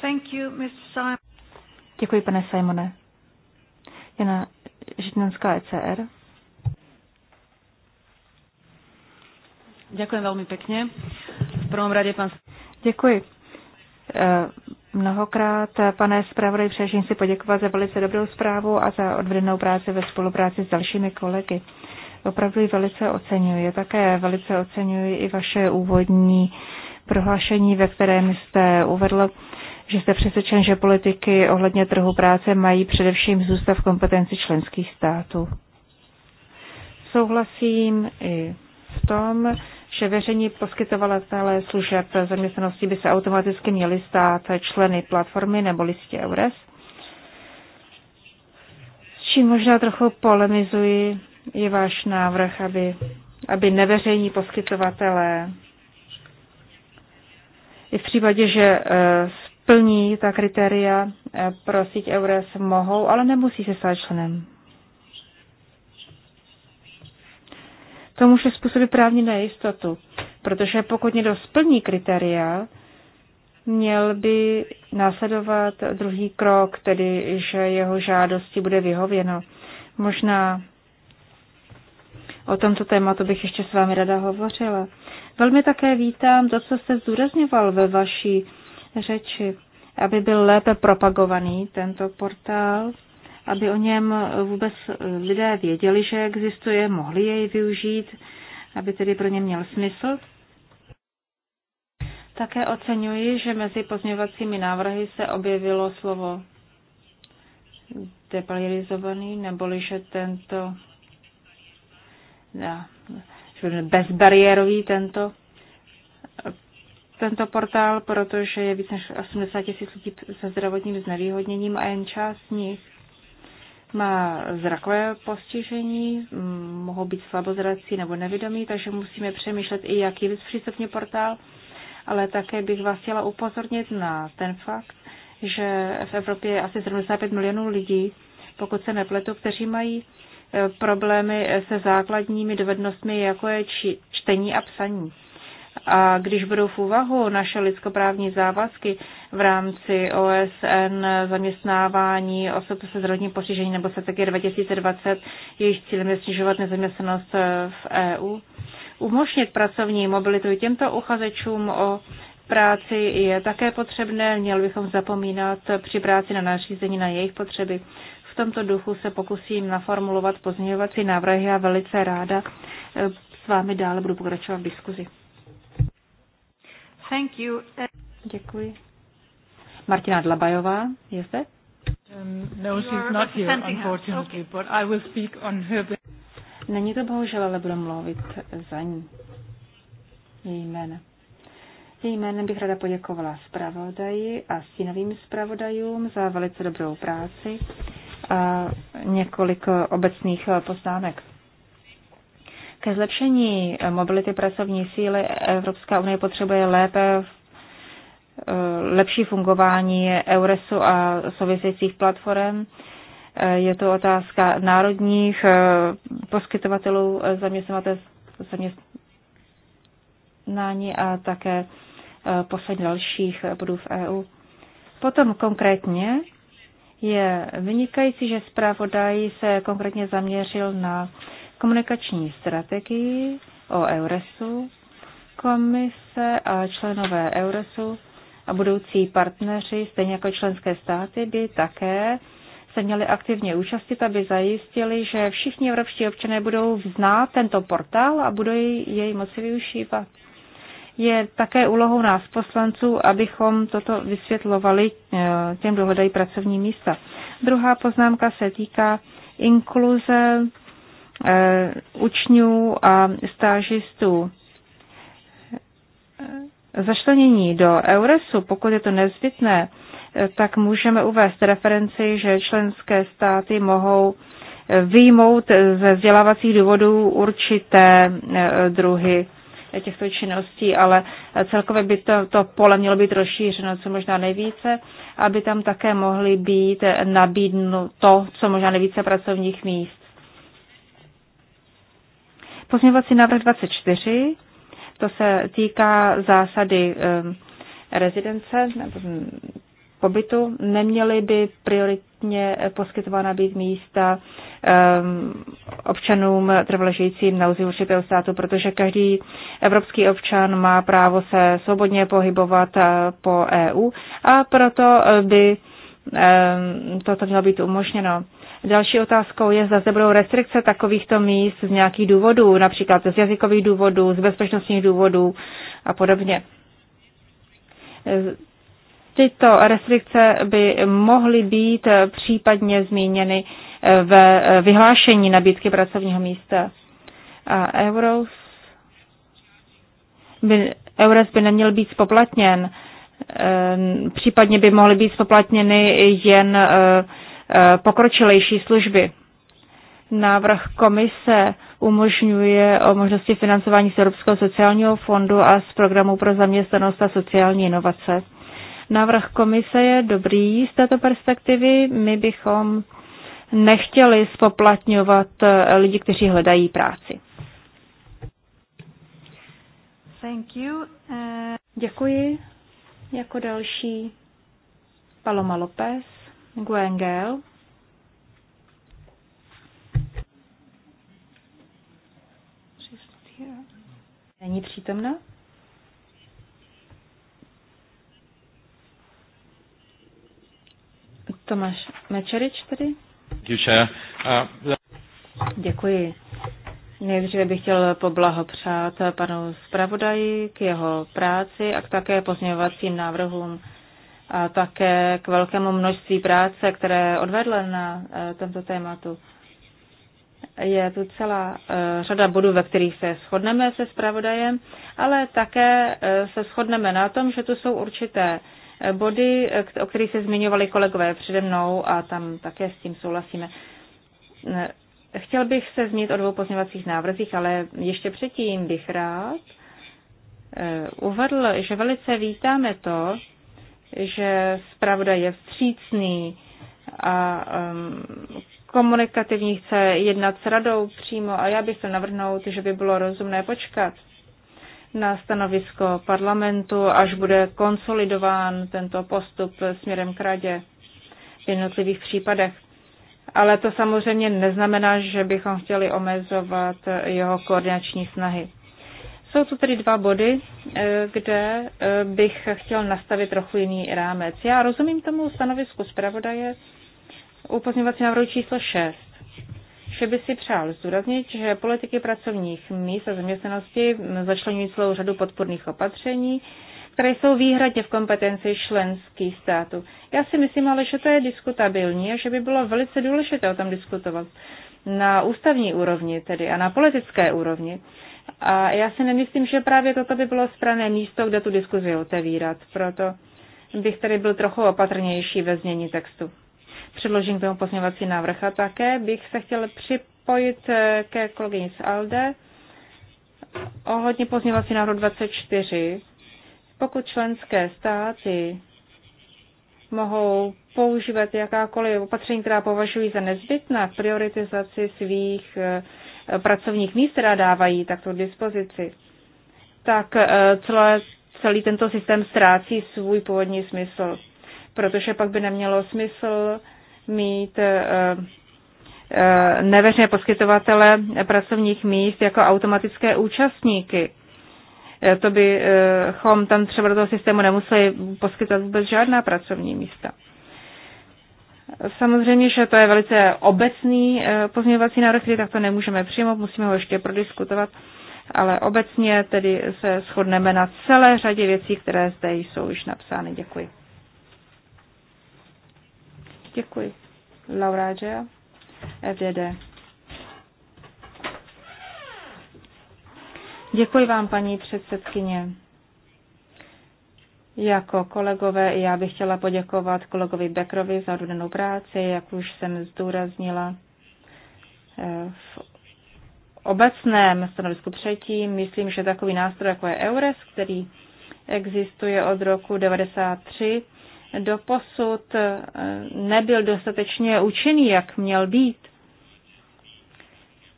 Thank you, Mr. Simon. Děkuji, pane Simone. Jana Žitnanská ECR. Děkuji velmi pekne. V prvom radě pan... Děkuji. Eh, mnohokrát. Pane zpravodaj, především si poděkovat za velice dobrou zprávu a za odvedenou práci ve spolupráci s dalšími kolegy. Opravdu ji velice oceňuji. Také velice oceňuji i vaše úvodní prohlášení, ve kterém jste uvedl, že jste přesvědčen, že politiky ohledně trhu práce mají především zůstat v kompetenci členských států. Souhlasím i v tom, že veřejní poskytovatelé služeb zaměstnanosti by se automaticky měli stát členy platformy nebo listě EURES. S čím možná trochu polemizuji, je váš návrh, aby, aby neveřejní poskytovatelé i v případě, že eh, splní ta kritéria eh, pro síť EURES mohou, ale nemusí se stát členem to může způsobit právní nejistotu, protože pokud někdo splní kritéria, měl by následovat druhý krok, tedy že jeho žádosti bude vyhověno. Možná o tomto tématu bych ještě s vámi rada hovořila. Velmi také vítám to, co jste zdůrazňoval ve vaší řeči, aby byl lépe propagovaný tento portál aby o něm vůbec lidé věděli, že existuje, mohli jej využít, aby tedy pro ně měl smysl. Také oceňuji, že mezi pozměňovacími návrhy se objevilo slovo depolarizovaný, neboli že tento bezbariérový tento tento portál, protože je více než 80 tisíc lidí se zdravotním znevýhodněním a jen část z nich má zrakové postižení, mohou být slabozrací nebo nevědomí, takže musíme přemýšlet i, jaký zpřístupní portál, ale také bych vás chtěla upozornit na ten fakt, že v Evropě je asi 75 milionů lidí, pokud se nepletu, kteří mají eh, problémy se základními dovednostmi, jako je čtení a psaní. A když budou v úvahu naše lidskoprávní závazky v rámci OSN, zaměstnávání osob se zdravotním postižením nebo se taky 2020, jejich cílem je snižovat nezaměstnanost eh, v EU, umožnit pracovní mobilitu i těmto uchazečům o práci je také potřebné, měl bychom zapomínat při práci na nařízení na jejich potřeby. V tomto duchu se pokusím naformulovat pozměňovací návrhy a velice ráda eh, s vámi dále budu pokračovat v diskuzi. Thank you. Děkuji. Martina Dlabajová je zde? Um, no, she's not here, unfortunately, okay. but I will speak on her Není to bohužel, ale budu mluvit za ní. Její jméno. Její jménem bych ráda poděkovala zpravodaji a stínovým zpravodajům za velice dobrou práci a několik obecných poznámek. Ke zlepšení mobility pracovní síly Evropská unie potřebuje lépe eh, lepší fungování Euresu a souvisejících platform. Eh, je to otázka národních eh, poskytovatelů zaměstnání a také poslední dalších bodů v EU. Potom konkrétně je vynikající, že zpravodaj se konkrétně zaměřil na komunikační strategii o Euresu, komise a členové Euresu a budoucí partneři, stejně jako členské státy, by také se měli aktivně účastnit, aby zajistili, že všichni evropští občané budou znát tento portál a budou jej moci využívat. Je také úlohou nás poslanců, abychom toto vysvětlovali eh, těm, kdo hledají pracovní místa. Druhá poznámka se týká inkluze Eh, učňů a stážistů. Eh, Zašlenění do Euresu, pokud je to nezbytné, eh, tak můžeme uvést referenci, že členské státy mohou výjmout ze vzdělávacích důvodů určité druhy těchto činností, ale celkově by to, to pole mělo být rozšířeno co možná nejvíce, aby tam také mohly být nabídnuto co možná nejvíce pracovních míst. Pozměňovací návrh 24, to se týká zásady ehm, rezidence nebo pobytu. Neměly by prioritně eh, poskytována být místa ehm, občanům trvale žijícím na území určitého státu, protože každý evropský občan má právo se svobodně pohybovat eh, po EU a proto eh, by ehm, toto mělo být umožněno. Další otázkou je, zda zde budou restrikce takovýchto míst z nějakých důvodů, například z jazykových důvodů, z bezpečnostních důvodů a podobně. Tyto restrikce by mohly být případně zmíněny ve vyhlášení nabídky pracovního místa. A euros by, Euros by neměl být spoplatněn, ehm, případně by mohly být spoplatněny jen eh, Eh, pokročilejší služby. Návrh komise umožňuje o možnosti financování z Evropského sociálního fondu a z programu pro zaměstnanost a sociální inovace. Návrh komise je dobrý z této perspektivy. My bychom nechtěli spoplatňovat eh, lidi, kteří hledají práci. Thank you. Eh, Děkuji. Jako další Paloma López. Guengel. Není přítomna? Tomáš Mečerič tedy? Děkuji. Nejdříve bych chtěl poblahopřát panu zpravodaji k jeho práci a k také pozměňovacím návrhům a také k velkému množství práce, které odvedl na e, tomto tématu. Je tu celá e, řada bodů, ve kterých se shodneme se zpravodajem, ale také e, se shodneme na tom, že tu jsou určité body, o kterých se zmiňovali kolegové přede mnou a tam také s tím souhlasíme. Chtěl bych se zmínit o dvou pozměvacích návrzích, ale ještě předtím bych rád uvedl, že velice vítáme to, že zpravda je vstřícný a um, komunikativní chce jednat s radou přímo a já bych chtěl navrhnout, že by bylo rozumné počkat na stanovisko parlamentu, až bude konsolidován tento postup směrem k radě v jednotlivých případech. Ale to samozřejmě neznamená, že bychom chtěli omezovat jeho koordinační snahy. Jsou tu tedy dva body, eh, kde eh, bych chtěl nastavit trochu jiný rámec. Já rozumím tomu stanovisku zpravodaje u pozměňovací návrhu číslo 6 že by si přál zdůraznit, že politiky pracovních míst a zaměstnanosti začlenují celou řadu podporných opatření, které jsou výhradně v kompetenci členských států. Já si myslím ale, že to je diskutabilní a že by bylo velice důležité o tom diskutovat na ústavní úrovni tedy a na politické úrovni. A já si nemyslím, že právě toto by bylo správné místo, kde tu diskuzi otevírat. Proto bych tady byl trochu opatrnější ve změní textu. Předložím k tomu pozměňovací návrh a také bych se chtěl připojit eh, ke kolegyni z ALDE ohledně pozměňovací návrhu 24. Pokud členské státy mohou používat jakákoliv opatření, která považují za nezbytná prioritizaci svých eh, pracovních míst, která dávají takto dispozici, tak eh, celé, celý tento systém ztrácí svůj původní smysl, protože pak by nemělo smysl mít eh, eh, neveřejné poskytovatele pracovních míst jako automatické účastníky. To bychom tam třeba do toho systému nemuseli poskytovat vůbec žádná pracovní místa. Samozřejmě, že to je velice obecný eh, pozměňovací návrh, který takto nemůžeme přijmout, musíme ho ještě prodiskutovat, ale obecně tedy se shodneme na celé řadě věcí, které zde jsou již napsány. Děkuji. Děkuji. Laura FDD. Děkuji vám, paní předsedkyně. Jako kolegové já bych chtěla poděkovat kolegovi Bekrovi za rudenou práci, jak už jsem zdůraznila eh, v obecném stanovisku třetím. Myslím, že takový nástroj, jako je EURES, který existuje od roku 1993, doposud eh, nebyl dostatečně účinný, jak měl být.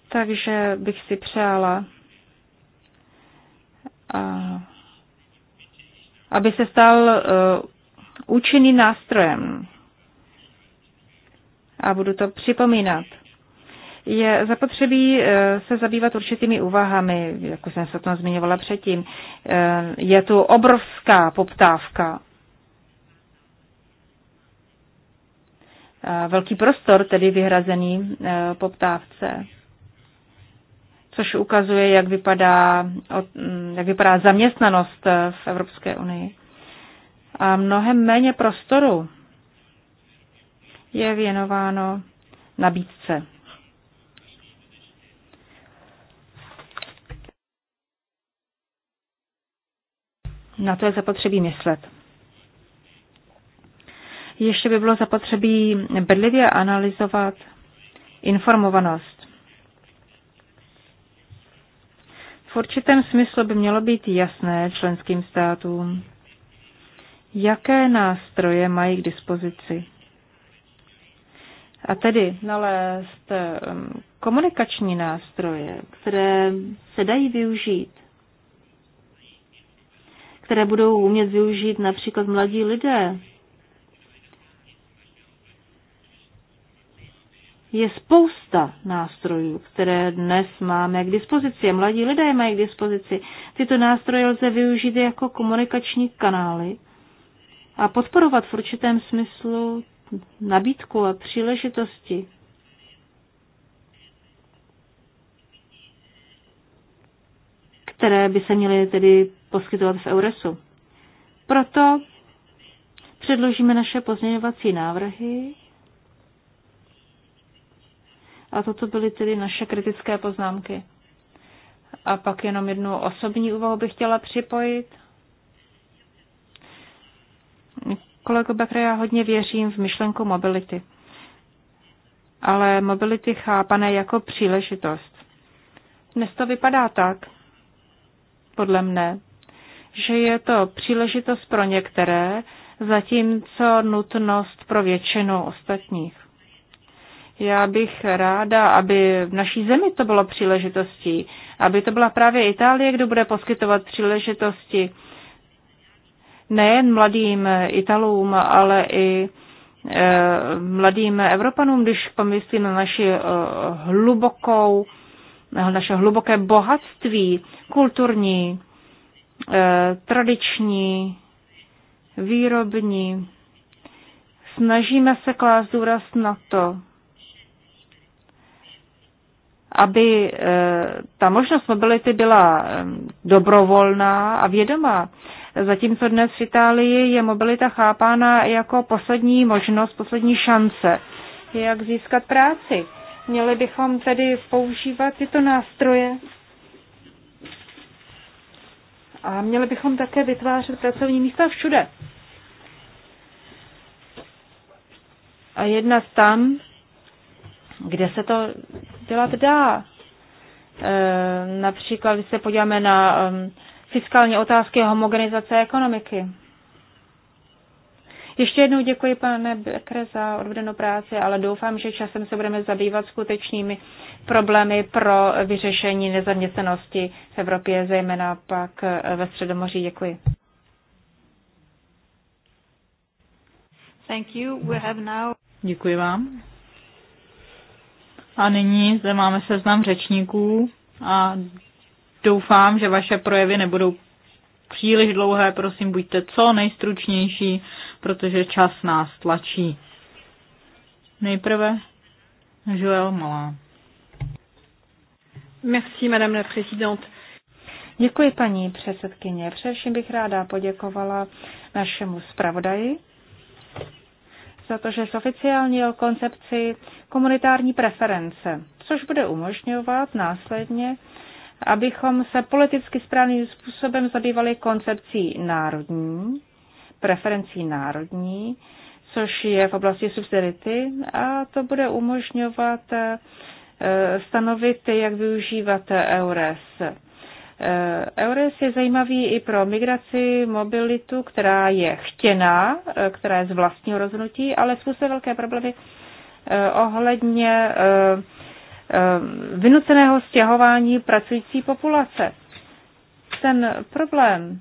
Takže bych si přála, aby se stal eh, účinným nástrojem. A budu to připomínat. Je zapotřebí eh, se zabývat určitými úvahami, jako jsem se o tom zmiňovala předtím. Eh, je tu obrovská poptávka. Velký prostor tedy vyhrazený poptávce což ukazuje, jak vypadá, jak vypadá zaměstnanost v Evropské unii. A mnohem méně prostoru je věnováno nabídce. Na to je zapotřebí myslet. Ještě by bylo zapotřebí bedlivě analyzovat informovanost v určitém smyslu by mělo být jasné členským státům, jaké nástroje mají k dispozici. A tedy nalézt um, komunikační nástroje, které se dají využít, které budou umět využít například mladí lidé, je spousta nástrojů, které dnes máme k dispozici a mladí lidé mají k dispozici. Tyto nástroje lze využít jako komunikační kanály a podporovat v určitém smyslu nabídku a příležitosti. které by se měly tedy poskytovat v Euresu. Proto předložíme naše pozměňovací návrhy a toto byly tedy naše kritické poznámky. A pak jenom jednu osobní úvahu bych chtěla připojit. Kolego Bekra, já hodně věřím v myšlenku mobility. Ale mobility chápané jako příležitost. Dnes to vypadá tak, podle mne, že je to příležitost pro některé, zatímco nutnost pro většinu ostatních. Já bych ráda, aby v naší zemi to bylo příležitostí, aby to byla právě Itálie, kdo bude poskytovat příležitosti nejen mladým Italům, ale i eh, mladým Evropanům, když pomyslím na naši eh, hlubokou, naše hluboké bohatství kulturní, eh, tradiční, výrobní. Snažíme se klást důraz na to, aby eh, ta možnost mobility byla dobrovolná a vědomá. Zatímco dnes v Itálii je mobilita chápána jako poslední možnost, poslední šance, jak získat práci. Měli bychom tedy používat tyto nástroje a měli bychom také vytvářet pracovní místa všude. A jedna tam, kde se to dělat dá. E, například, když se podíváme na fiskální otázky homogenizace ekonomiky. Ještě jednou děkuji, pane Bekre, za odvedenou práci, ale doufám, že časem se budeme zabývat skutečnými problémy pro vyřešení nezaměstnanosti v Evropě, zejména pak e, ve Středomoří. Děkuji. Thank you. We have now... Děkuji vám. A nyní zde máme seznam řečníků a doufám, že vaše projevy nebudou příliš dlouhé. Prosím, buďte co nejstručnější, protože čas nás tlačí. Nejprve Joel Malá. Merci, madame la présidente. Děkuji, paní předsedkyně. Především bych ráda poděkovala našemu zpravodaji za to, že zoficiálnil koncepci komunitární preference, což bude umožňovat následně, abychom se politicky správným způsobem zabývali koncepcí národní, preferencí národní, což je v oblasti subsidiarity a to bude umožňovat eh, stanovit, jak využívat EURES Eh, EURES je zajímavý i pro migraci, mobilitu, která je chtěná, eh, která je z vlastního rozhodnutí, ale způsobuje velké problémy eh, ohledně vynuceného stěhování pracující populace. Ten problém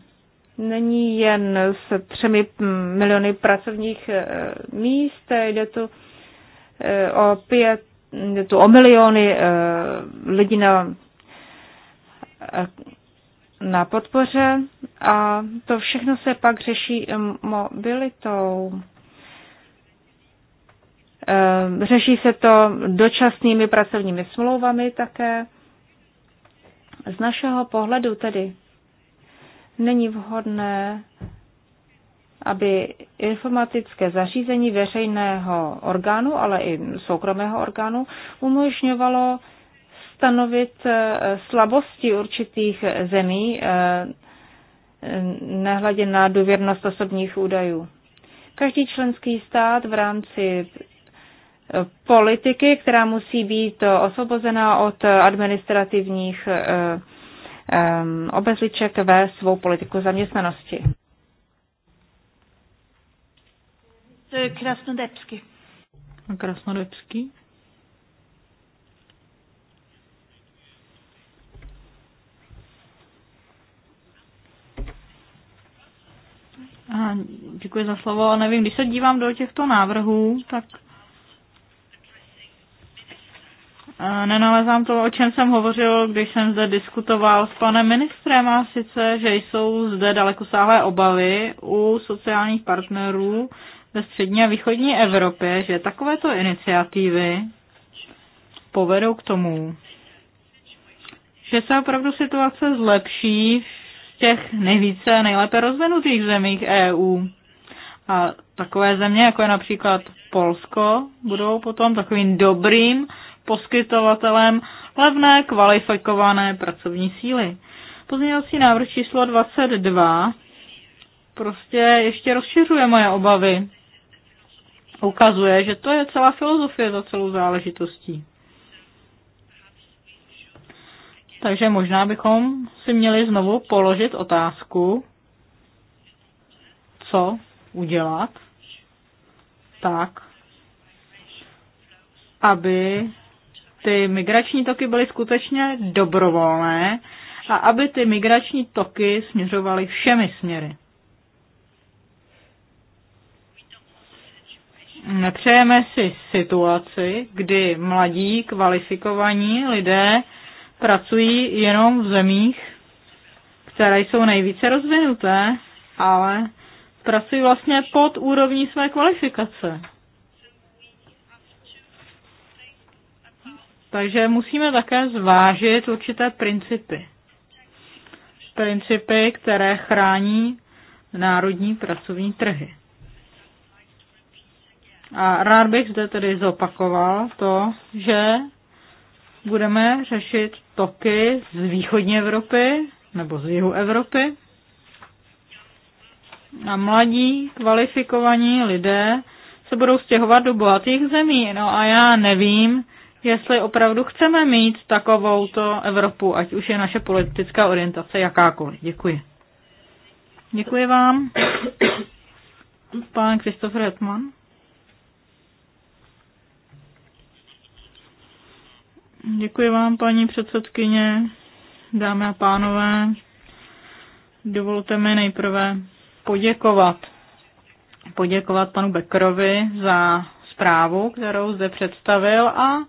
není jen s třemi hm, miliony pracovních míst, jde tu o pět, jde tu o miliony lidí na Eh, na podpoře a to všechno se pak řeší mobilitou. Eh, řeší se to dočasnými pracovními smlouvami také. Z našeho pohledu tedy není vhodné, aby informatické zařízení veřejného orgánu, ale i soukromého orgánu umožňovalo stanovit eh, slabosti určitých zemí, eh, nehledě na důvěrnost osobních údajů. Každý členský stát v rámci eh, politiky, která musí být osvobozená od administrativních obezliček ve svou politiku zaměstnanosti. Krasnodebský. Krasnodebský. Děkuji za slovo. Nevím, když se dívám do těchto návrhů, tak e, nenalezám to, o čem jsem hovořil, když jsem zde diskutoval s panem ministrem a sice, že jsou zde dalekosáhlé obavy u sociálních partnerů ve střední a východní Evropě, že takovéto iniciativy povedou k tomu, že se opravdu situace zlepší z těch nejvíce nejlépe rozvinutých zemích EU. A takové země, jako je například Polsko, budou potom takovým dobrým poskytovatelem levné kvalifikované pracovní síly. Pozměňovací návrh číslo 22 prostě ještě rozšiřuje moje obavy. Ukazuje, že to je celá filozofie za celou záležitostí. Takže možná bychom si měli znovu položit otázku, co udělat tak, aby ty migrační toky byly skutečně dobrovolné a aby ty migrační toky směřovaly všemi směry. Nepřejeme si situaci, kdy mladí, kvalifikovaní lidé pracují jenom v zemích, které jsou nejvíce rozvinuté, ale pracují vlastně pod úrovní své kvalifikace. Takže musíme také zvážit určité principy. Principy, které chrání národní pracovní trhy. A rád bych zde tedy zopakoval to, že budeme řešit toky z východní Evropy nebo z jihu Evropy. A mladí, kvalifikovaní lidé se budou stěhovat do bohatých zemí. No a já nevím, jestli opravdu chceme mít takovou to Evropu, ať už je naše politická orientace jakákoliv. Děkuji. Děkuji vám. Pán Kristofer Hetman. Děkuji vám, paní předsedkyně, dámy a pánové. Dovolte mi nejprve poděkovat. Poděkovat panu Bekrovi za zprávu, kterou zde představil a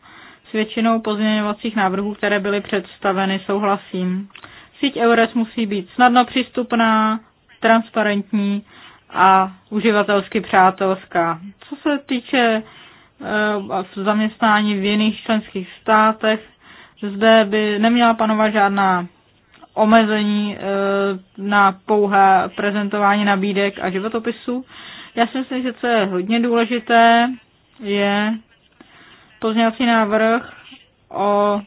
s většinou pozměňovacích návrhů, které byly představeny, souhlasím. Síť EURES musí být snadno přístupná, transparentní a uživatelsky přátelská. Co se týče Eh, v zaměstnání v jiných členských státech, že zde by neměla panovat žádná omezení eh, na pouhé prezentování nabídek a životopisů. Já si myslím, že co je hodně důležité, je pozměňovací návrh o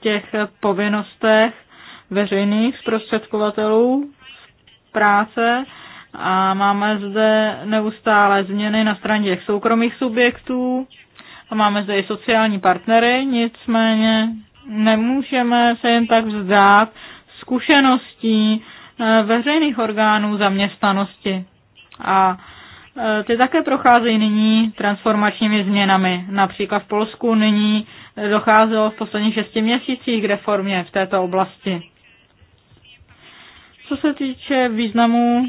těch povinnostech veřejných zprostředkovatelů práce, a máme zde neustále změny na straně těch soukromých subjektů a máme zde i sociální partnery, nicméně nemůžeme se jen tak vzdát zkušeností eh, veřejných orgánů zaměstnanosti. A eh, ty také procházejí nyní transformačními změnami. Například v Polsku nyní docházelo v posledních šesti měsících k reformě v této oblasti. Co se týče významu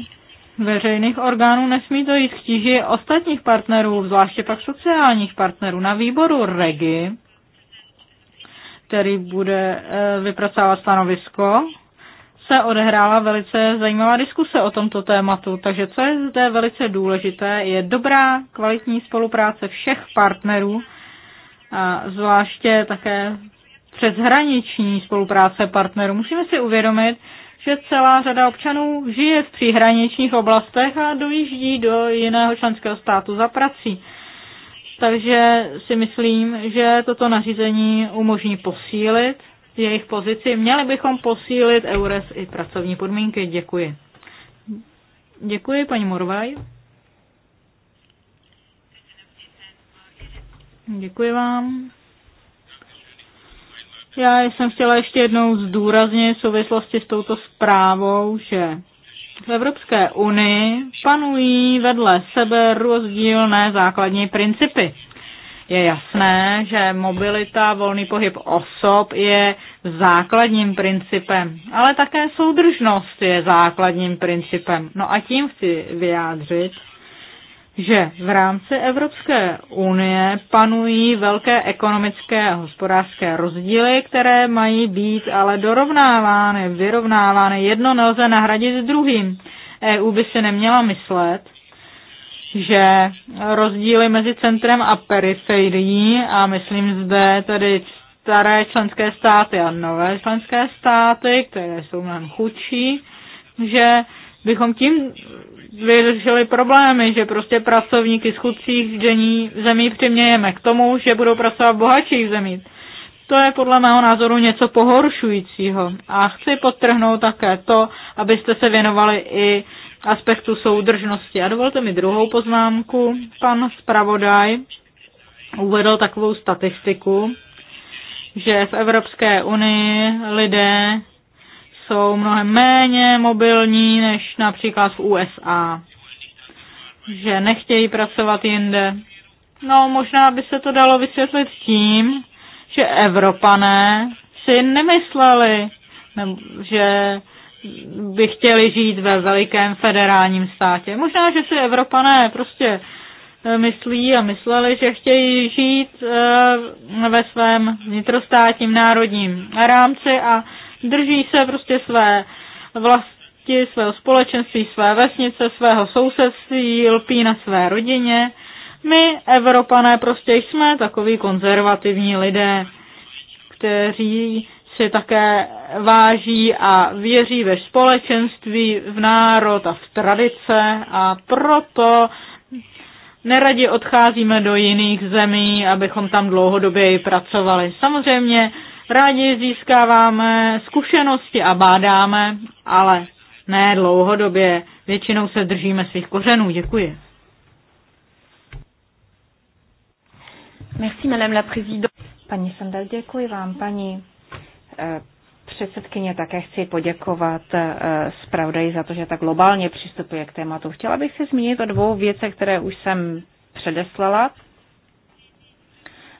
veřejných orgánů nesmí to jít k tíži ostatních partnerů, zvláště pak sociálních partnerů. Na výboru REGI, který bude eh, vypracovat stanovisko, se odehrála velice zajímavá diskuse o tomto tématu, takže co je zde velice důležité, je dobrá kvalitní spolupráce všech partnerů, a zvláště také přeshraniční spolupráce partnerů. Musíme si uvědomit, že celá řada občanů žije v příhraničních oblastech a dojíždí do jiného členského státu za prací. Takže si myslím, že toto nařízení umožní posílit jejich pozici. Měli bychom posílit EURES i pracovní podmínky. Děkuji. Děkuji, paní Morvaj. Děkuji vám. Já jsem chtěla ještě jednou zdůraznit v souvislosti s touto zprávou, že v Evropské unii panují vedle sebe rozdílné základní principy. Je jasné, že mobilita, volný pohyb osob je základním principem, ale také soudržnost je základním principem. No a tím chci vyjádřit, že v rámci Evropské unie panují velké ekonomické a hospodářské rozdíly, které mají být ale dorovnávány, vyrovnávány. Jedno nelze nahradit s druhým. EU by se neměla myslet, že rozdíly mezi centrem a periferií, a myslím zde tedy staré členské státy a nové členské státy, které jsou mnohem chudší, že bychom tím vyřešili problémy, že prostě pracovníky z chudších zemí přimějeme k tomu, že budou pracovat v bohatších zemích. To je podle mého názoru něco pohoršujícího. A chci podtrhnout také to, abyste se věnovali i aspektu soudržnosti. A dovolte mi druhou poznámku. Pan zpravodaj uvedl takovou statistiku, že v Evropské unii lidé jsou mnohem méně mobilní než například v USA, že nechtějí pracovat jinde. No, možná by se to dalo vysvětlit tím, že Evropané si nemysleli, že by chtěli žít ve velikém federálním státě. Možná, že si Evropané prostě eh, myslí a mysleli, že chtějí žít eh, ve svém vnitrostátním národním rámci a Drží se prostě své vlasti, svého společenství, své vesnice, svého sousedství, lpí na své rodině. My, Evropané, prostě jsme takový konzervativní lidé, kteří si také váží a věří ve společenství, v národ a v tradice a proto neradi odcházíme do jiných zemí, abychom tam dlouhodobě pracovali. Samozřejmě Rádi získáváme zkušenosti a bádáme, ale ne dlouhodobě. Většinou se držíme svých kořenů. Děkuji. Merci, madame la présidente. Paní Sandel, děkuji vám, paní eh, předsedkyně, také chci poděkovat eh, zpravodaji za to, že tak globálně přistupuje k tématu. Chtěla bych se zmínit o dvou věcech, které už jsem předeslala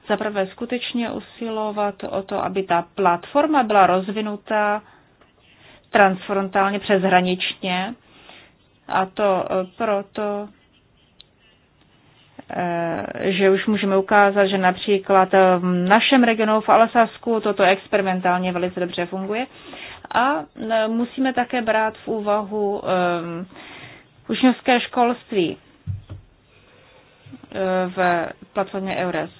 zaprvé skutečně usilovat o to, aby ta platforma byla rozvinutá transfrontálně přeshraničně a to e, proto, e, že už můžeme ukázat, že například v našem regionu v Alsasku toto experimentálně velice dobře funguje. A e, musíme také brát v úvahu um, učňovské školství v platformě EURES.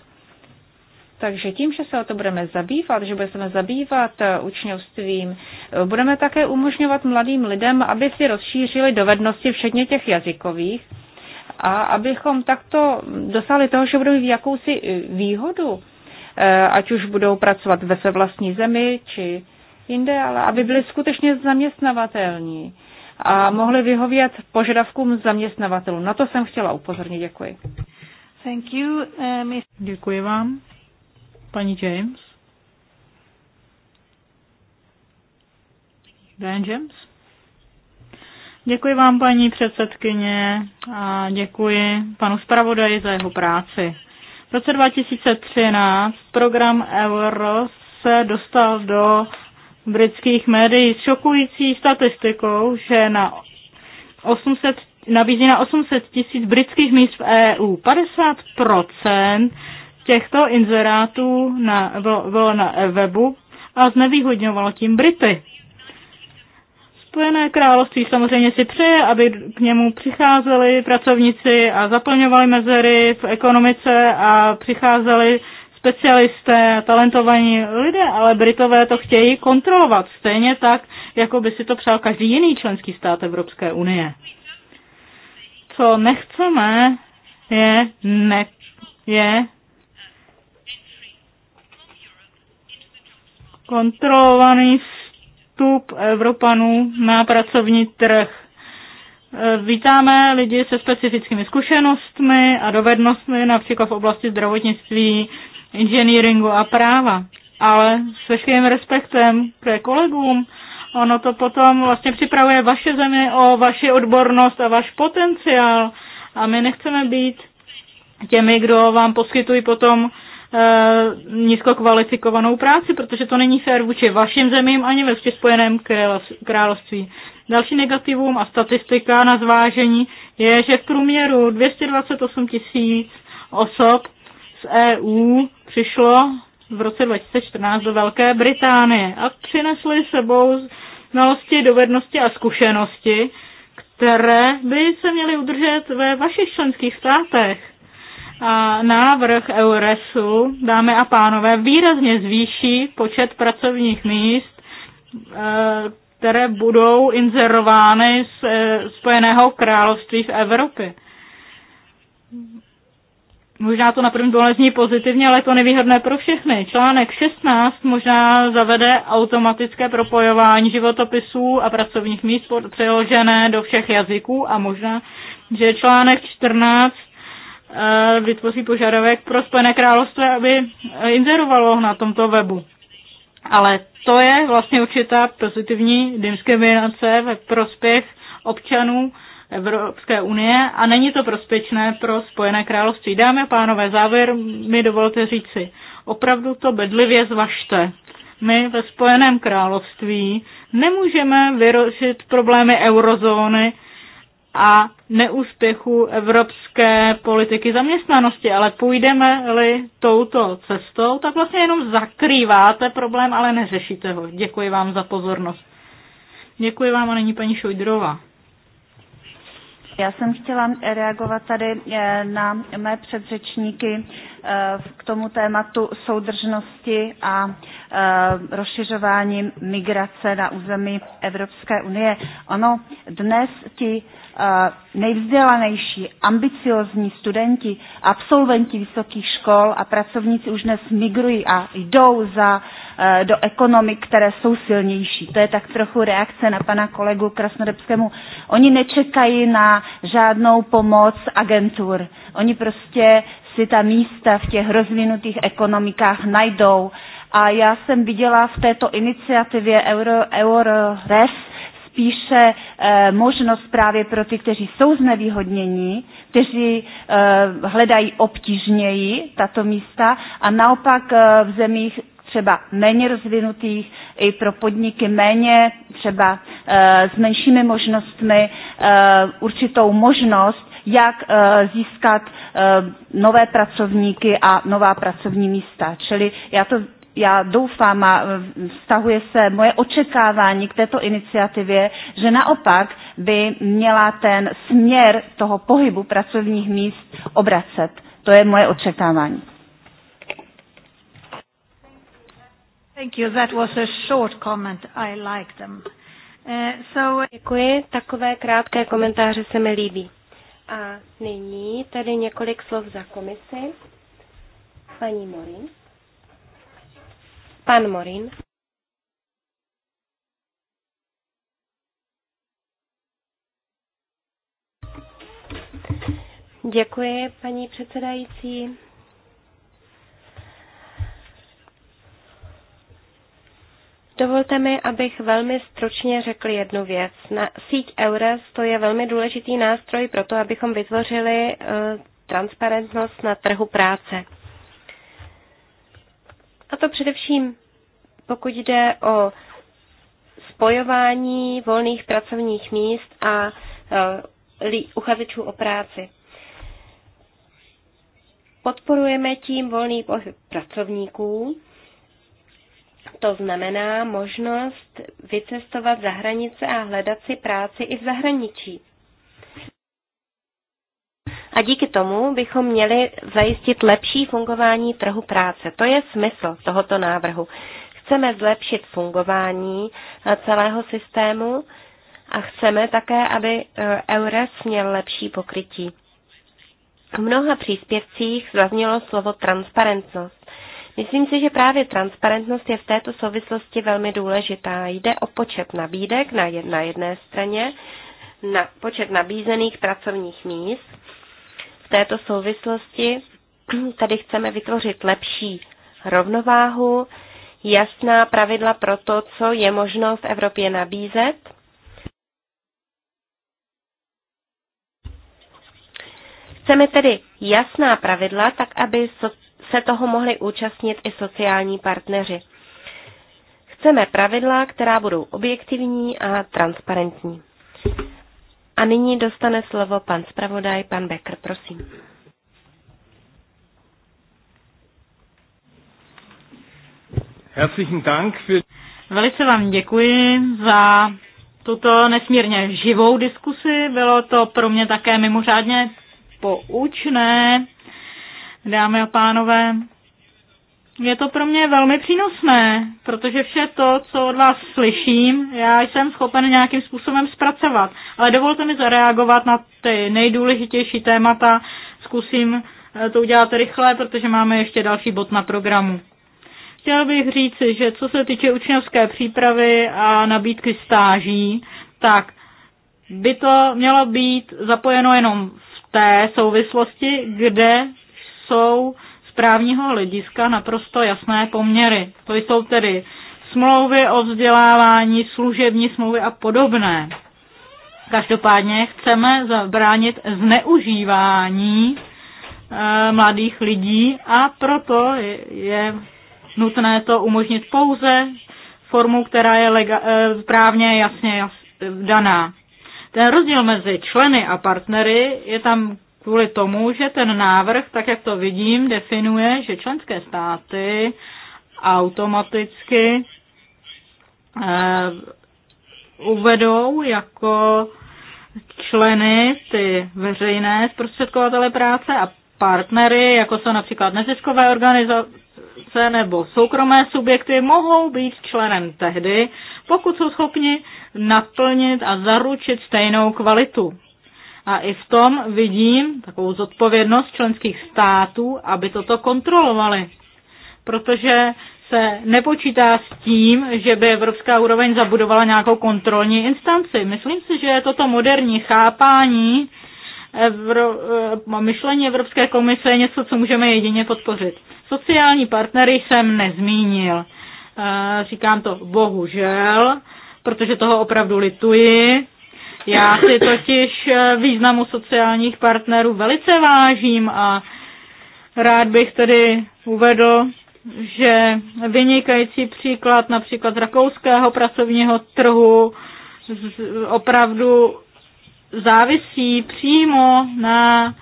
Takže tím, že se o to budeme zabývat, že budeme zabývat eh, učňovstvím, eh, budeme také umožňovat mladým lidem, aby si rozšířili dovednosti, včetně těch jazykových, a abychom takto dosáhli toho, že budou mít jakousi eh, výhodu, ať už budou pracovat ve své vlastní zemi či jinde, ale aby byli skutečně zaměstnavatelní a mohli vyhovět požadavkům zaměstnavatelů. Na to jsem chtěla upozornit. Děkuji. Thank you, uh, Děkuji vám. Pani James? Dan James? Děkuji vám, paní předsedkyně, a děkuji panu zpravodaji za jeho práci. V roce 2013 program Euros se dostal do britských médií s šokující statistikou, že na 800, nabízí na 800 tisíc britských míst v EU. 50% těchto inzerátů na, bylo, na webu a znevýhodňovalo tím Brity. Spojené království samozřejmě si přeje, aby k němu přicházeli pracovníci a zaplňovali mezery v ekonomice a přicházeli specialisté, talentovaní lidé, ale Britové to chtějí kontrolovat stejně tak, jako by si to přál každý jiný členský stát Evropské unie. Co nechceme, je, ne, je kontrolovaný vstup Evropanů na pracovní trh. E, vítáme lidi se specifickými zkušenostmi a dovednostmi, například v oblasti zdravotnictví, inženýringu a práva. Ale s veškerým respektem k kolegům, ono to potom vlastně připravuje vaše zemi o vaši odbornost a váš potenciál. A my nechceme být těmi, kdo vám poskytují potom E, nízkokvalifikovanou práci, protože to není fér vůči vašim zemím ani ve Spojeném království. Další negativum a statistika na zvážení je, že v průměru 228 tisíc osob z EU přišlo v roce 2014 do Velké Británie a přinesli sebou znalosti, dovednosti a zkušenosti, které by se měly udržet ve vašich členských státech a návrh Euresu, dámy a pánové, výrazně zvýší počet pracovních míst, eh, které budou inzerovány z eh, Spojeného království v Evropě. Možná to na první pohled pozitivně, ale je to nevýhodné pro všechny. Článek 16 možná zavede automatické propojování životopisů a pracovních míst přeložené do všech jazyků a možná, že článek 14 vytvoří požadavek pro Spojené království, aby eh, inzerovalo na tomto webu. Ale to je vlastně určitá pozitivní diskriminace ve prospěch občanů Evropské unie a není to prospěšné pro Spojené království. Dámy a pánové, závěr mi dovolte říci, opravdu to bedlivě zvažte. My ve Spojeném království nemůžeme vyrošit problémy eurozóny a neúspěchu evropské politiky zaměstnanosti, ale půjdeme-li touto cestou, tak vlastně jenom zakrýváte problém, ale neřešíte ho. Děkuji vám za pozornost. Děkuji vám a není paní Šojdrova. Já jsem chtěla reagovat tady eh, na mé předřečníky eh, k tomu tématu soudržnosti a eh, rozšiřování migrace na území Evropské unie. Ono dnes ti nejvzdělanější, ambiciozní studenti, absolventi vysokých škol a pracovníci už dnes migrují a jdou za Eh, do ekonomik, které jsou silnější. To je tak trochu reakce na pana kolegu Krasnodebskému. Oni nečekají na žádnou pomoc agentur. Oni prostě si ta místa v těch rozvinutých ekonomikách najdou. A já jsem viděla v této iniciativě Euro, EuroRes spíše eh, možnost právě pro ty, kteří jsou znevýhodnění, kteří e, hledají obtížněji tato místa a naopak e, v zemích třeba méně rozvinutých, i pro podniky méně třeba eh, s menšími možnostmi eh, určitou možnost, jak eh, získat nové pracovníky a nová pracovní místa. Čili já to já doufám a vztahuje se moje očekávání k této iniciativě, že naopak by měla ten směr toho pohybu pracovních míst obracet. To je moje očekávání. Thank you. That was a short comment. I like them. Uh, so... Uh, Děkuji, takové krátké komentáře se mi líbí. A nyní tady několik slov za komisi. Paní Morin. Pan Morin. Děkuji, paní předsedající. Dovolte mi, abych velmi stručně řekl jednu věc. Na síť EURES to je velmi důležitý nástroj pro to, abychom vytvořili eh, transparentnost na trhu práce. A to především, pokud jde o spojování volných pracovních míst a eh, uchazečů o práci. Podporujeme tím volný pohyb pracovníků to znamená možnost vycestovat za hranice a hledat si práci i v zahraničí. A díky tomu bychom měli zajistit lepší fungování trhu práce. To je smysl tohoto návrhu. Chceme zlepšit fungování eh, celého systému a chceme také, aby eh, EURES měl lepší pokrytí. V mnoha příspěvcích zaznělo slovo transparentnost. Myslím si, že právě transparentnost je v této souvislosti velmi důležitá. Jde o počet nabídek na, jedné, na jedné straně, na počet nabízených pracovních míst. V této souvislosti tady chceme vytvořit lepší rovnováhu, jasná pravidla pro to, co je možno v Evropě nabízet. Chceme tedy jasná pravidla, tak aby se toho mohli účastnit i sociální partneři. Chceme pravidla, která budou objektivní a transparentní. A nyní dostane slovo pan zpravodaj, pan Becker, prosím. Herzlichen Dank für... Velice vám děkuji za tuto nesmírně živou diskusi. Bylo to pro mě také mimořádně poučné Dámy a pánové, je to pro mě velmi přínosné, protože vše to, co od vás slyším, já jsem schopen nějakým způsobem zpracovat. Ale dovolte mi zareagovat na ty nejdůležitější témata. Zkusím eh, to udělat rychle, protože máme ještě další bod na programu. Chtěl bych říci, že co se týče učňovské přípravy a nabídky stáží, tak by to mělo být zapojeno jenom v té souvislosti, kde jsou z právního hlediska naprosto jasné poměry. To jsou tedy smlouvy o vzdělávání, služební smlouvy a podobné. Každopádně chceme zabránit zneužívání e, mladých lidí a proto je nutné to umožnit pouze formu, která je lega, e, právně jasně jas, eh, daná. Ten rozdíl mezi členy a partnery je tam kvůli tomu, že ten návrh, tak jak to vidím, definuje, že členské státy automaticky eh, uvedou jako členy ty veřejné zprostředkovatele práce a partnery, jako jsou například neziskové organizace nebo soukromé subjekty, mohou být členem tehdy, pokud jsou schopni naplnit a zaručit stejnou kvalitu. A i v tom vidím takovou zodpovědnost členských států, aby toto kontrolovali. Protože se nepočítá s tím, že by evropská úroveň zabudovala nějakou kontrolní instanci. Myslím si, že toto moderní chápání Evro, eh, myšlení Evropské komise je něco, co můžeme jedině podpořit. Sociální partnery jsem nezmínil. Eh, říkám to bohužel, protože toho opravdu lituji. Já si totiž eh, významu sociálních partnerů velice vážím a rád bych tedy uvedl, že vynikající příklad například z rakouského pracovního trhu opravdu závisí přímo na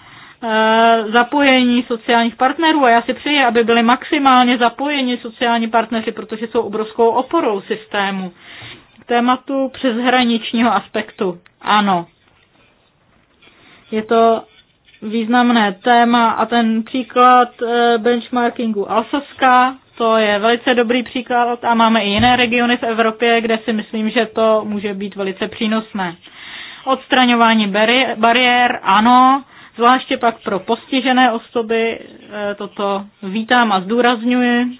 eh, zapojení sociálních partnerů a já si přeji, aby byly maximálně zapojeni sociální partneři, protože jsou obrovskou oporou systému tématu přeshraničního aspektu. Ano. Je to významné téma a ten příklad eh, benchmarkingu Alsaska, to je velice dobrý příklad a máme i jiné regiony v Evropě, kde si myslím, že to může být velice přínosné. Odstraňování bari- bariér, ano, zvláště pak pro postižené osoby, eh, toto vítám a zdůrazňuji.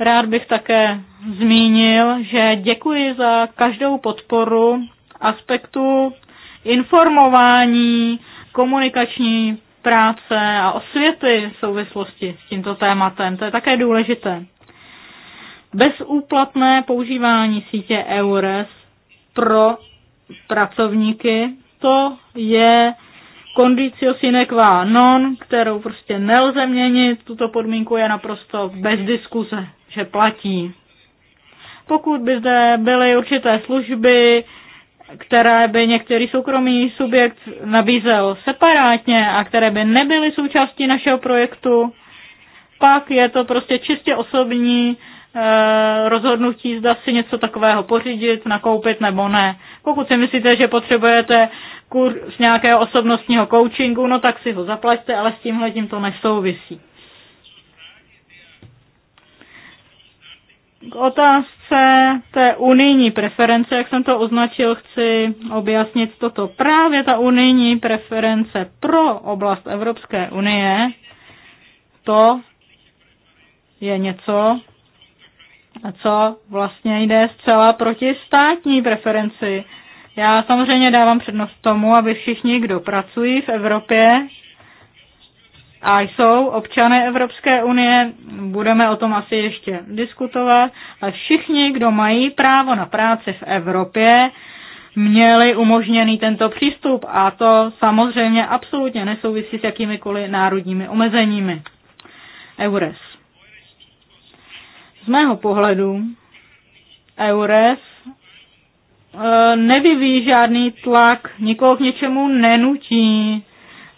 Rád bych také zmínil, že děkuji za každou podporu aspektu informování, komunikační práce a osvěty v souvislosti s tímto tématem. To je také důležité. Bezúplatné používání sítě EURES pro pracovníky, to je kondicio sine qua non, kterou prostě nelze měnit, tuto podmínku je naprosto bez diskuze že platí. Pokud by zde byly určité služby, které by některý soukromý subjekt nabízel separátně a které by nebyly součástí našeho projektu, pak je to prostě čistě osobní eh, rozhodnutí, zda si něco takového pořídit, nakoupit nebo ne. Pokud si myslíte, že potřebujete kurz nějakého osobnostního coachingu, no tak si ho zaplaťte, ale s tímhle tím to nesouvisí. K otázce té unijní preference, jak jsem to označil, chci objasnit toto. Právě ta unijní preference pro oblast Evropské unie, to je něco, co vlastně jde zcela proti státní preferenci. Já samozřejmě dávám přednost tomu, aby všichni, kdo pracují v Evropě, a jsou občané Evropské unie, budeme o tom asi ještě diskutovat, ale všichni, kdo mají právo na práci v Evropě, měli umožněný tento přístup a to samozřejmě absolutně nesouvisí s jakýmikoliv národními omezeními. EURES. Z mého pohledu EURES e, nevyvíjí žádný tlak, nikoho k něčemu nenutí,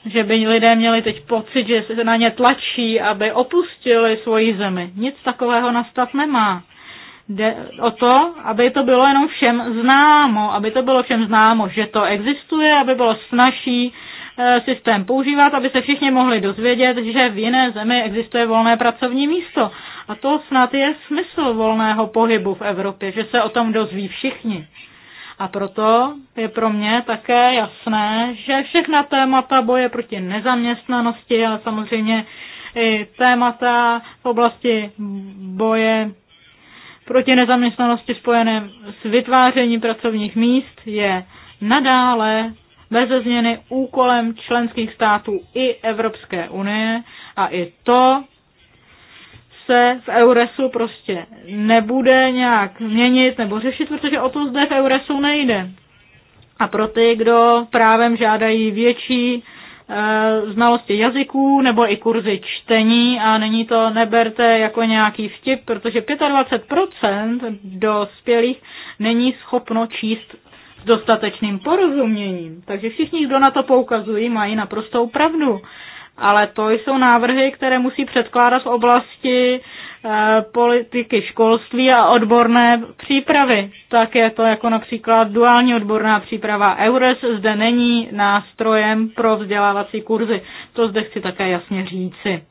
že by lidé měli teď pocit, že se na ně tlačí, aby opustili svoji zemi. Nic takového nastat nemá. Jde o to, aby to bylo jenom všem známo, aby to bylo všem známo, že to existuje, aby bylo snažší eh, systém používat, aby se všichni mohli dozvědět, že v jiné zemi existuje volné pracovní místo. A to snad je smysl volného pohybu v Evropě, že se o tom dozví všichni. A proto je pro mě také jasné, že všechna témata boje proti nezaměstnanosti, ale samozřejmě i témata v oblasti boje proti nezaměstnanosti spojené s vytvářením pracovních míst je nadále beze změny úkolem členských států i Evropské unie a i to se v Euresu prostě nebude nějak měnit nebo řešit, protože o to zde v Euresu nejde. A pro ty, kdo právem žádají větší eh, znalosti jazyků nebo i kurzy čtení a není to, neberte jako nějaký vtip, protože 25% dospělých není schopno číst s dostatečným porozuměním. Takže všichni, kdo na to poukazují, mají naprostou pravdu ale to jsou návrhy, které musí předkládat v oblasti eh, politiky školství a odborné přípravy. Tak je to jako například duální odborná příprava. EURES zde není nástrojem pro vzdělávací kurzy. To zde chci také jasně říci.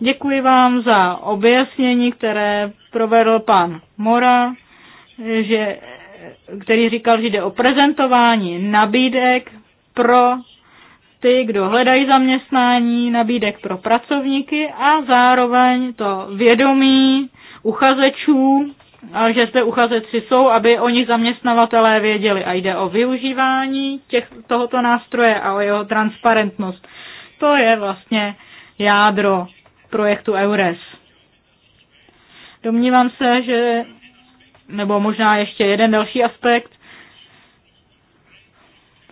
Děkuji vám za objasnění, které provedl pan Mora, že, který říkal, že jde o prezentování nabídek pro ty, kdo hledají zaměstnání, nabídek pro pracovníky a zároveň to vědomí uchazečů, že zde uchazeči jsou, aby oni zaměstnavatelé věděli. A jde o využívání těch, tohoto nástroje a o jeho transparentnost. To je vlastně jádro projektu EURES. Domnívám se, že, nebo možná ještě jeden další aspekt,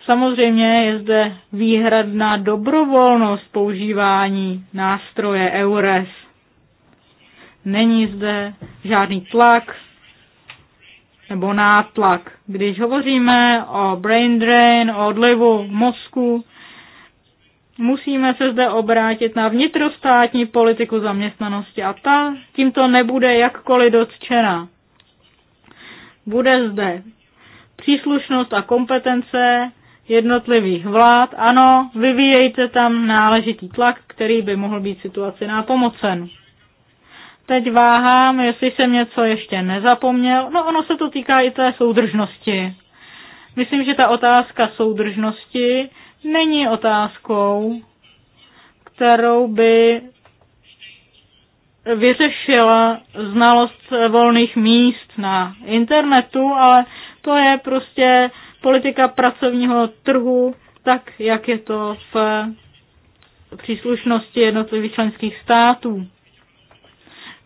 Samozřejmě je zde výhradná dobrovolnost používání nástroje EURES. Není zde žádný tlak nebo nátlak. Když hovoříme o brain drain, o odlivu mozku, musíme se zde obrátit na vnitrostátní politiku zaměstnanosti a ta tímto nebude jakkoliv dotčena. Bude zde příslušnost a kompetence jednotlivých vlád. Ano, vyvíjejte tam náležitý tlak, který by mohl být situaci nápomocen. Teď váhám, jestli jsem něco ještě nezapomněl. No ono se to týká i té soudržnosti. Myslím, že ta otázka soudržnosti není otázkou, kterou by vyřešila znalost volných míst na internetu, ale to je prostě politika pracovního trhu, tak jak je to v příslušnosti jednotlivých členských států.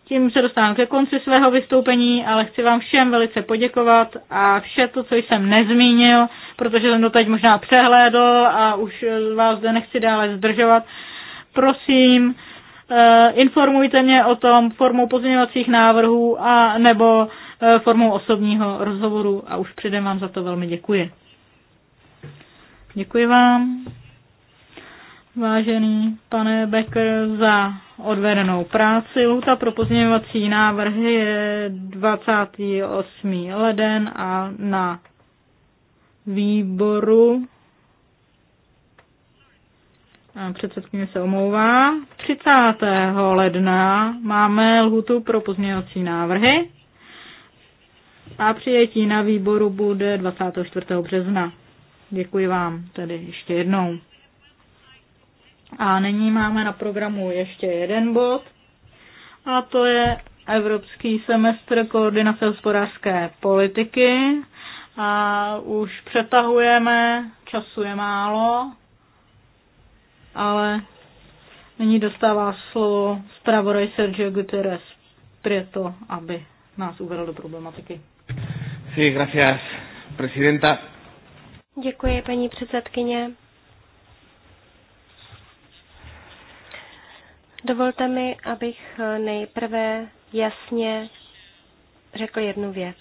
Tím se dostávám ke konci svého vystoupení, ale chci vám všem velice poděkovat a vše to, co jsem nezmínil, protože jsem to teď možná přehlédl a už vás zde nechci dále zdržovat. Prosím, eh, informujte mě o tom formou pozměňovacích návrhů a nebo Eh, formou osobního rozhovoru a už předem vám za to velmi děkuji. Děkuji vám, vážený pane Becker, za odvedenou práci. Lhuta pro pozměňovací návrhy je 28. leden a na výboru předsedkyně se omlouvá. 30. ledna máme lhutu pro pozměňovací návrhy a přijetí na výboru bude 24. března. Děkuji vám tedy ještě jednou. A nyní máme na programu ještě jeden bod, a to je Evropský semestr koordinace hospodářské politiky. A už přetahujeme, času je málo, ale nyní dostává slovo zpravodaj Sergio Guterres Prieto, aby nás uvedl do problematiky. Sí, gracias, presidenta. Děkuji, paní předsedkyně. Dovolte mi, abych nejprve jasně řekl jednu věc.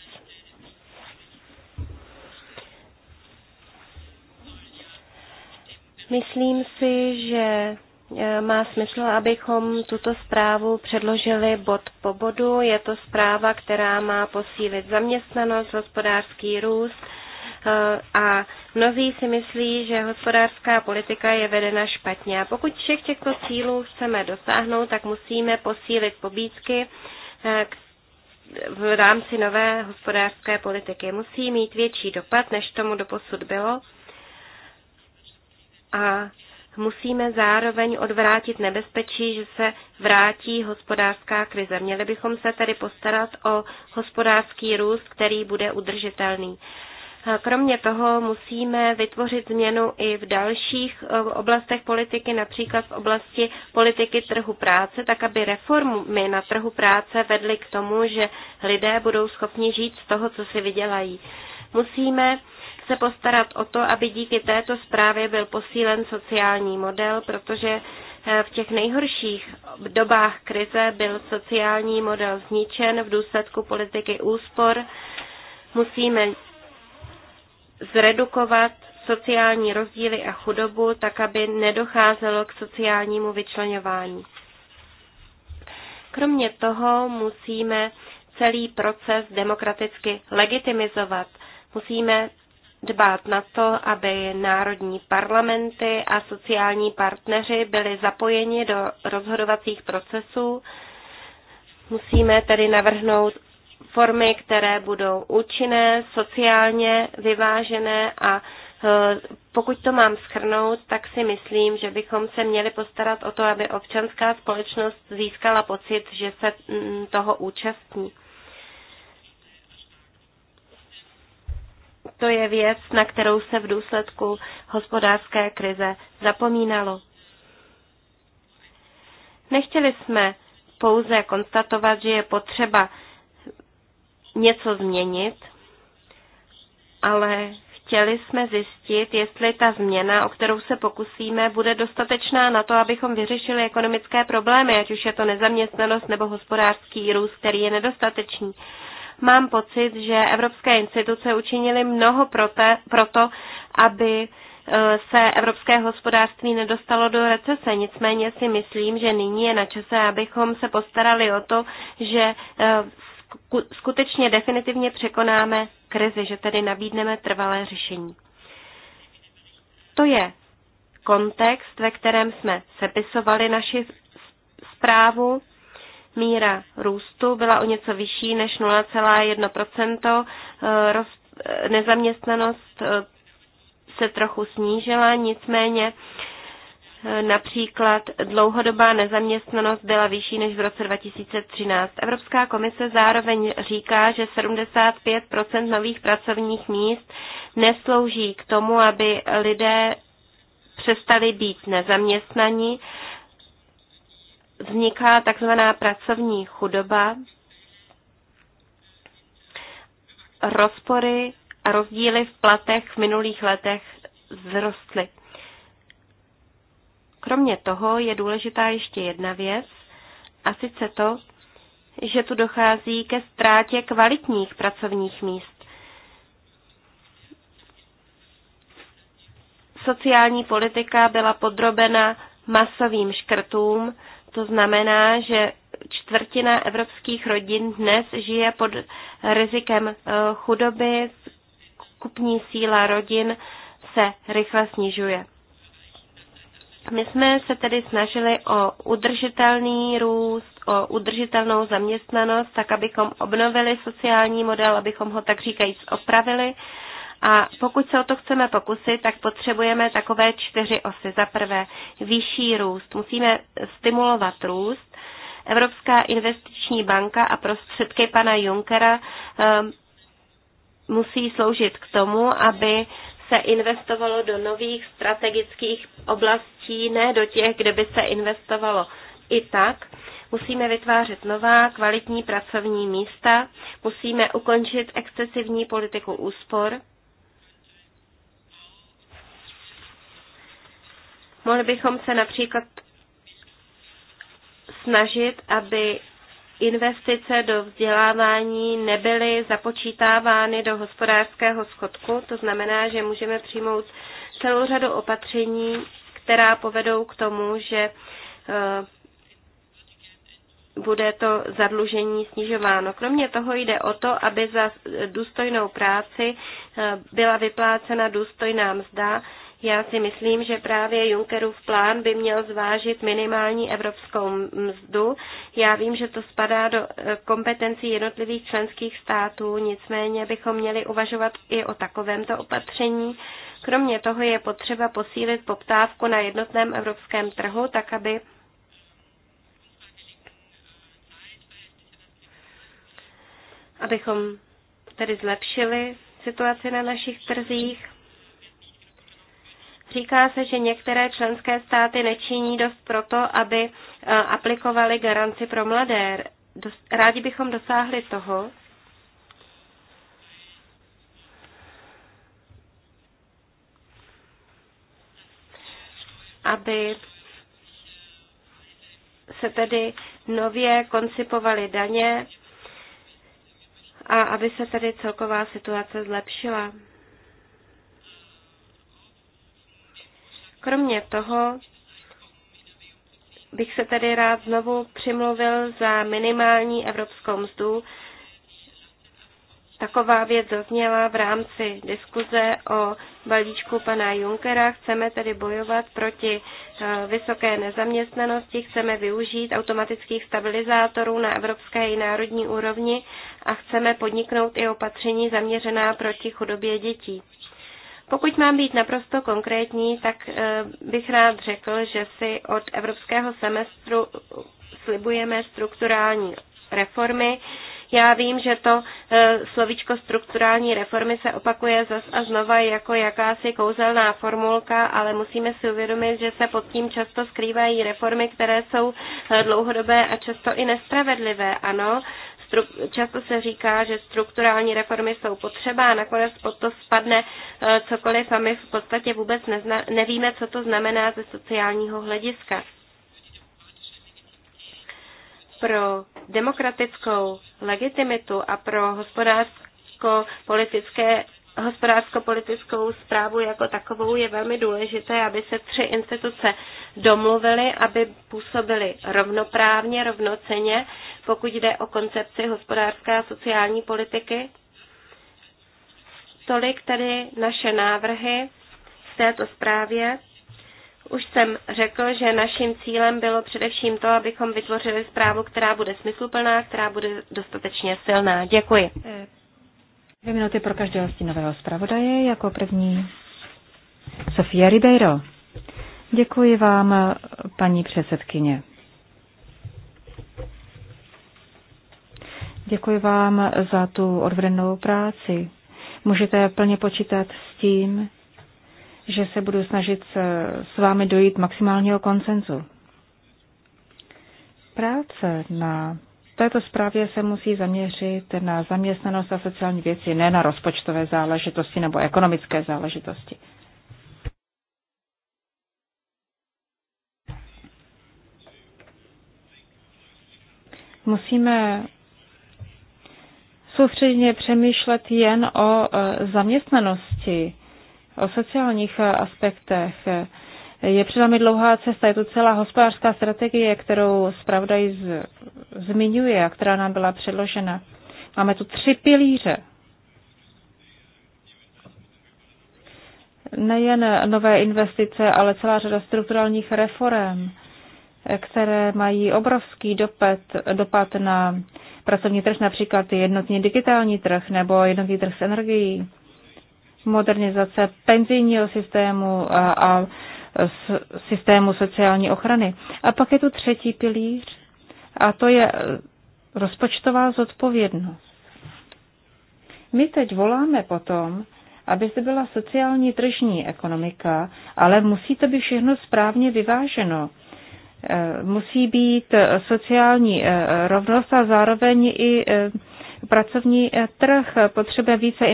Myslím si, že E, má smysl, abychom tuto zprávu předložili bod po bodu. Je to zpráva, která má posílit zaměstnanost, hospodářský růst e, a mnozí si myslí, že hospodářská politika je vedena špatně. A pokud všech těchto cílů chceme dosáhnout, tak musíme posílit pobídky e, v rámci nové hospodářské politiky. Musí mít větší dopad, než tomu doposud bylo. A musíme zároveň odvrátit nebezpečí, že se vrátí hospodářská krize. Měli bychom se tedy postarat o hospodářský růst, který bude udržitelný. Kromě toho musíme vytvořit změnu i v dalších e, oblastech politiky, například v oblasti politiky trhu práce, tak aby reformy na trhu práce vedly k tomu, že lidé budou schopni žít z toho, co si vydělají. Musíme se postarat o to, aby díky této zprávě byl posílen sociální model, protože eh, v těch nejhorších dobách krize byl sociální model zničen v důsledku politiky úspor. Musíme zredukovat sociální rozdíly a chudobu, tak aby nedocházelo k sociálnímu vyčlenování. Kromě toho musíme celý proces demokraticky legitimizovat. Musíme dbát na to, aby národní parlamenty a sociální partneři byli zapojeni do rozhodovacích procesů. Musíme tedy navrhnout formy, které budou účinné, sociálně vyvážené a e, pokud to mám schrnout, tak si myslím, že bychom se měli postarat o to, aby občanská společnost získala pocit, že se toho účastní. to je věc, na kterou se v důsledku hospodářské krize zapomínalo. Nechtěli jsme pouze konstatovat, že je potřeba něco změnit, ale chtěli jsme zjistit, jestli ta změna, o kterou se pokusíme, bude dostatečná na to, abychom vyřešili ekonomické problémy, ať už je to nezaměstnanost nebo hospodářský růst, který je nedostatečný mám pocit, že evropské instituce učinily mnoho proto, aby e, se evropské hospodářství nedostalo do recese. Nicméně si myslím, že nyní je na čase, abychom se postarali o to, že e, skutečně definitivně překonáme krizi, že tedy nabídneme trvalé řešení. To je kontext, ve kterém jsme sepisovali naši zprávu míra růstu byla o něco vyšší než 0,1 Nezaměstnanost eh, se trochu snížila, nicméně eh, Například dlouhodobá nezaměstnanost byla vyšší než v roce 2013. Evropská komise zároveň říká, že 75 nových pracovních míst neslouží k tomu, aby lidé přestali být nezaměstnaní, vzniká takzvaná pracovní chudoba, rozpory a rozdíly v platech v minulých letech vzrostly. Kromě toho je důležitá ještě jedna věc, a sice to, že tu dochází ke ztrátě kvalitních pracovních míst. Sociální politika byla podrobena masovým škrtům, to znamená, že čtvrtina evropských rodin dnes žije pod rizikem eh, chudoby, kupní síla rodin se rychle snižuje. My jsme se tedy snažili o udržitelný růst, o udržitelnou zaměstnanost, tak abychom obnovili sociální model, abychom ho tak říkajíc opravili. A pokud se o to chceme pokusit, tak potřebujeme takové čtyři osy. Za prvé, vyšší růst. Musíme stimulovat růst. Evropská investiční banka a prostředky pana Junkera ehm, musí sloužit k tomu, aby se investovalo do nových strategických oblastí, ne do těch, kde by se investovalo i tak. Musíme vytvářet nová kvalitní pracovní místa, musíme ukončit excesivní politiku úspor Mohli bychom se například snažit, aby investice do vzdělávání nebyly započítávány do hospodářského schodku. To znamená, že můžeme přijmout celou řadu opatření, která povedou k tomu, že eh, bude to zadlužení snižováno. Kromě toho jde o to, aby za důstojnou práci eh, byla vyplácena důstojná mzda, já si myslím, že právě Junckerův plán by měl zvážit minimální evropskou mzdu. Já vím, že to spadá do eh, kompetencí jednotlivých členských států, nicméně bychom měli uvažovat i o takovémto opatření. Kromě toho je potřeba posílit poptávku na jednotném evropském trhu, tak aby abychom tedy zlepšili situaci na našich trzích. Říká se, že některé členské státy nečiní dost proto, aby e, aplikovali garanci pro mladé. Rádi bychom dosáhli toho, aby se tedy nově koncipovaly daně a aby se tedy celková situace zlepšila. Kromě toho bych se tedy rád znovu přimluvil za minimální evropskou mzdu. Taková věc zazněla v rámci diskuze o balíčku pana Junkera. Chceme tedy bojovat proti eh, vysoké nezaměstnanosti, chceme využít automatických stabilizátorů na evropské i národní úrovni a chceme podniknout i opatření zaměřená proti chudobě dětí. Pokud mám být naprosto konkrétní, tak eh, bych rád řekl, že si od evropského semestru slibujeme strukturální reformy. Já vím, že to eh, slovíčko strukturální reformy se opakuje zas a znova jako jakási kouzelná formulka, ale musíme si uvědomit, že se pod tím často skrývají reformy, které jsou eh, dlouhodobé a často i nespravedlivé. Ano, Často se říká, že strukturální reformy jsou potřeba a nakonec pod to spadne e, cokoliv a my v podstatě vůbec nezna, nevíme, co to znamená ze sociálního hlediska. Pro demokratickou legitimitu a pro hospodářskou politické hospodářsko-politickou zprávu jako takovou, je velmi důležité, aby se tři instituce domluvily, aby působily rovnoprávně, rovnoceně, pokud jde o koncepci hospodářské a sociální politiky. Tolik tedy naše návrhy v této zprávě. Už jsem řekl, že naším cílem bylo především to, abychom vytvořili zprávu, která bude smysluplná, která bude dostatečně silná. Děkuji. Eh, Dvě minuty pro každého stínového zpravodaje. Jako první Sofia Ribeiro. Děkuji vám, paní předsedkyně. Děkuji vám za tu odvedenou práci. Můžete plně počítat s tím, že se budu snažit s vámi dojít maximálního koncenzu. Práce na této zprávě se musí zaměřit na zaměstnanost a sociální věci, ne na rozpočtové záležitosti nebo ekonomické záležitosti. Musíme soustředně přemýšlet jen o e, zaměstnanosti, o sociálních e, aspektech je před námi dlouhá cesta, je to celá hospodářská strategie, kterou zpravodaj z, zmiňuje a která nám byla předložena. Máme tu tři pilíře. Nejen nové investice, ale celá řada strukturálních reform, které mají obrovský dopad, dopad na pracovní trh, například jednotný digitální trh nebo jednotný trh s energií modernizace penzijního systému a, a systému sociální ochrany. A pak je tu třetí pilíř a to je eh, rozpočtová zodpovědnost. My teď voláme potom, aby zde byla sociální tržní ekonomika, ale musí to být všechno správně vyváženo. Eh, musí být eh, sociální rovnost a zároveň i pracovní trh. Potřebuje více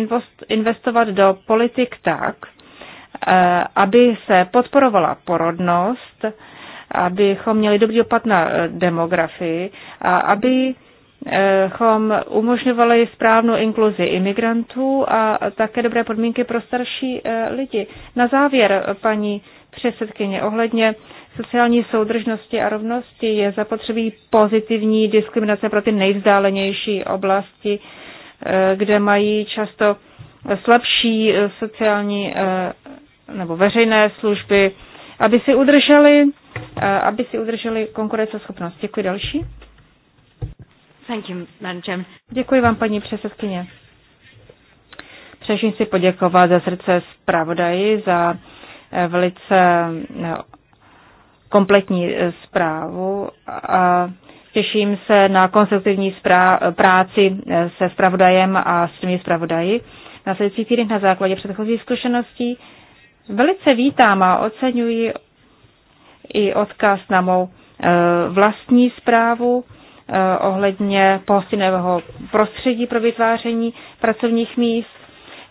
investovat do politik tak, Eh, aby se podporovala porodnost, abychom měli dobrý dopad na eh, demografii a aby abychom eh, umožňovali správnou inkluzi imigrantů a také dobré podmínky pro starší lidi. Na závěr, paní předsedkyně, ohledně sociální soudržnosti a rovnosti je zapotřebí pozitivní diskriminace pro ty nejvzdálenější oblasti, kde mají často slabší sociální nebo veřejné služby, aby si udrželi, eh, aby si udrželi konkurenceschopnost. Děkuji další. Thank you, Madam Děkuji vám, paní předsedkyně. Především si poděkovat za srdce zpravodaji za eh, velice eh, kompletní zprávu a těším se na konstruktivní práci se zpravodajem a s těmi zpravodaji. Následující týden na základě předchozích zkušeností Velice vítám a oceňuji i odkaz na mou e, vlastní zprávu e, ohledně pohostinného prostředí pro vytváření pracovních míst.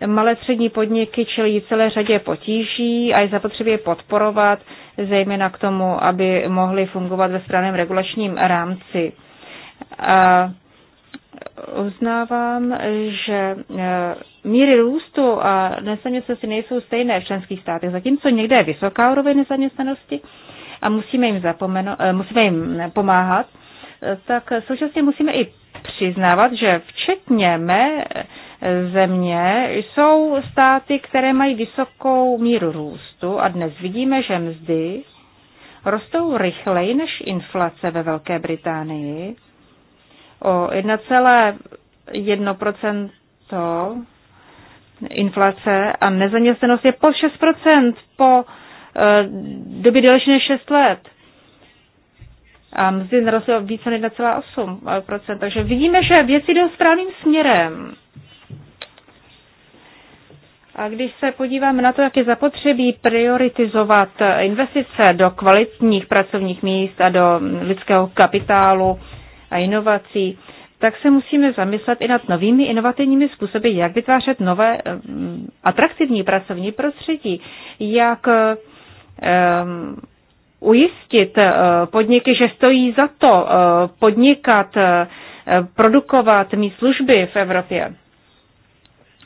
Malé střední podniky čelí celé řadě potíží a je zapotřebí je podporovat, zejména k tomu, aby mohly fungovat ve správném regulačním rámci. A uznávám, že e, míry růstu a nezaměstnanosti nejsou stejné v členských státech. Zatímco někde je vysoká úroveň nezaměstnanosti a musíme jim, zapomeno, e, musíme jim pomáhat, e, tak současně musíme i přiznávat, že včetně mé země jsou státy, které mají vysokou míru růstu a dnes vidíme, že mzdy rostou rychleji než inflace ve Velké Británii o 1,1 inflace a nezaměstnanost je po 6 po eh, době delší než 6 let. A mzdy narostly o více než 1,8 Takže vidíme, že věci jdou správným směrem. A když se podíváme na to, jak je zapotřebí prioritizovat investice do kvalitních pracovních míst a do lidského kapitálu, a inovací, tak se musíme zamyslet i nad novými inovativními způsoby, jak vytvářet nové eh, atraktivní pracovní prostředí, jak um, ujistit eh, podniky, že stojí za to podnikat, produkovat, mít služby v Evropě.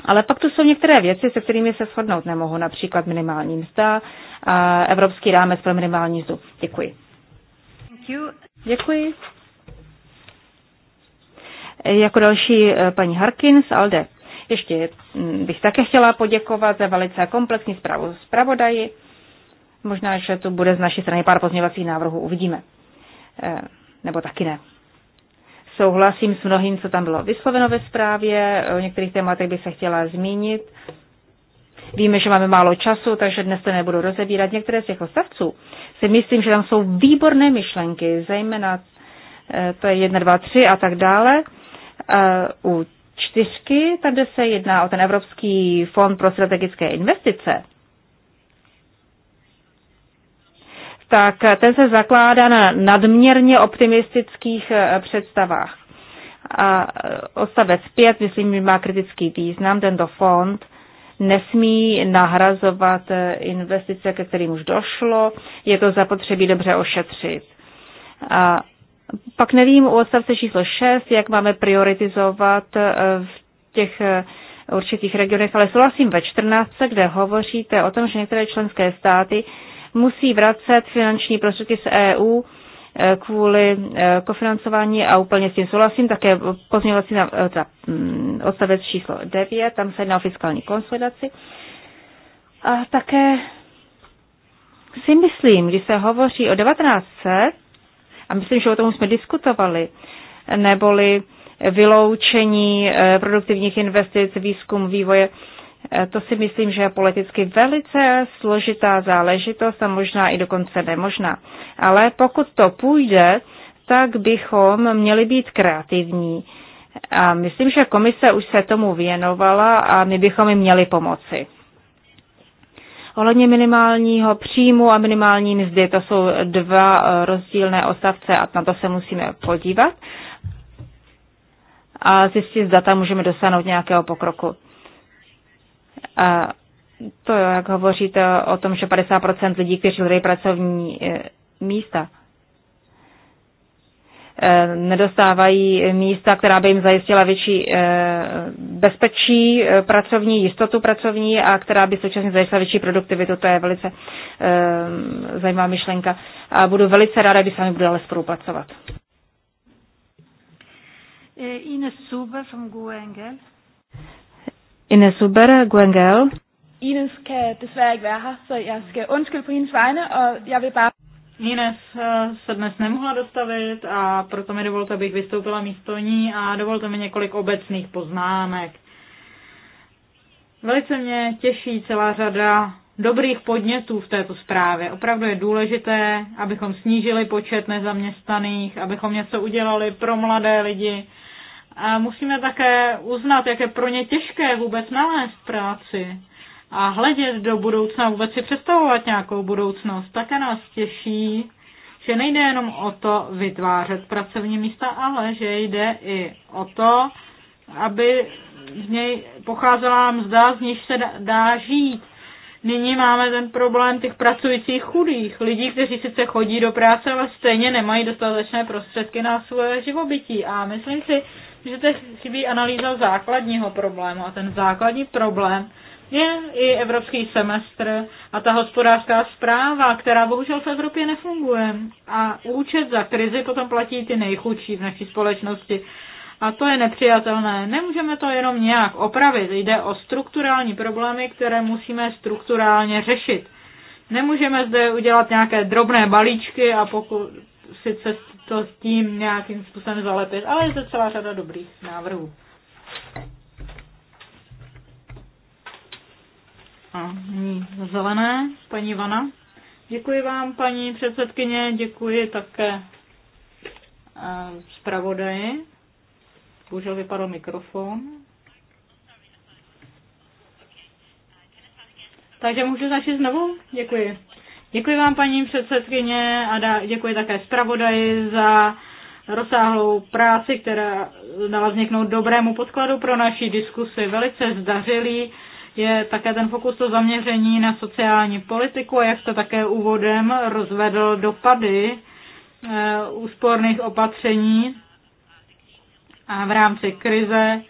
Ale pak tu jsou některé věci, se kterými se shodnout nemohu, například minimální mzda a evropský rámec pro minimální mzdu. Děkuji. Děkuji. Jako další eh, paní Harkins, Alde. Ještě mm, bych také chtěla poděkovat za velice komplexní zprávu zpravodaji. Možná, že tu bude z naší strany pár pozměvacích návrhů, uvidíme. Eh, nebo taky ne. Souhlasím s mnohým, co tam bylo vysloveno ve zprávě. O některých tématech bych se chtěla zmínit. Víme, že máme málo času, takže dnes to nebudu rozebírat. Některé z těch ostavců si myslím, že tam jsou výborné myšlenky, zejména eh, to je 1, 2, 3 a tak dále. Eh, u čtyřky, tam, kde se jedná o ten Evropský fond pro strategické investice, tak eh, ten se zakládá na nadměrně optimistických eh, představách. A odstavec 5, myslím, má kritický význam, tento fond nesmí nahrazovat investice, ke kterým už došlo, je to zapotřebí dobře ošetřit. A pak nevím u odstavce číslo 6, jak máme prioritizovat eh, v těch eh, určitých regionech, ale souhlasím ve 14, kde hovoříte o tom, že některé členské státy musí vracet finanční prostředky z EU eh, kvůli kofinancování a úplně s tím souhlasím. Také pozměňovací na, ta, mm, odstavec číslo 9, tam se jedná o fiskální konsolidaci. A také si myslím, když se hovoří o 1900, a myslím, že o tom jsme diskutovali, neboli vyloučení eh, produktivních investic, výzkum, vývoje. Eh, to si myslím, že je politicky velice složitá záležitost a možná i dokonce nemožná. Ale pokud to půjde, tak bychom měli být kreativní. A myslím, že komise už se tomu věnovala a my bychom jim měli pomoci. Ohledně minimálního příjmu a minimální mzdy, to jsou dva eh, rozdílné odstavce a na to se musíme podívat a zjistit, zda tam můžeme dosáhnout nějakého pokroku. A to, jak hovoříte o tom, že 50% lidí, kteří hledají pracovní eh, místa, Eh, nedostávají místa, která by jim zajistila větší eh, bezpečí eh, pracovní, jistotu pracovní a která by současně zajistila větší produktivitu. To je velice zajímavá myšlenka a budu velice ráda, když s vámi budu dále spolupracovat. Ines Suber from Guengel. Ines Suber, Guengel. Ines kan desværre ikke være her, så jeg skal undskylde på hendes vegne, og jeg vil bare... Nines eh, se dnes nemohla dostavit a proto mi dovolte, abych vystoupila místo ní a dovolte mi několik obecných poznámek. Velice mě těší celá řada dobrých podnětů v této zprávě. Opravdu je důležité, abychom snížili počet nezaměstnaných, abychom něco udělali pro mladé lidi. A musíme také uznat, jak je pro ně těžké vůbec nalézt práci a hledět do budoucna, vůbec si představovat nějakou budoucnost. Také nás těší, že nejde jenom o to vytvářet pracovní místa, ale že jde i o to, aby z něj pocházela mzda, z níž se dá žít. Nyní máme ten problém těch pracujících chudých, lidí, kteří sice chodí do práce, ale stejně nemají dostatečné prostředky na svoje živobytí. A myslím si, že to chybí analýza základního problému. A ten základní problém je i evropský semestr a ta hospodářská zpráva, která bohužel v Evropě nefunguje. A účet za krizi potom platí ty nejchudší v naší společnosti. A to je nepřijatelné. Nemůžeme to jenom nějak opravit. Jde o strukturální problémy, které musíme strukturálně řešit. Nemůžeme zde udělat nějaké drobné balíčky a pokud se to s tím nějakým způsobem zalepit, ale je to celá řada dobrých návrhů. A nyní zelené, paní Vana. Děkuji vám, paní předsedkyně, děkuji také eh, zpravodaji. Bohužel vypadl mikrofon. Takže můžu začít znovu? Děkuji. Děkuji vám, paní předsedkyně, a děkuji také zpravodaji za rozsáhlou práci, která dala vzniknout dobrému podkladu pro naší diskusi. Velice zdařilý je také ten fokus o zaměření na sociální politiku a jak se také úvodem rozvedl dopady eh, úsporných opatření a v rámci krize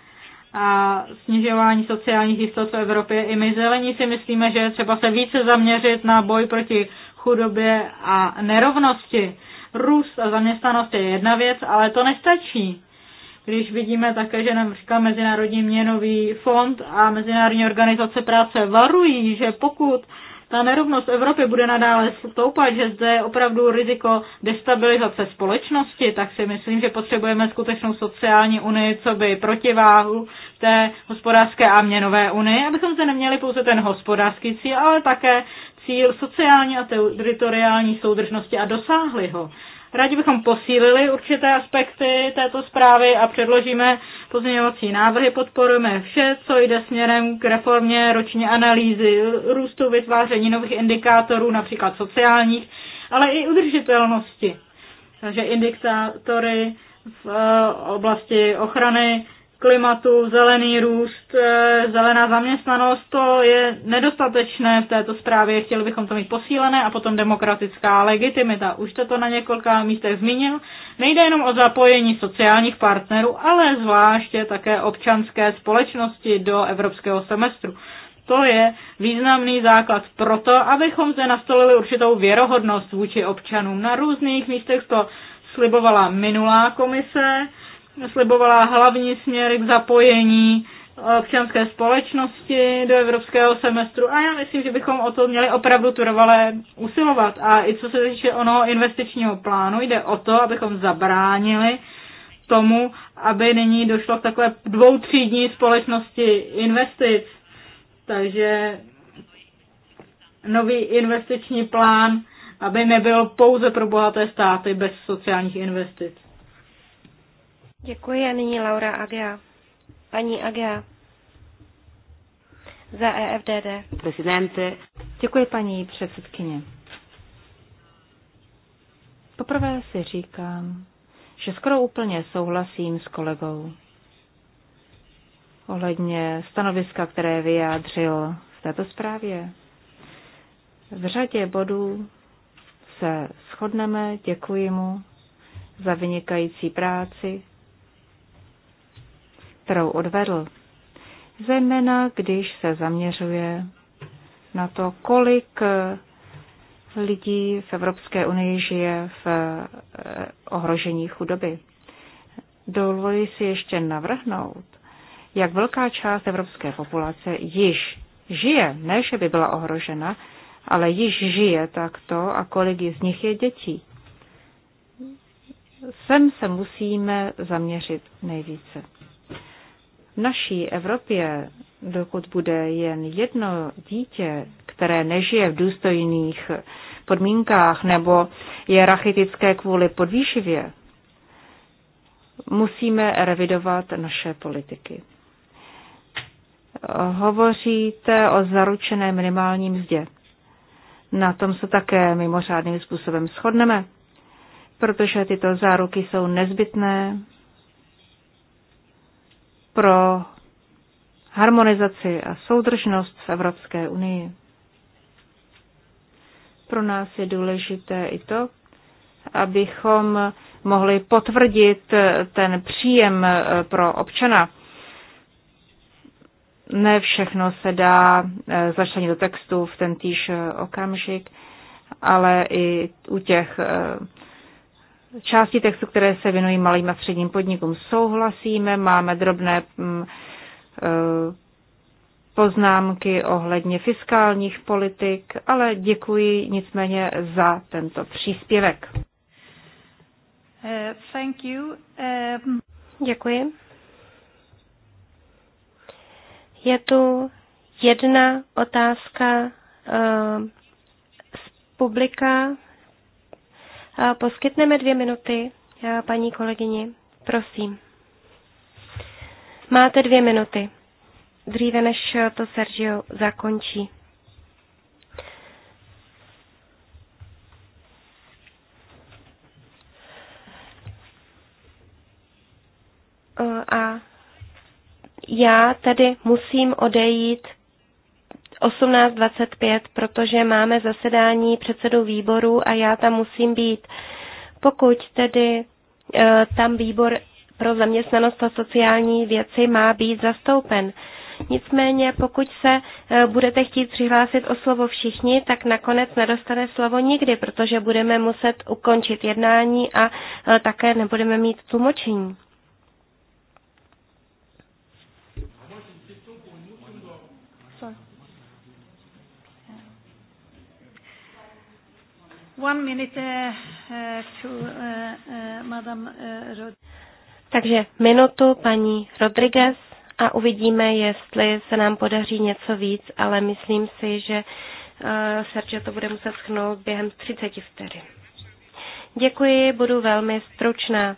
a snižování sociálních jistot v Evropě. I my zelení si myslíme, že je třeba se více zaměřit na boj proti chudobě a nerovnosti. Růst a zaměstnanost je jedna věc, ale to nestačí když vidíme také, že například Mezinárodní měnový fond a Mezinárodní organizace práce varují, že pokud ta nerovnost Evropy bude nadále stoupat, že zde je opravdu riziko destabilizace společnosti, tak si myslím, že potřebujeme skutečnou sociální unii, co by protiváhu té hospodářské a měnové unii, abychom zde neměli pouze ten hospodářský cíl, ale také cíl sociální a teritoriální soudržnosti a dosáhli ho. Rádi bychom posílili určité aspekty této zprávy a předložíme pozměňovací návrhy. Podporujeme vše, co jde směrem k reformě roční analýzy růstu, vytváření nových indikátorů, například sociálních, ale i udržitelnosti. Takže indikátory v eh, oblasti ochrany klimatu, zelený růst, eh, zelená zaměstnanost, to je nedostatečné v této zprávě, chtěli bychom to mít posílené a potom demokratická legitimita. Už jste to na několika místech zmínil. Nejde jenom o zapojení sociálních partnerů, ale zvláště také občanské společnosti do evropského semestru. To je významný základ pro to, abychom zde nastolili určitou věrohodnost vůči občanům. Na různých místech to slibovala minulá komise, slibovala hlavní směr k zapojení eh, občanské společnosti do evropského semestru a já myslím, že bychom o to měli opravdu trvalé usilovat. A i co se týče onoho investičního plánu, jde o to, abychom zabránili tomu, aby nyní došlo k takové dvou třídní společnosti investic. Takže nový investiční plán, aby nebyl pouze pro bohaté státy bez sociálních investic. Děkuji a nyní Laura Agea. Paní Agea za EFDD. Prezidente. Děkuji paní předsedkyně. Poprvé si říkám, že skoro úplně souhlasím s kolegou ohledně stanoviska, které vyjádřil v této zprávě. V řadě bodů se shodneme, děkuji mu za vynikající práci, kterou odvedl, zejména když se zaměřuje na to, kolik eh, lidí v Evropské unii žije v eh, ohrožení chudoby. Dovoluji si ještě navrhnout, jak velká část evropské populace již žije, ne že by byla ohrožena, ale již žije takto a kolik z nich je dětí. Sem se musíme zaměřit nejvíce naší Evropě, dokud bude jen jedno dítě, které nežije v důstojných podmínkách nebo je rachitické kvůli podvýživě, musíme revidovat naše politiky. Hovoříte o zaručené minimální mzdě. Na tom se také mimořádným způsobem shodneme, protože tyto záruky jsou nezbytné pro harmonizaci a soudržnost v Evropské unii. Pro nás je důležité i to, abychom mohli potvrdit ten příjem eh, pro občana. Ne všechno se dá eh, začlenit do textu v ten týž eh, okamžik, ale i u těch části textu, které se věnují malým a středním podnikům. Souhlasíme, máme drobné mm, eh, poznámky ohledně fiskálních politik, ale děkuji nicméně za tento příspěvek. Uh, thank you. Um... Děkuji. Je tu jedna otázka uh, z publika Poskytneme dvě minuty, eh, paní kolegyni, prosím. Máte dvě minuty, dříve než eh, to Sergio zakončí. Eh, a já tedy musím odejít 18.25, protože máme zasedání předsedu výboru a já tam musím být. Pokud tedy e, tam výbor pro zaměstnanost a sociální věci má být zastoupen. Nicméně, pokud se e, budete chtít přihlásit o slovo všichni, tak nakonec nedostane slovo nikdy, protože budeme muset ukončit jednání a e, také nebudeme mít tlumočení. One minute eh, eh, to eh, Madame Rod- Takže minutu paní Rodriguez a uvidíme, jestli se nám podaří něco víc, ale myslím si, že Sergio to bude muset schnout během 30 vteřin. Děkuji, budu velmi stručná.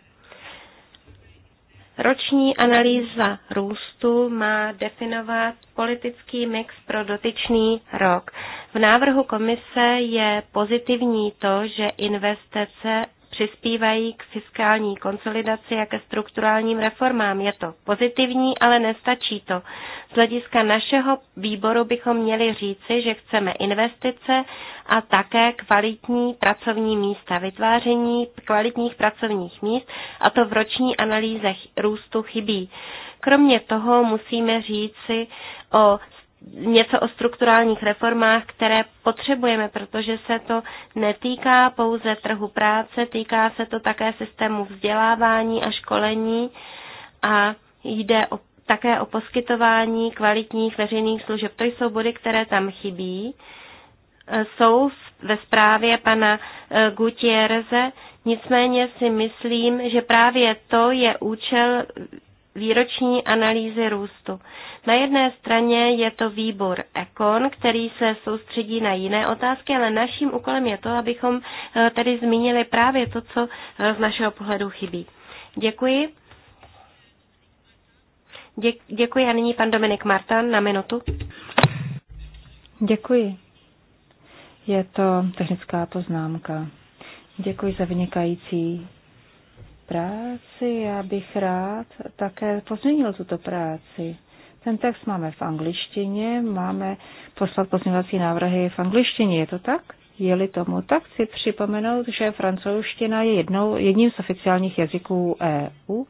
Roční analýza růstu má definovat politický mix pro dotyčný rok. V návrhu komise je pozitivní to, že investice přispívají k fiskální konsolidaci a ke strukturálním reformám. Je to pozitivní, ale nestačí to. Z hlediska našeho výboru bychom měli říci, že chceme investice a také kvalitní pracovní místa, vytváření kvalitních pracovních míst a to v roční analýze růstu chybí. Kromě toho musíme říci o něco o strukturálních reformách, které potřebujeme, protože se to netýká pouze trhu práce, týká se to také systému vzdělávání a školení a jde o, také o poskytování kvalitních veřejných služeb. To jsou body, které tam chybí. E, jsou ve zprávě pana e, Gutierreze, nicméně si myslím, že právě to je účel výroční analýzy růstu. Na jedné straně je to výbor Ekon, který se soustředí na jiné otázky, ale naším úkolem je to, abychom eh, tedy zmínili právě to, co eh, z našeho pohledu chybí. Děkuji. Děkuji a nyní pan Dominik Martan na minutu. Děkuji. Je to technická poznámka. Děkuji za vynikající práci. Já bych rád také pozměnil tuto práci. Ten text máme v angličtině, máme poslat pozměňovací návrhy v angličtině, je to tak? Je-li tomu tak, chci připomenout, že francouzština je jednou, jedním z oficiálních jazyků EU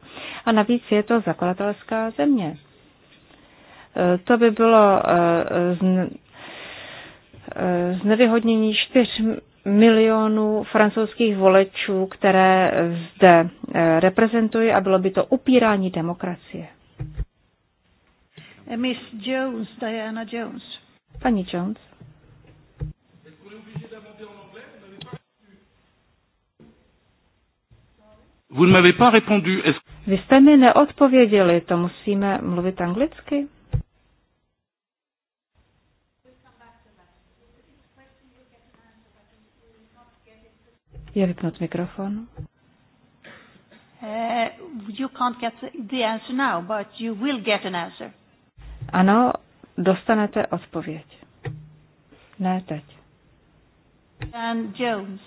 a navíc je to zakladatelská země. E, to by bylo e, e, znevyhodnění čtyř milionů francouzských volečů, které zde eh, reprezentuji a bylo by to upírání demokracie. Miss Jones, Diana Jones. Pani Jones. Vy jste mi neodpověděli, to musíme mluvit anglicky? Je vypnout mikrofon. Uh, you can't get the answer now, but you will get an answer. Ano, dostanete odpověď. Ne teď. Dan Jones.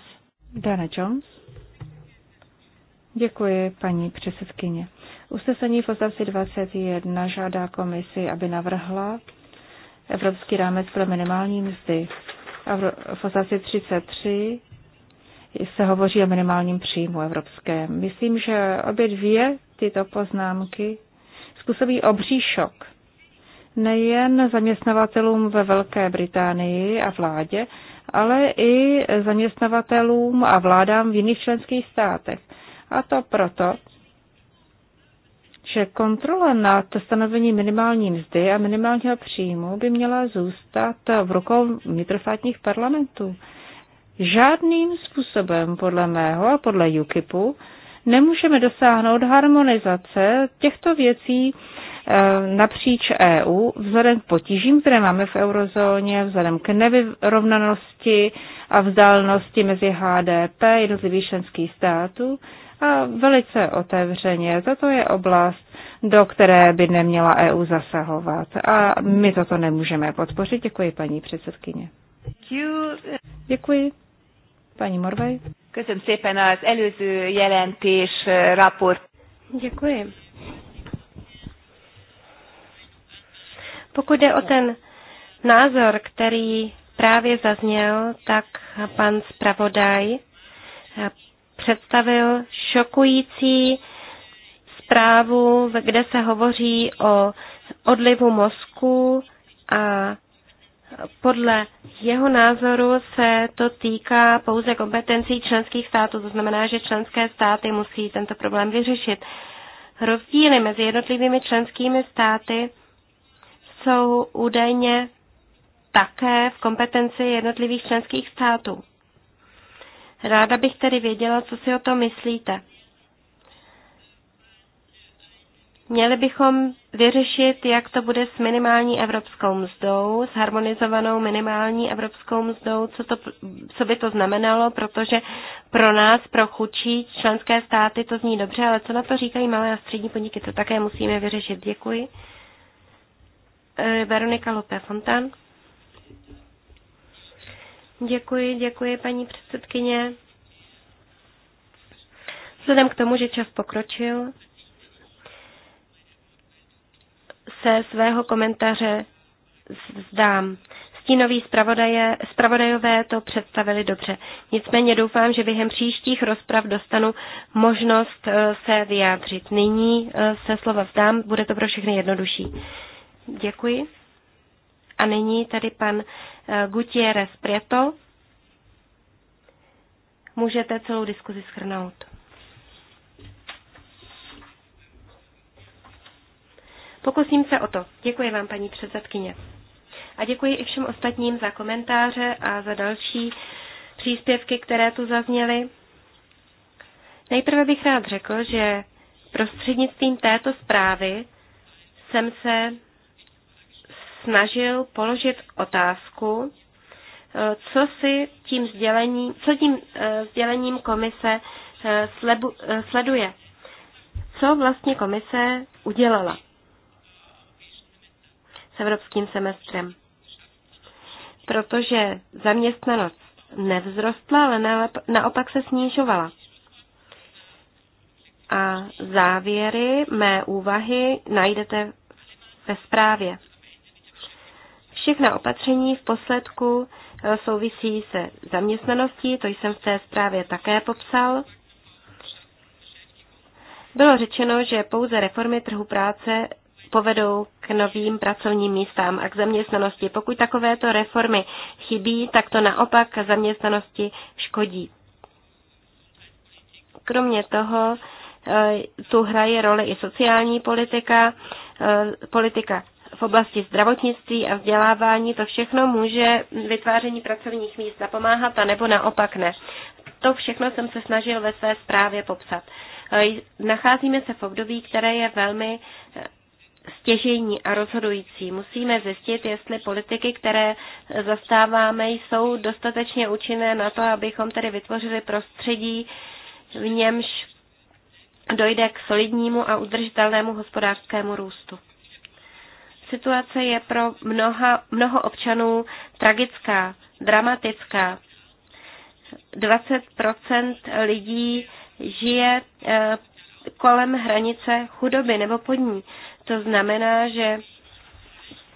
Dana Jones. Děkuji, paní předsedkyně. Usnesení v odstavci 21 žádá komisi, aby navrhla evropský rámec pro minimální mzdy. A v odstavci 33 se hovoří o minimálním příjmu evropském. Myslím, že obě dvě tyto poznámky způsobí obří šok nejen zaměstnavatelům ve Velké Británii a vládě, ale i zaměstnavatelům a vládám v jiných členských státech. A to proto, že kontrola nad stanovení minimální mzdy a minimálního příjmu by měla zůstat v rukou vnitrostátních parlamentů. Žádným způsobem podle mého a podle UKIPu nemůžeme dosáhnout harmonizace těchto věcí eh, napříč EU vzhledem k potížím, které máme v eurozóně, vzhledem k nevyrovnanosti a vzdálenosti mezi HDP jednotlivých členských států a velice otevřeně. Toto je oblast, do které by neměla EU zasahovat. A my toto nemůžeme podpořit. Děkuji, paní předsedkyně. Děkuji. Pani Morvaj. Köszönöm szépen az előző jelentés eh, raport. Děkuji. Pokud jde o ten názor, který právě zazněl, tak pan zpravodaj eh, představil šokující zprávu, kde se hovoří o odlivu mozku a podle jeho názoru se to týká pouze kompetencí členských států, to znamená, že členské státy musí tento problém vyřešit. Rozdíly mezi jednotlivými členskými státy jsou údajně také v kompetenci jednotlivých členských států. Ráda bych tedy věděla, co si o tom myslíte. Měli bychom vyřešit, jak to bude s minimální evropskou mzdou, s harmonizovanou minimální evropskou mzdou, co, to, co by to znamenalo, protože pro nás, pro chudší členské státy to zní dobře, ale co na to říkají malé a střední podniky, to také musíme vyřešit. Děkuji. Eh, Veronika Lope Fontan. Děkuji, děkuji paní předsedkyně. Vzhledem k tomu, že čas pokročil, se svého komentáře zdám. Stínoví zpravodajové to představili dobře. Nicméně doufám, že během příštích rozprav dostanu možnost eh, se vyjádřit. Nyní eh, se slova vzdám, bude to pro všechny jednodušší. Děkuji. A nyní tady pan eh, Gutierrez Prieto. Můžete celou diskuzi schrnout. Pokusím se o to. Děkuji vám, paní předsedkyně. A děkuji i všem ostatním za komentáře a za další příspěvky, které tu zazněly. Nejprve bych rád řekl, že prostřednictvím této zprávy jsem se snažil položit otázku, co si tím sdělením, co tím eh, sdělením komise eh, eh, sleduje. Co vlastně komise udělala? s evropským semestrem. Protože zaměstnanost nevzrostla, ale naopak se snižovala. A závěry mé úvahy najdete ve zprávě. Všechna opatření v posledku eh, souvisí se zaměstnaností, to jsem v té zprávě také popsal. Bylo řečeno, že pouze reformy trhu práce povedou k novým pracovním místám a k zaměstnanosti. Pokud takovéto reformy chybí, tak to naopak zaměstnanosti škodí. Kromě toho eh, tu hraje roli i sociální politika, eh, politika v oblasti zdravotnictví a vzdělávání, to všechno může vytváření pracovních míst napomáhat a nebo naopak ne. To všechno jsem se snažil ve své zprávě popsat. Eh, nacházíme se v období, které je velmi stěžejní a rozhodující. Musíme zjistit, jestli politiky, které zastáváme, jsou dostatečně účinné na to, abychom tedy vytvořili prostředí, v němž dojde k solidnímu a udržitelnému hospodářskému růstu. Situace je pro mnoha, mnoho občanů tragická, dramatická. 20 lidí žije eh, kolem hranice chudoby nebo pod ní. To znamená, že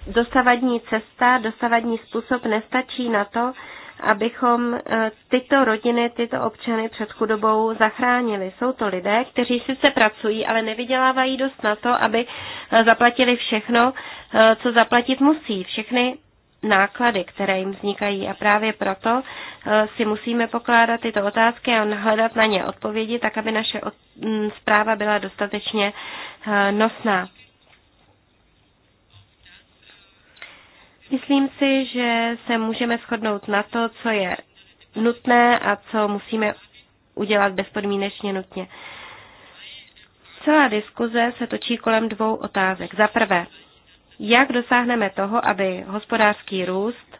dosavadní cesta, dosavadní způsob nestačí na to, abychom eh, tyto rodiny, tyto občany před chudobou zachránili. Jsou to lidé, kteří sice pracují, ale nevydělávají dost na to, aby eh, zaplatili všechno, eh, co zaplatit musí, všechny náklady, které jim vznikají. A právě proto si musíme pokládat tyto otázky a hledat na ně odpovědi, tak aby naše zpráva byla dostatečně nosná. Myslím si, že se můžeme shodnout na to, co je nutné a co musíme udělat bezpodmínečně nutně. Celá diskuze se točí kolem dvou otázek. Za prvé, jak dosáhneme toho, aby hospodářský růst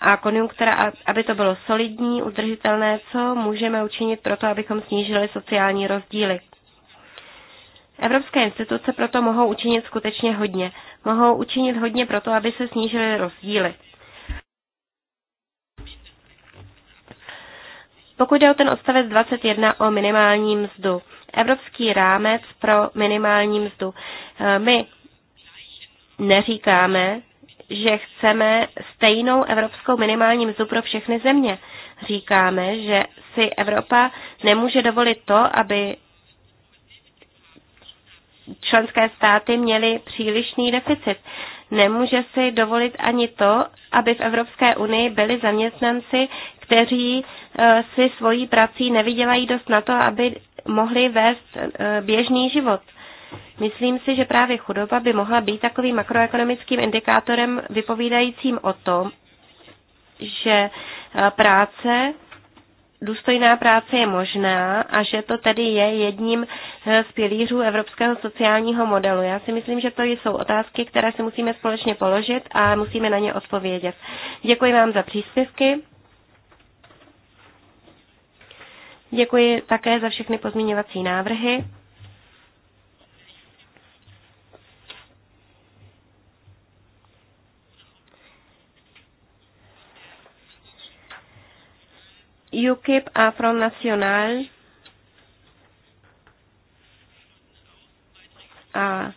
a konjunktura, aby to bylo solidní, udržitelné, co můžeme učinit pro to, abychom snížili sociální rozdíly. Evropské instituce proto mohou učinit skutečně hodně mohou učinit hodně pro to, aby se snížily rozdíly. Pokud jde o ten odstavec 21 o minimální mzdu, evropský rámec pro minimální mzdu. Eh, my neříkáme, že chceme stejnou evropskou minimální mzdu pro všechny země. Říkáme, že si Evropa nemůže dovolit to, aby členské státy měly přílišný deficit. Nemůže si dovolit ani to, aby v Evropské unii byli zaměstnanci, kteří e, si svojí prací nevydělají dost na to, aby mohli vést e, běžný život. Myslím si, že právě chudoba by mohla být takovým makroekonomickým indikátorem vypovídajícím o tom, že e, práce důstojná práce je možná a že to tedy je jedním eh, z pilířů evropského sociálního modelu. Já si myslím, že to jsou otázky, které si musíme společně položit a musíme na ně odpovědět. Děkuji vám za příspěvky. Děkuji také za všechny pozměňovací návrhy. UKIP a Front National a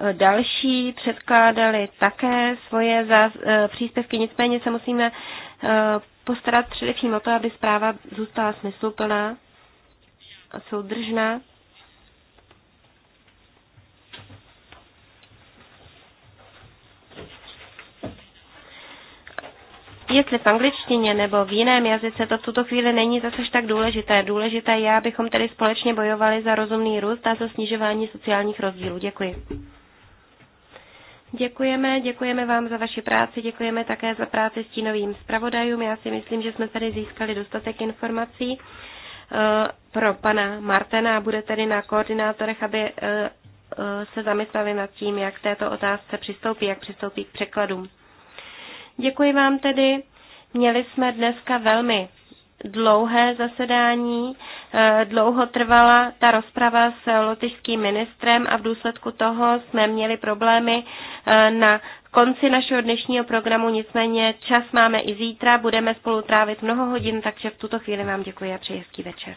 e, další předkládali také svoje e, příspěvky, nicméně se musíme e, postarat především o to, aby zpráva zůstala smysluplná a soudržná. jestli v angličtině nebo v jiném jazyce, to v tuto chvíli není zase tak důležité. Důležité je, abychom tedy společně bojovali za rozumný růst a za snižování sociálních rozdílů. Děkuji. Děkujeme, děkujeme vám za vaši práci, děkujeme také za práci s tínovým zpravodajům. Já si myslím, že jsme tady získali dostatek informací eh, pro pana Martena a bude tedy na koordinátorech, aby eh, eh, se zamysleli nad tím, jak této otázce přistoupí, jak přistoupí k překladům. Děkuji vám tedy. Měli jsme dneska velmi dlouhé zasedání. Eh, dlouho trvala ta rozprava s lotyšským ministrem a v důsledku toho jsme měli problémy eh, na konci našeho dnešního programu. Nicméně čas máme i zítra, budeme spolu trávit mnoho hodin, takže v tuto chvíli vám děkuji a přeji hezký večer.